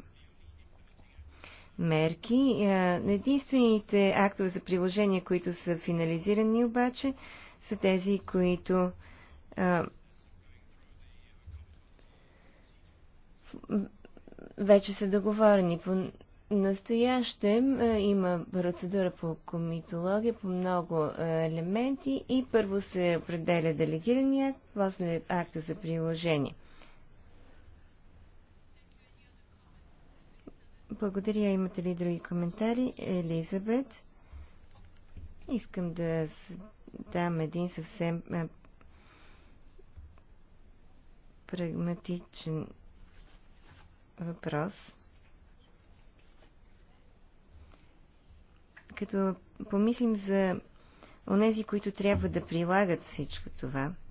мерки. Единствените актове за приложение, които са финализирани обаче, са тези, които вече са договорени. По настоящем има процедура по комитология по много елементи и първо се определя делегирания, после акта за приложение. Благодаря. Имате ли други коментари? Елизабет, искам да дам един съвсем прагматичен въпрос. Като помислим за онези, които трябва да прилагат всичко това –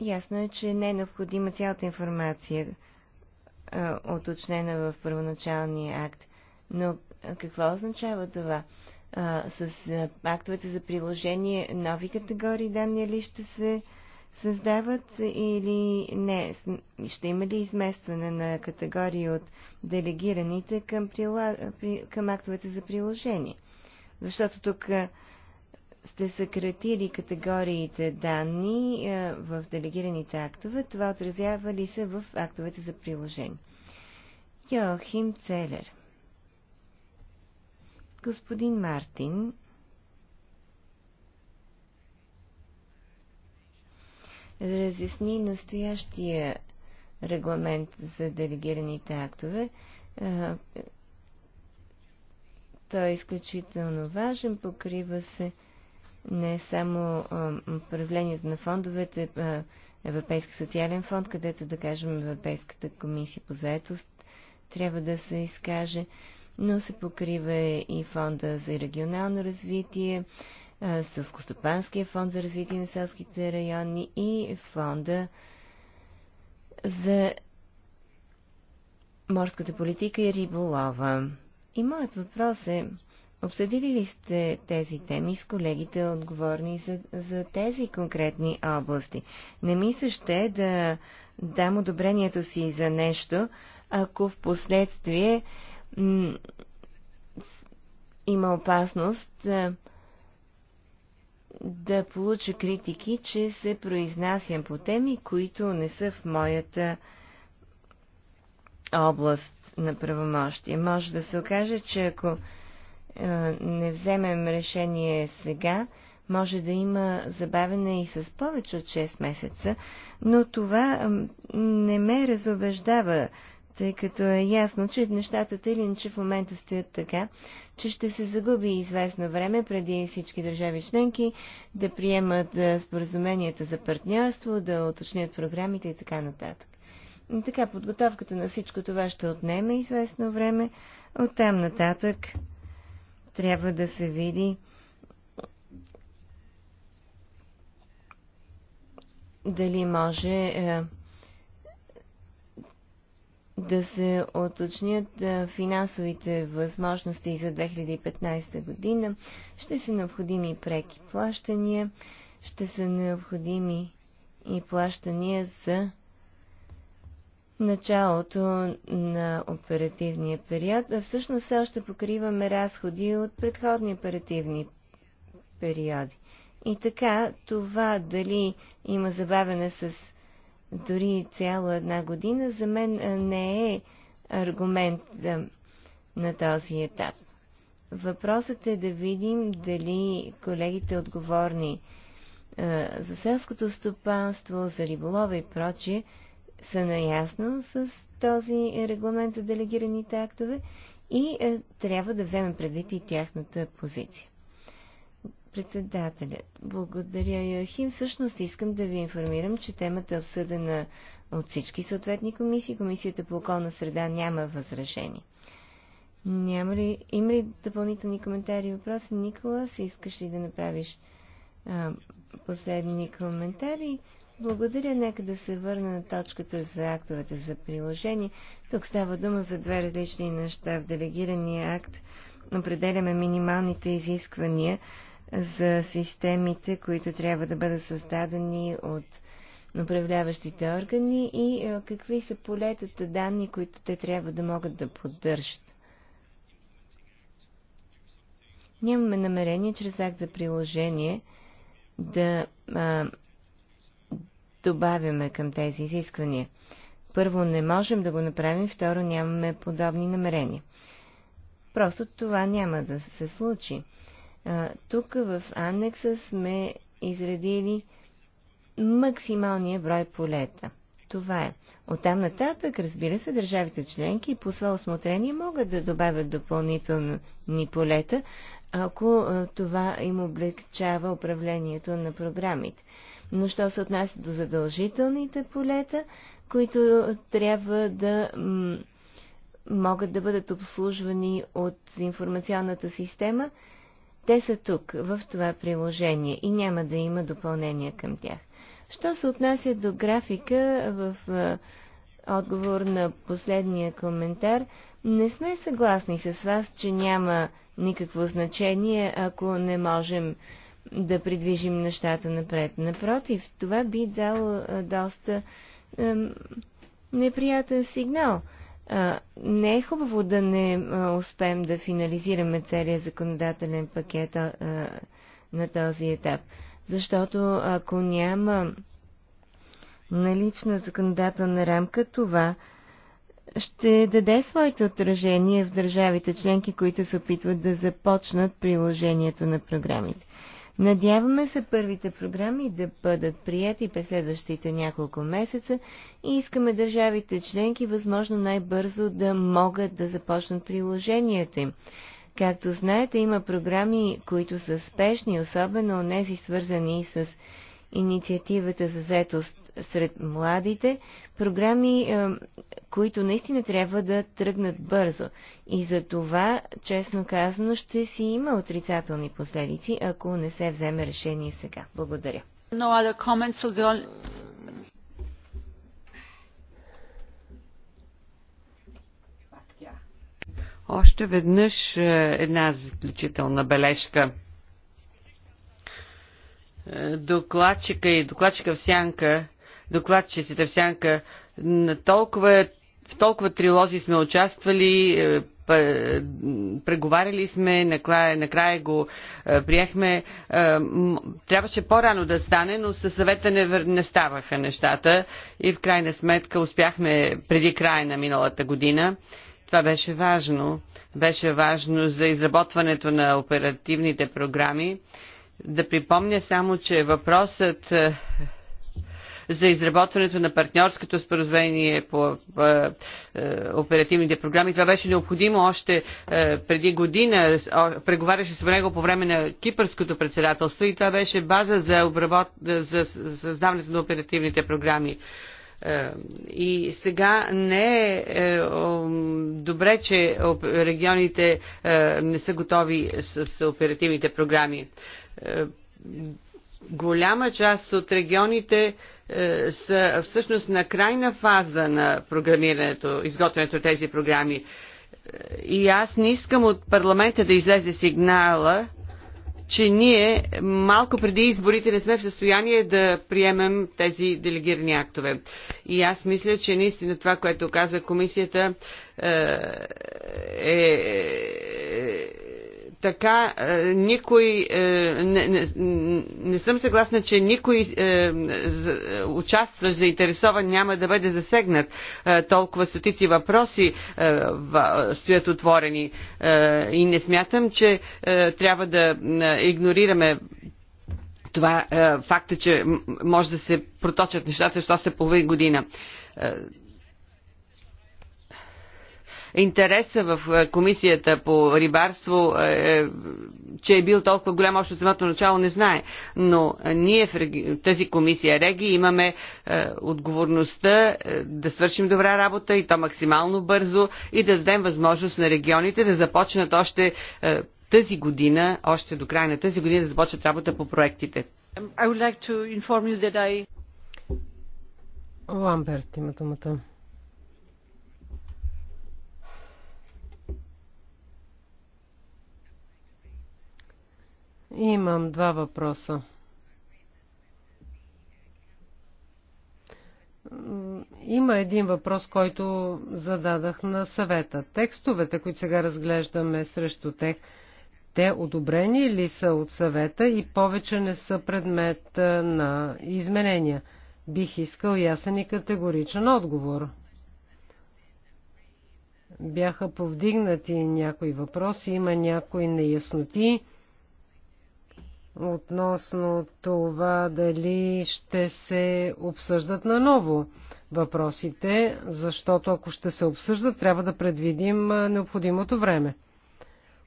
Ясно е, че не е необходима цялата информация, оточнена е, в първоначалния акт. Но е, какво означава това? Е, с актовете за приложение нови категории данни ли ще се създават или не? Ще има ли изместване на категории от делегираните към, прила... към актовете за приложение? Защото тук сте съкратили категориите данни е, в делегираните актове, това отразява ли се в актовете за приложение? Йохим Целер Господин Мартин разясни настоящия регламент за делегираните актове. Е, той е изключително важен, покрива се не само управлението на фондовете, а социален фонд, където да кажем Европейската комисия по заетост трябва да се изкаже, но се покрива и фонда за регионално развитие, Сълскостопанския фонд за развитие на селските райони и фонда за морската политика и риболова. И моят въпрос е, Обсъдили ли сте тези теми с колегите, отговорни за, за тези конкретни области? Не ми се ще да дам одобрението си за нещо, ако в последствие има опасност да получа критики, че се произнасям по теми, които не са в моята област на правомощие. Може да се окаже, че ако не вземем решение сега, може да има забавене и с повече от 6 месеца, но това не ме разобеждава, тъй като е ясно, че нещата тъй че в момента стоят така, че ще се загуби известно време преди всички държави членки да приемат споразуменията за партньорство, да уточнят програмите и така нататък. И така, подготовката на всичко това ще отнеме известно време. Оттам нататък трябва да се види дали може е, да се оточнят е, финансовите възможности за 2015 година. Ще са необходими преки плащания, ще са необходими и плащания за началото на оперативния период, а всъщност все още покриваме разходи от предходни оперативни периоди. И така, това дали има забавене с дори цяла една година, за мен не е аргумент да, на този етап. Въпросът е да видим дали колегите отговорни е, за селското стопанство, за риболова и прочие, са наясно с този регламент за делегираните актове и е, трябва да вземем предвид и тяхната позиция. Председателят, благодаря Йохим. Всъщност искам да ви информирам, че темата е обсъдена от всички съответни комисии. Комисията по околна среда няма възражение. Няма ли, има ли допълнителни коментари и въпроси? Николас, искаш ли да направиш а, последни коментари? Благодаря. Нека да се върна на точката за актовете за приложение. Тук става дума за две различни неща. В делегирания акт определяме минималните изисквания за системите, които трябва да бъдат създадени от управляващите органи и е, какви са полетата данни, които те трябва да могат да поддържат. Нямаме намерение чрез акт за приложение да а, добавяме към тези изисквания. Първо, не можем да го направим, второ, нямаме подобни намерения. Просто това няма да се случи. А, тук в анекса сме изредили максималния брой полета. Това е. Оттам нататък, разбира се, държавите членки по свое осмотрение могат да добавят допълнителни полета, ако това им облегчава управлението на програмите. Но що се отнася до задължителните полета, които трябва да могат да бъдат обслужвани от информационната система, те са тук, в това приложение и няма да има допълнение към тях. Що се отнася до графика в а, отговор на последния коментар, не сме съгласни с вас, че няма никакво значение, ако не можем да придвижим нещата напред. Напротив, това би дал доста е, неприятен сигнал. А, не е хубаво да не успеем да финализираме целият законодателен пакет а, на този етап, защото ако няма налична законодателна рамка, това ще даде своите отражения в държавите членки, които се опитват да започнат приложението на програмите. Надяваме се първите програми да бъдат прияти през следващите няколко месеца и искаме държавите членки възможно най-бързо да могат да започнат приложенията им. Както знаете, има програми, които са спешни, особено тези свързани с инициативата за заетост сред младите, програми, е, които наистина трябва да тръгнат бързо. И за това, честно казано, ще си има отрицателни последици, ако не се вземе решение сега. Благодаря. No other comments, so the Още веднъж е, една заключителна бележка докладчика и докладчика в сянка, докладчиците в сянка, на толкова, в толкова трилози сме участвали, е, е, преговаряли сме, накрая, накрая го е, приехме. Трябваше по-рано да стане, но със съвета не, не ставаха нещата и в крайна сметка успяхме преди края на миналата година. Това беше важно. Беше важно за изработването на оперативните програми. Да припомня само, че въпросът е, за изработването на партньорското споразумение по е, е, оперативните програми. Това беше необходимо още преди година. Преговаряше с него по време на кипърското председателство и това беше база за, обработ... за създаването на оперативните програми. И сега не е добре, че регионите не са готови с оперативните програми. Е, голяма част от регионите е, са всъщност на крайна фаза на програмирането, изготвянето на тези програми. Е, и аз не искам от парламента да излезе сигнала, че ние малко преди изборите не сме в състояние да приемем тези делегирани актове. И аз мисля, че наистина това, което казва комисията е, е, е така е, никой. Е, не, не, не съм съгласна, че никой е, участващ заинтересован няма да бъде засегнат. Толкова стотици въпроси стоят отворени и не смятам, че трябва да игнорираме това факта, че може да се проточат нещата, що се половин година интереса в е, комисията по рибарство, е, е, че е бил толкова голям още от самото начало, не знае. Но ние в тази комисия Реги имаме отговорността да свършим добра работа и то максимално бързо и да дадем възможност на регионите да започнат още тази година, още до края на тази година да започнат работа по проектите. I would like to inform you that I... Ламберт има думата. Имам два въпроса. Има един въпрос, който зададах на съвета. Текстовете, които сега разглеждаме срещу тех, те одобрени ли са от съвета и повече не са предмет на изменения? Бих искал ясен и категоричен отговор. Бяха повдигнати някои въпроси, има някои неясноти относно това дали ще се обсъждат наново въпросите, защото ако ще се обсъждат, трябва да предвидим необходимото време.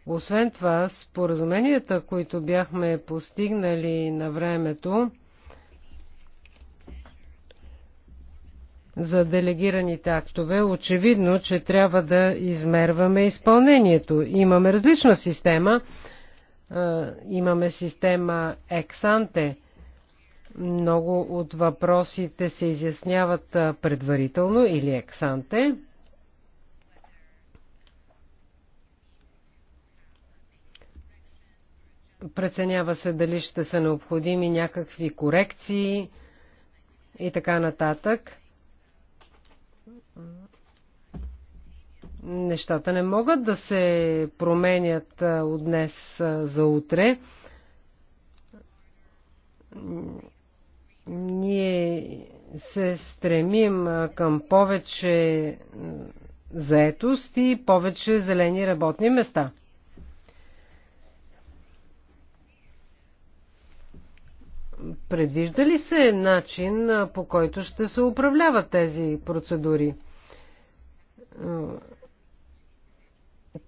Освен това, споразуменията, които бяхме постигнали на времето за делегираните актове, очевидно, че трябва да измерваме изпълнението. Имаме различна система, е, имаме система ексанте. Много от въпросите се изясняват е, предварително или ексанте. Преценява се дали ще са необходими някакви корекции и така нататък. Нещата не могат да се променят от днес за утре. Ние се стремим към повече заетост и повече зелени работни места. Предвижда ли се начин по който ще се управляват тези процедури?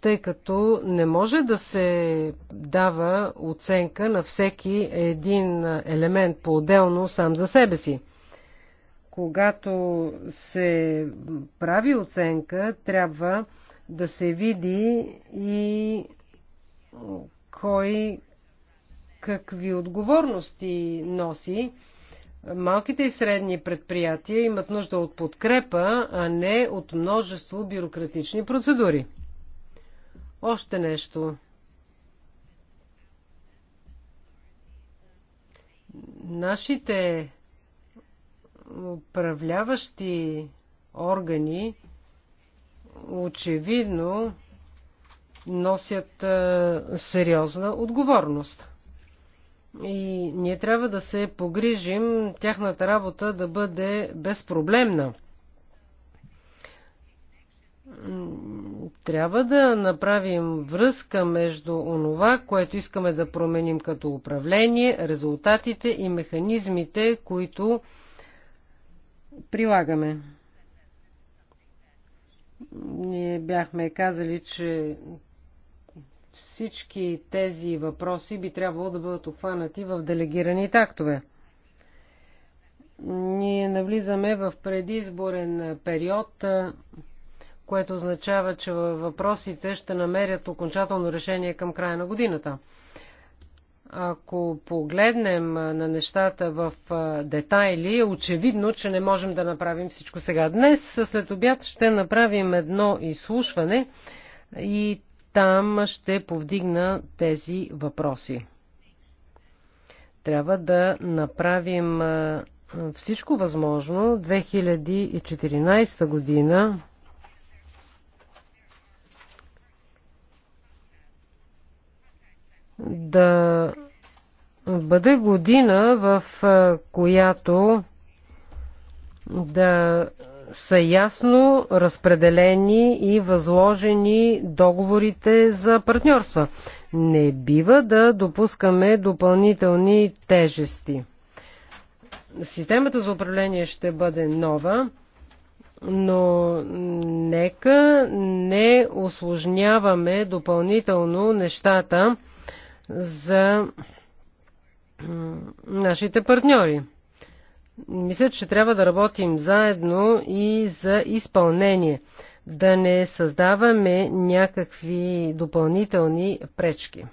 тъй като не може да се дава оценка на всеки един елемент по-отделно сам за себе си. Когато се прави оценка, трябва да се види и кой какви отговорности носи. Малките и средни предприятия имат нужда от подкрепа, а не от множество бюрократични процедури. Още нещо. Нашите управляващи органи очевидно носят сериозна отговорност. И ние трябва да се погрижим тяхната работа да бъде безпроблемна трябва да направим връзка между онова, което искаме да променим като управление, резултатите и механизмите, които прилагаме. Ние бяхме казали, че всички тези въпроси би трябвало да бъдат обхванати в делегираните тактове. Ние навлизаме в предизборен период което означава, че въпросите ще намерят окончателно решение към края на годината. Ако погледнем на нещата в детайли, е очевидно, че не можем да направим всичко сега. Днес след обяд ще направим едно изслушване и там ще повдигна тези въпроси. Трябва да направим всичко възможно 2014 година да бъде година, в която да са ясно разпределени и възложени договорите за партньорства. Не бива да допускаме допълнителни тежести. Системата за управление ще бъде нова, но нека не осложняваме допълнително нещата за нашите партньори. Мисля, че трябва да работим заедно и за изпълнение, да не създаваме някакви допълнителни пречки.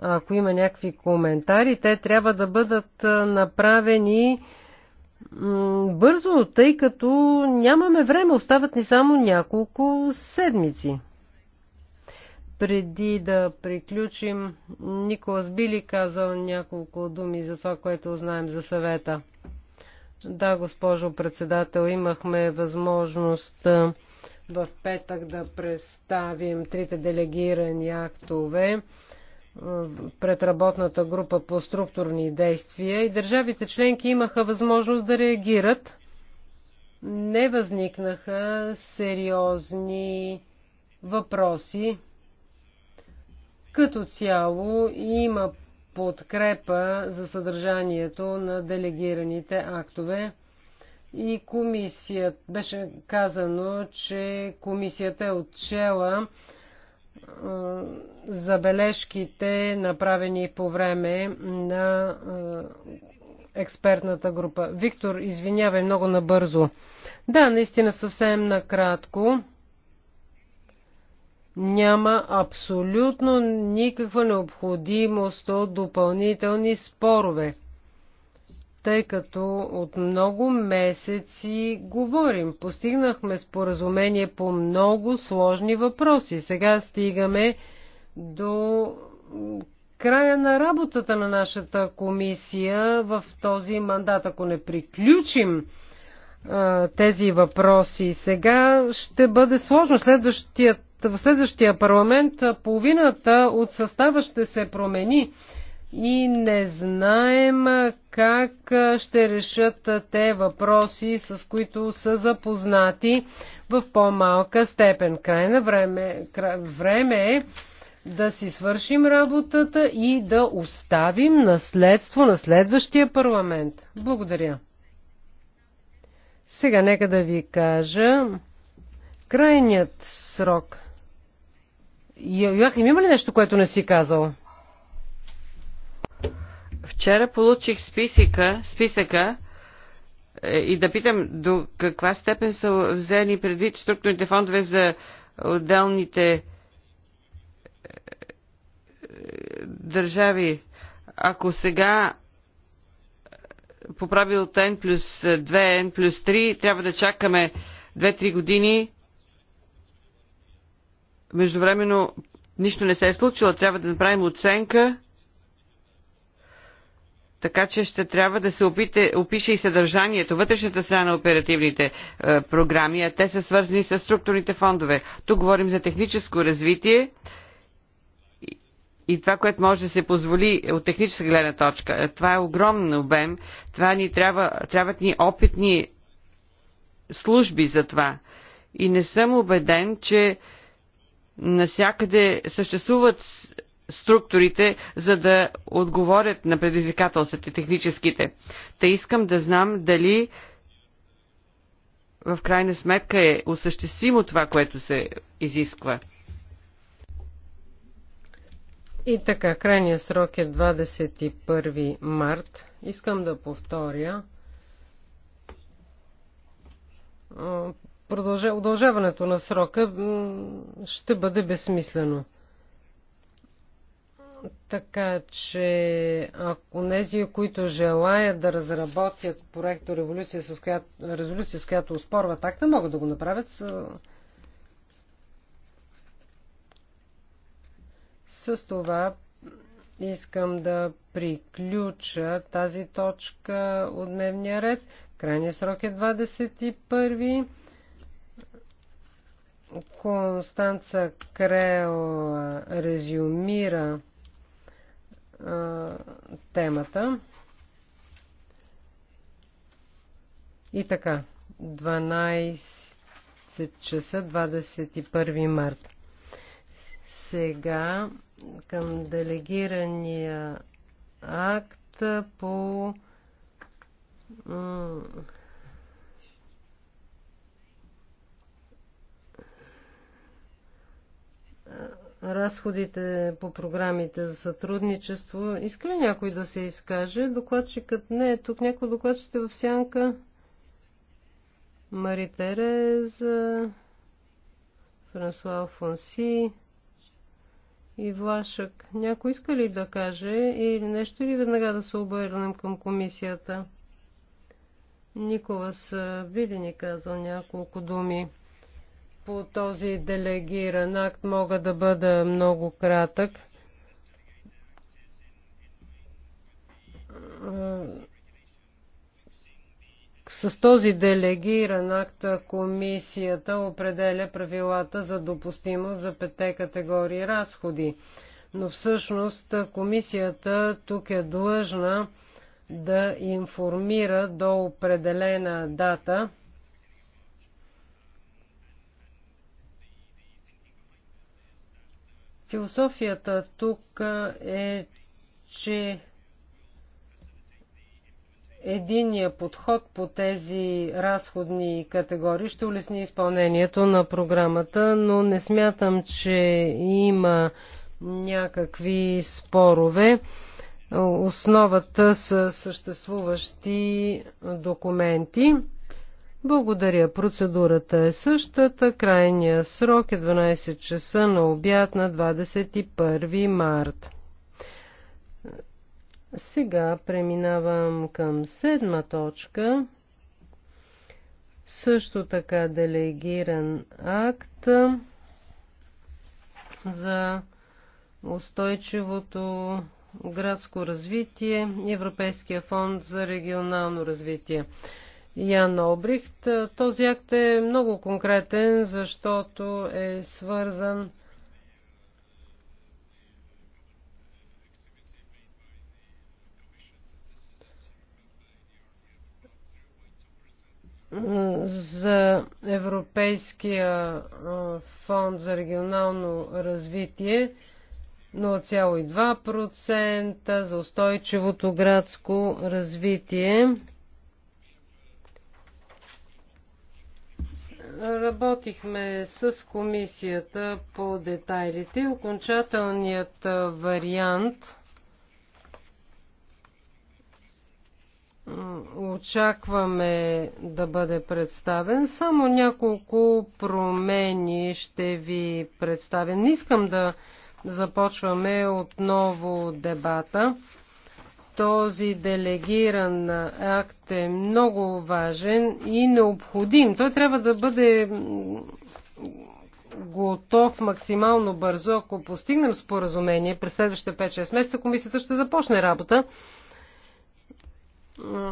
Ако има някакви коментари, те трябва да бъдат направени бързо, тъй като нямаме време, остават ни само няколко седмици. Преди да приключим, Николас би ли казал няколко думи за това, което знаем за съвета? Да, госпожо председател, имахме възможност в петък да представим трите делегирани актове пред работната група по структурни действия и държавите членки имаха възможност да реагират. Не възникнаха сериозни въпроси. Като цяло има подкрепа за съдържанието на делегираните актове и комисията беше казано, че комисията е отчела забележките, направени по време на експертната група. Виктор, извинявай много набързо. Да, наистина съвсем накратко. Няма абсолютно никаква необходимост от допълнителни спорове, тъй като от много месеци говорим. Постигнахме споразумение по много сложни въпроси. Сега стигаме до края на работата на нашата комисия в този мандат. Ако не приключим тези въпроси сега ще бъде сложно. Следващият, в следващия парламент половината от състава ще се промени и не знаем как ще решат те въпроси, с които са запознати в по-малка степен. Крайна време, кра... време е да си свършим работата и да оставим наследство на следващия парламент. Благодаря. Сега нека да ви кажа крайният срок. Йоахим, има ли нещо, което не си казал? Вчера получих списъка, списъка е, и да питам до каква степен са взени предвид структурните фондове за отделните е, е, държави. Ако сега по правилото N плюс 2, N плюс 3 трябва да чакаме 2-3 години. Междувременно нищо не се е случило, трябва да направим оценка. Така че ще трябва да се опите, опише и съдържанието, вътрешната страна на оперативните е, програми, а те са свързани с структурните фондове. Тук говорим за техническо развитие и това, което може да се позволи от техническа гледна точка. Е, това е огромен обем. Това ни трябва, трябват ни опитни служби за това. И не съм убеден, че насякъде съществуват структурите, за да отговорят на предизвикателствата техническите. Та искам да знам дали в крайна сметка е осъществимо това, което се изисква. И така, крайния срок е 21 март. Искам да повторя. удължаването на срока ще бъде безсмислено. Така че, ако нези, които желаят да разработят проекта резолюция, с която, резолюция, с която успорват акта, могат да го направят. С това искам да приключа тази точка от дневния ред. Крайният срок е 21. Констанца Крео резюмира а, темата. И така, 12 часа, 21 марта. Сега към делегирания акт по разходите по програмите за сътрудничество. Иска ли някой да се изкаже? Докладчикът не е тук. Някой докладчите в сянка? Мари Тереза, Франсуа Фонси и Влашък. Някой иска ли да каже или нещо ли веднага да се обърнем към комисията? Никола са били ни казал няколко думи? По този делегиран акт мога да бъда много кратък. С този делегиран акт комисията определя правилата за допустимост за пете категории разходи. Но всъщност комисията тук е длъжна да информира до определена дата Философията тук е, че единия подход по тези разходни категории ще улесни изпълнението на програмата, но не смятам, че има някакви спорове. Основата са съществуващи документи. Благодаря. Процедурата е същата. Крайния срок е 12 часа на обяд на 21 март. Сега преминавам към седма точка. Също така делегиран акт за устойчивото градско развитие Европейския фонд за регионално развитие. Ян Обрихт. Този акт е много конкретен, защото е свързан за Европейския фонд за регионално развитие 0,2%, за устойчивото градско развитие. Работихме с комисията по детайлите. Окончателният вариант – очакваме да бъде представен. Само няколко промени ще ви представя. Не искам да започваме отново дебата. Този делегиран акт е много важен и необходим. Той трябва да бъде готов максимално бързо. Ако постигнем споразумение през следващите 5-6 месеца, комисията ще започне работа е,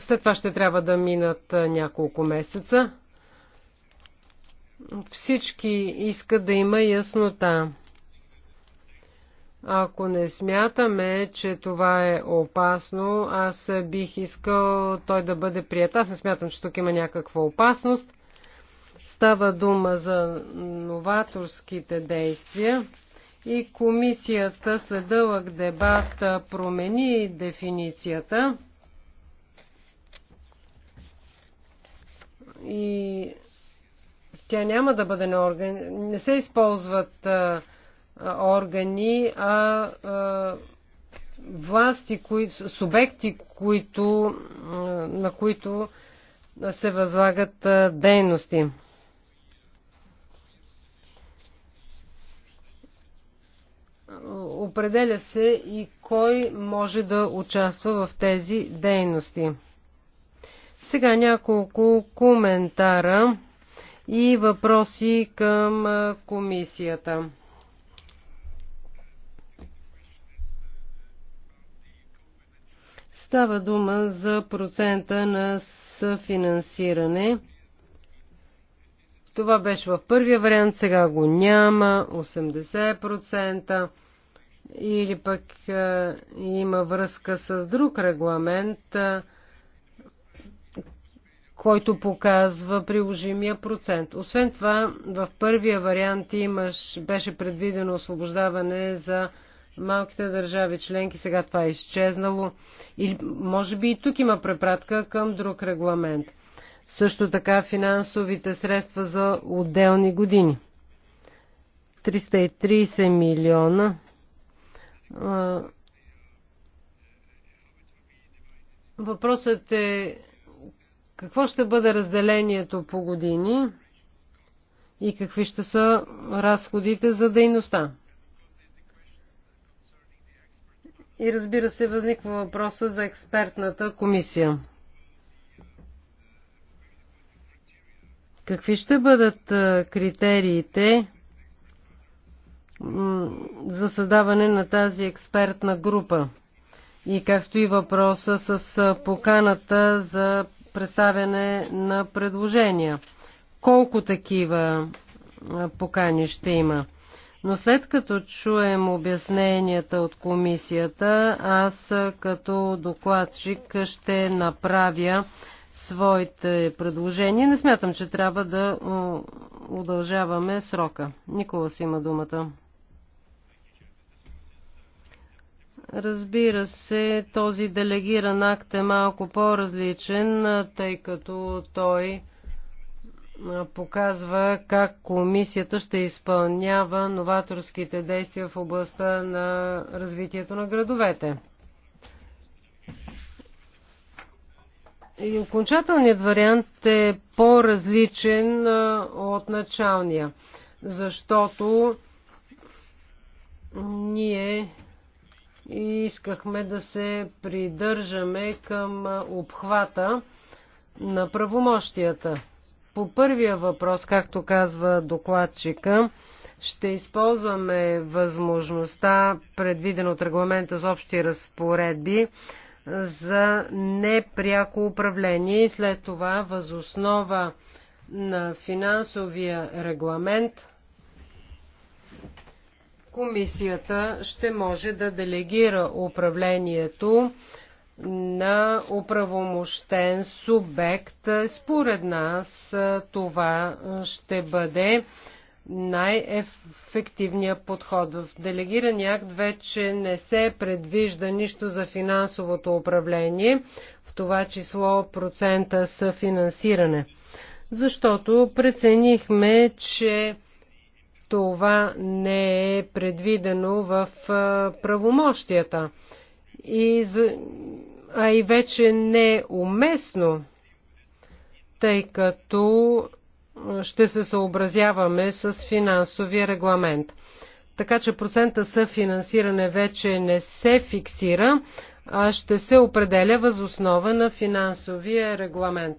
след това ще трябва да минат е, няколко месеца. Всички искат да има яснота. Ако не смятаме, че това е опасно, аз бих искал той да бъде прият. Аз не смятам, че тук има някаква опасност. Става дума за новаторските действия и комисията след дълъг дебат промени дефиницията и тя няма да бъде на органи. Не се използват а, а, органи, а, а власти, кои, субекти, които, а, на които се възлагат а, дейности. Определя се и кой може да участва в тези дейности. Сега няколко коментара и въпроси към комисията. Става дума за процента на съфинансиране. Това беше в първия вариант, сега го няма, 80% или пък е, има връзка с друг регламент. Е, който показва приложимия процент. Освен това, в първия вариант имаш, беше предвидено освобождаване за малките държави членки, сега това е изчезнало. Или, може би и тук има препратка към друг регламент. Също така финансовите средства за отделни години. 330 милиона. Въпросът е какво ще бъде разделението по години и какви ще са разходите за дейността? И разбира се, възниква въпроса за експертната комисия. Какви ще бъдат критериите за създаване на тази експертна група? И как стои въпроса с поканата за представяне на предложения. Колко такива покани ще има? Но след като чуем обясненията от комисията, аз като докладчик ще направя своите предложения. Не смятам, че трябва да удължаваме срока. си има думата. Разбира се, този делегиран акт е малко по-различен, тъй като той показва как комисията ще изпълнява новаторските действия в областта на развитието на градовете. И окончателният вариант е по-различен от началния, защото ние и искахме да се придържаме към обхвата на правомощията. По първия въпрос, както казва докладчика, ще използваме възможността, предвидена от регламента за общи разпоредби, за непряко управление и след това възоснова на финансовия регламент комисията ще може да делегира управлението на управомощен субект. Според нас това ще бъде най-ефективният подход. В делегирания акт вече не се предвижда нищо за финансовото управление, в това число процента съфинансиране. Защото преценихме, че това не е предвидено в правомощията. И, а и вече не е уместно, тъй като ще се съобразяваме с финансовия регламент. Така че процента съфинансиране вече не се фиксира, а ще се определя възоснова на финансовия регламент.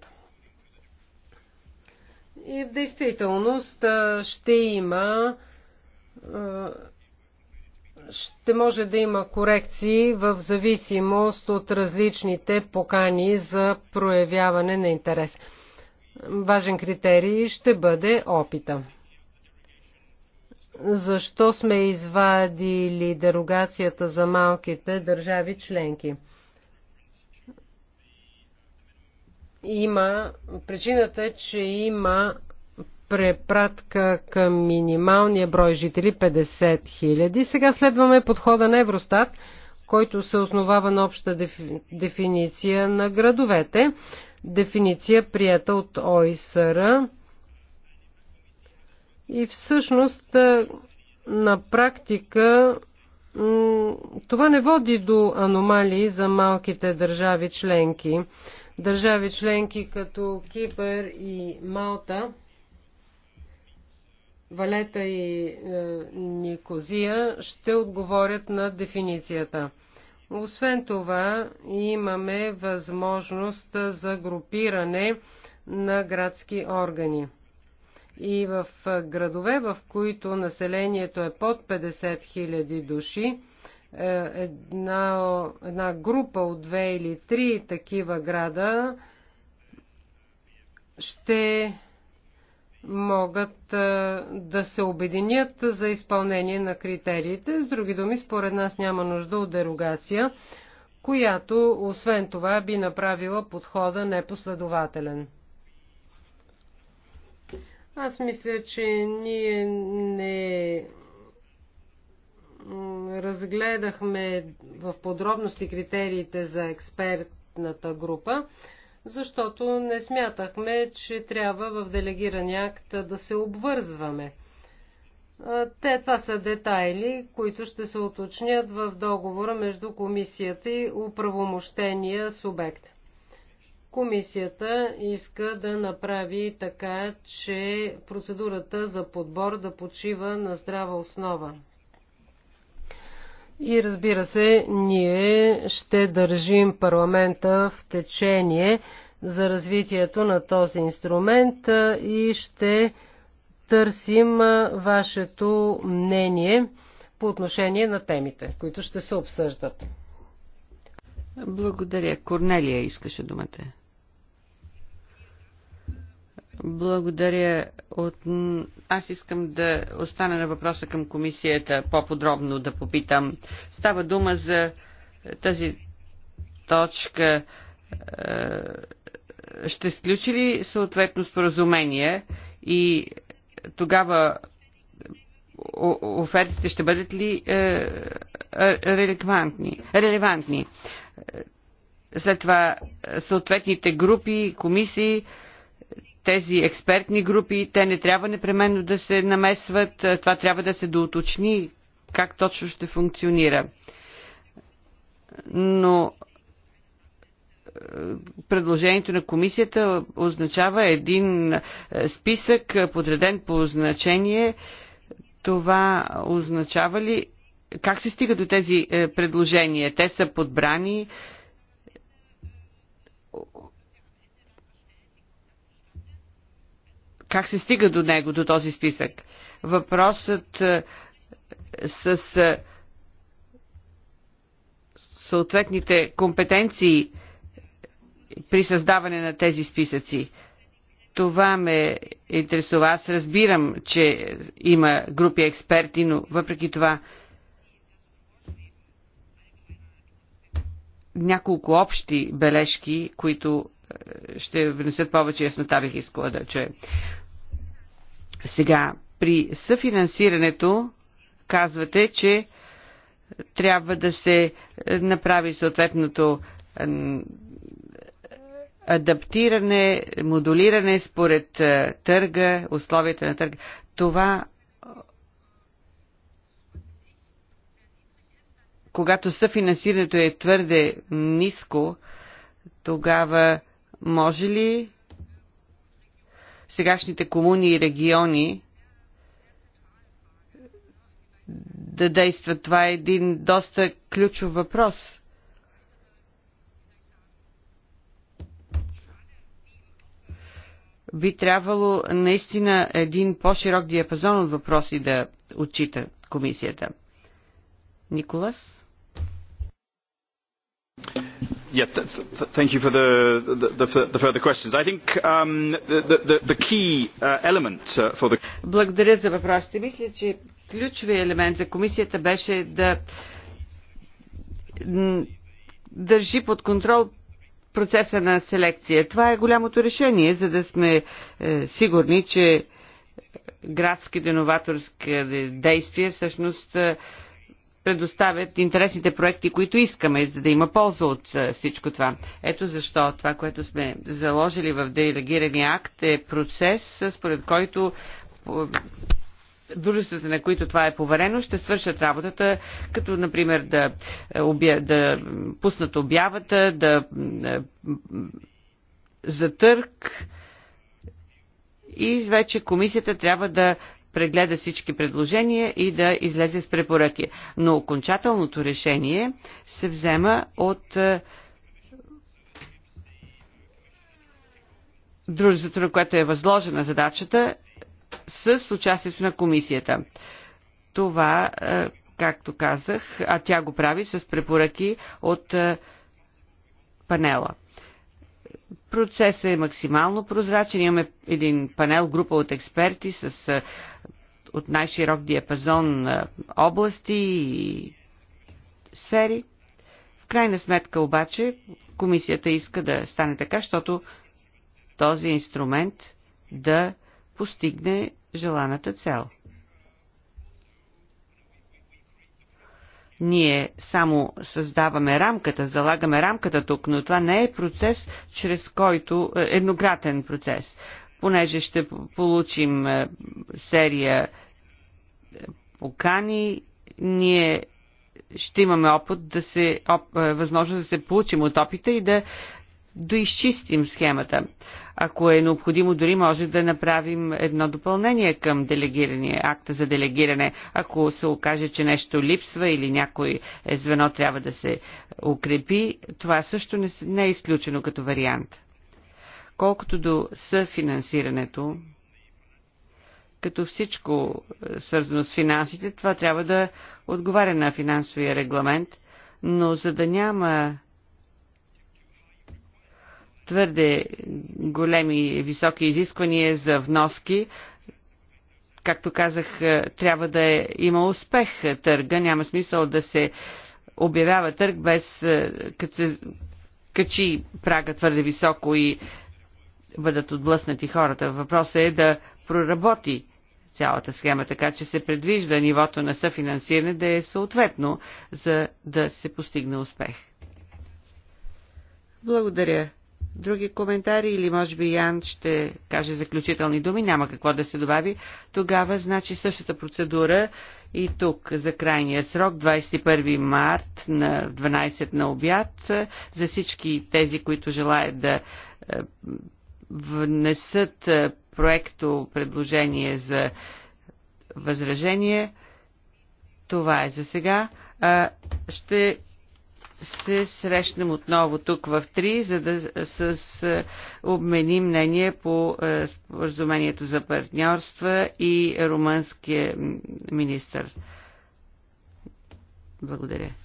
И в действителност ще има ще може да има корекции в зависимост от различните покани за проявяване на интерес. Важен критерий ще бъде опита. Защо сме извадили дерогацията за малките държави членки? има, причината е, че има препратка към минималния брой жители 50 000. Сега следваме подхода на Евростат, който се основава на обща дефиниция на градовете, дефиниция прията от ОИСР. И всъщност е, на практика това не води до аномалии за малките държави членки държави членки като Кипър и Малта, Валета и е, Никозия ще отговорят на дефиницията. Освен това, имаме възможност за групиране на градски органи. И в градове, в които населението е под 50 000 души, е, една, една група от две или три такива града ще могат е, да се обединят за изпълнение на критериите. С други думи, според нас няма нужда от дерогация, която освен това би направила подхода непоследователен. Аз мисля, че ние не разгледахме в подробности критериите за експертната група, защото не смятахме, че трябва в делегирания акт да се обвързваме. Те, това са детайли, които ще се уточнят в договора между комисията и управомощения субект. Комисията иска да направи така, че процедурата за подбор да почива на здрава основа. И разбира се, ние ще държим парламента в течение за развитието на този инструмент и ще търсим вашето мнение по отношение на темите, които ще се обсъждат. Благодаря. Корнелия искаше думата. Благодаря. От... Аз искам да остана на въпроса към комисията по-подробно да попитам. Става дума за тази точка. Е, ще сключи ли съответно споразумение и тогава офертите ще бъдат ли е, е, релевантни? релевантни? След това съответните групи, комисии тези експертни групи, те не трябва непременно да се намесват, е, това трябва да се доуточни как точно ще функционира. Но е, предложението на комисията означава един е, списък, подреден по значение. Това означава ли как се стига до тези предложения? Те са подбрани как се стига до него, до този списък. Въпросът е, с е, съответните компетенции при създаване на тези списъци. Това ме интересува. Аз разбирам, че има групи експерти, но въпреки това няколко общи бележки, които ще внесат повече яснота, бих искала да чуя. Сега, при съфинансирането казвате, че трябва да се направи съответното адаптиране, модулиране според е, търга, условията на търга. Това когато съфинансирането е твърде ниско, тогава може ли сегашните комуни и региони да действат? Това е един доста ключов въпрос – би трябвало наистина един по-широк диапазон от въпроси да отчита комисията. Николас? thank you for the further questions. I think um, the, the key uh, element uh, for the... Благодаря за въпросите. Мисля, че ключовият елемент за комисията беше да държи под контрол процеса на селекция. Това е голямото решение, за да сме е, сигурни, че градските деноваторски действия всъщност е, предоставят интересните проекти, които искаме, за да има полза от е, всичко това. Ето защо това, което сме заложили в делегирания акт е процес, според който дружествата, на които това е поверено, ще свършат работата, като например да, е, обя... да пуснат обявата, да е, затърк и вече комисията трябва да прегледа всички предложения и да излезе с препоръки. Но окончателното решение се взема от е, дружеството, на което е възложена задачата, с участието на комисията. Това, е, както казах, а тя го прави с препоръки от е, панела. Процесът е максимално прозрачен. Имаме един панел, група от експерти с, от най-широк диапазон области и сфери. В крайна сметка обаче комисията иска да стане така, защото този инструмент да постигне желаната цел – Ние само създаваме рамката, залагаме рамката тук, но това не е процес, чрез който е, еднократен процес, понеже ще получим е, серия е, покани, ние ще имаме опит да се, оп, възможност да се получим от опита и да доизчистим схемата. Ако е необходимо, дори може да направим едно допълнение към делегирания, акта за делегиране, ако се окаже, че нещо липсва или някой е звено трябва да се укрепи, това също не, не е изключено като вариант. Колкото до съфинансирането, като всичко е, свързано с финансите, това трябва да отговаря на финансовия регламент, но за да няма твърде големи, високи изисквания за вноски. Както казах, е, трябва да е, има успех търга. Няма смисъл да се обявява търг без е, като се качи прага твърде високо и бъдат отблъснати хората. Въпросът е да проработи цялата схема, така че се предвижда нивото на съфинансиране да е съответно, за да се постигне успех. Благодаря, други коментари или може би Ян ще каже заключителни думи, няма какво да се добави. Тогава, значи, същата процедура и тук за крайния срок, 21 март на 12 на обяд, за всички тези, които желаят да е, внесат е, проекто предложение за възражение. Това е за сега. Ще се срещнем отново тук в 3, за да с, с е, обменим мнение по е, споразумението за партньорства и румънския министр. Благодаря.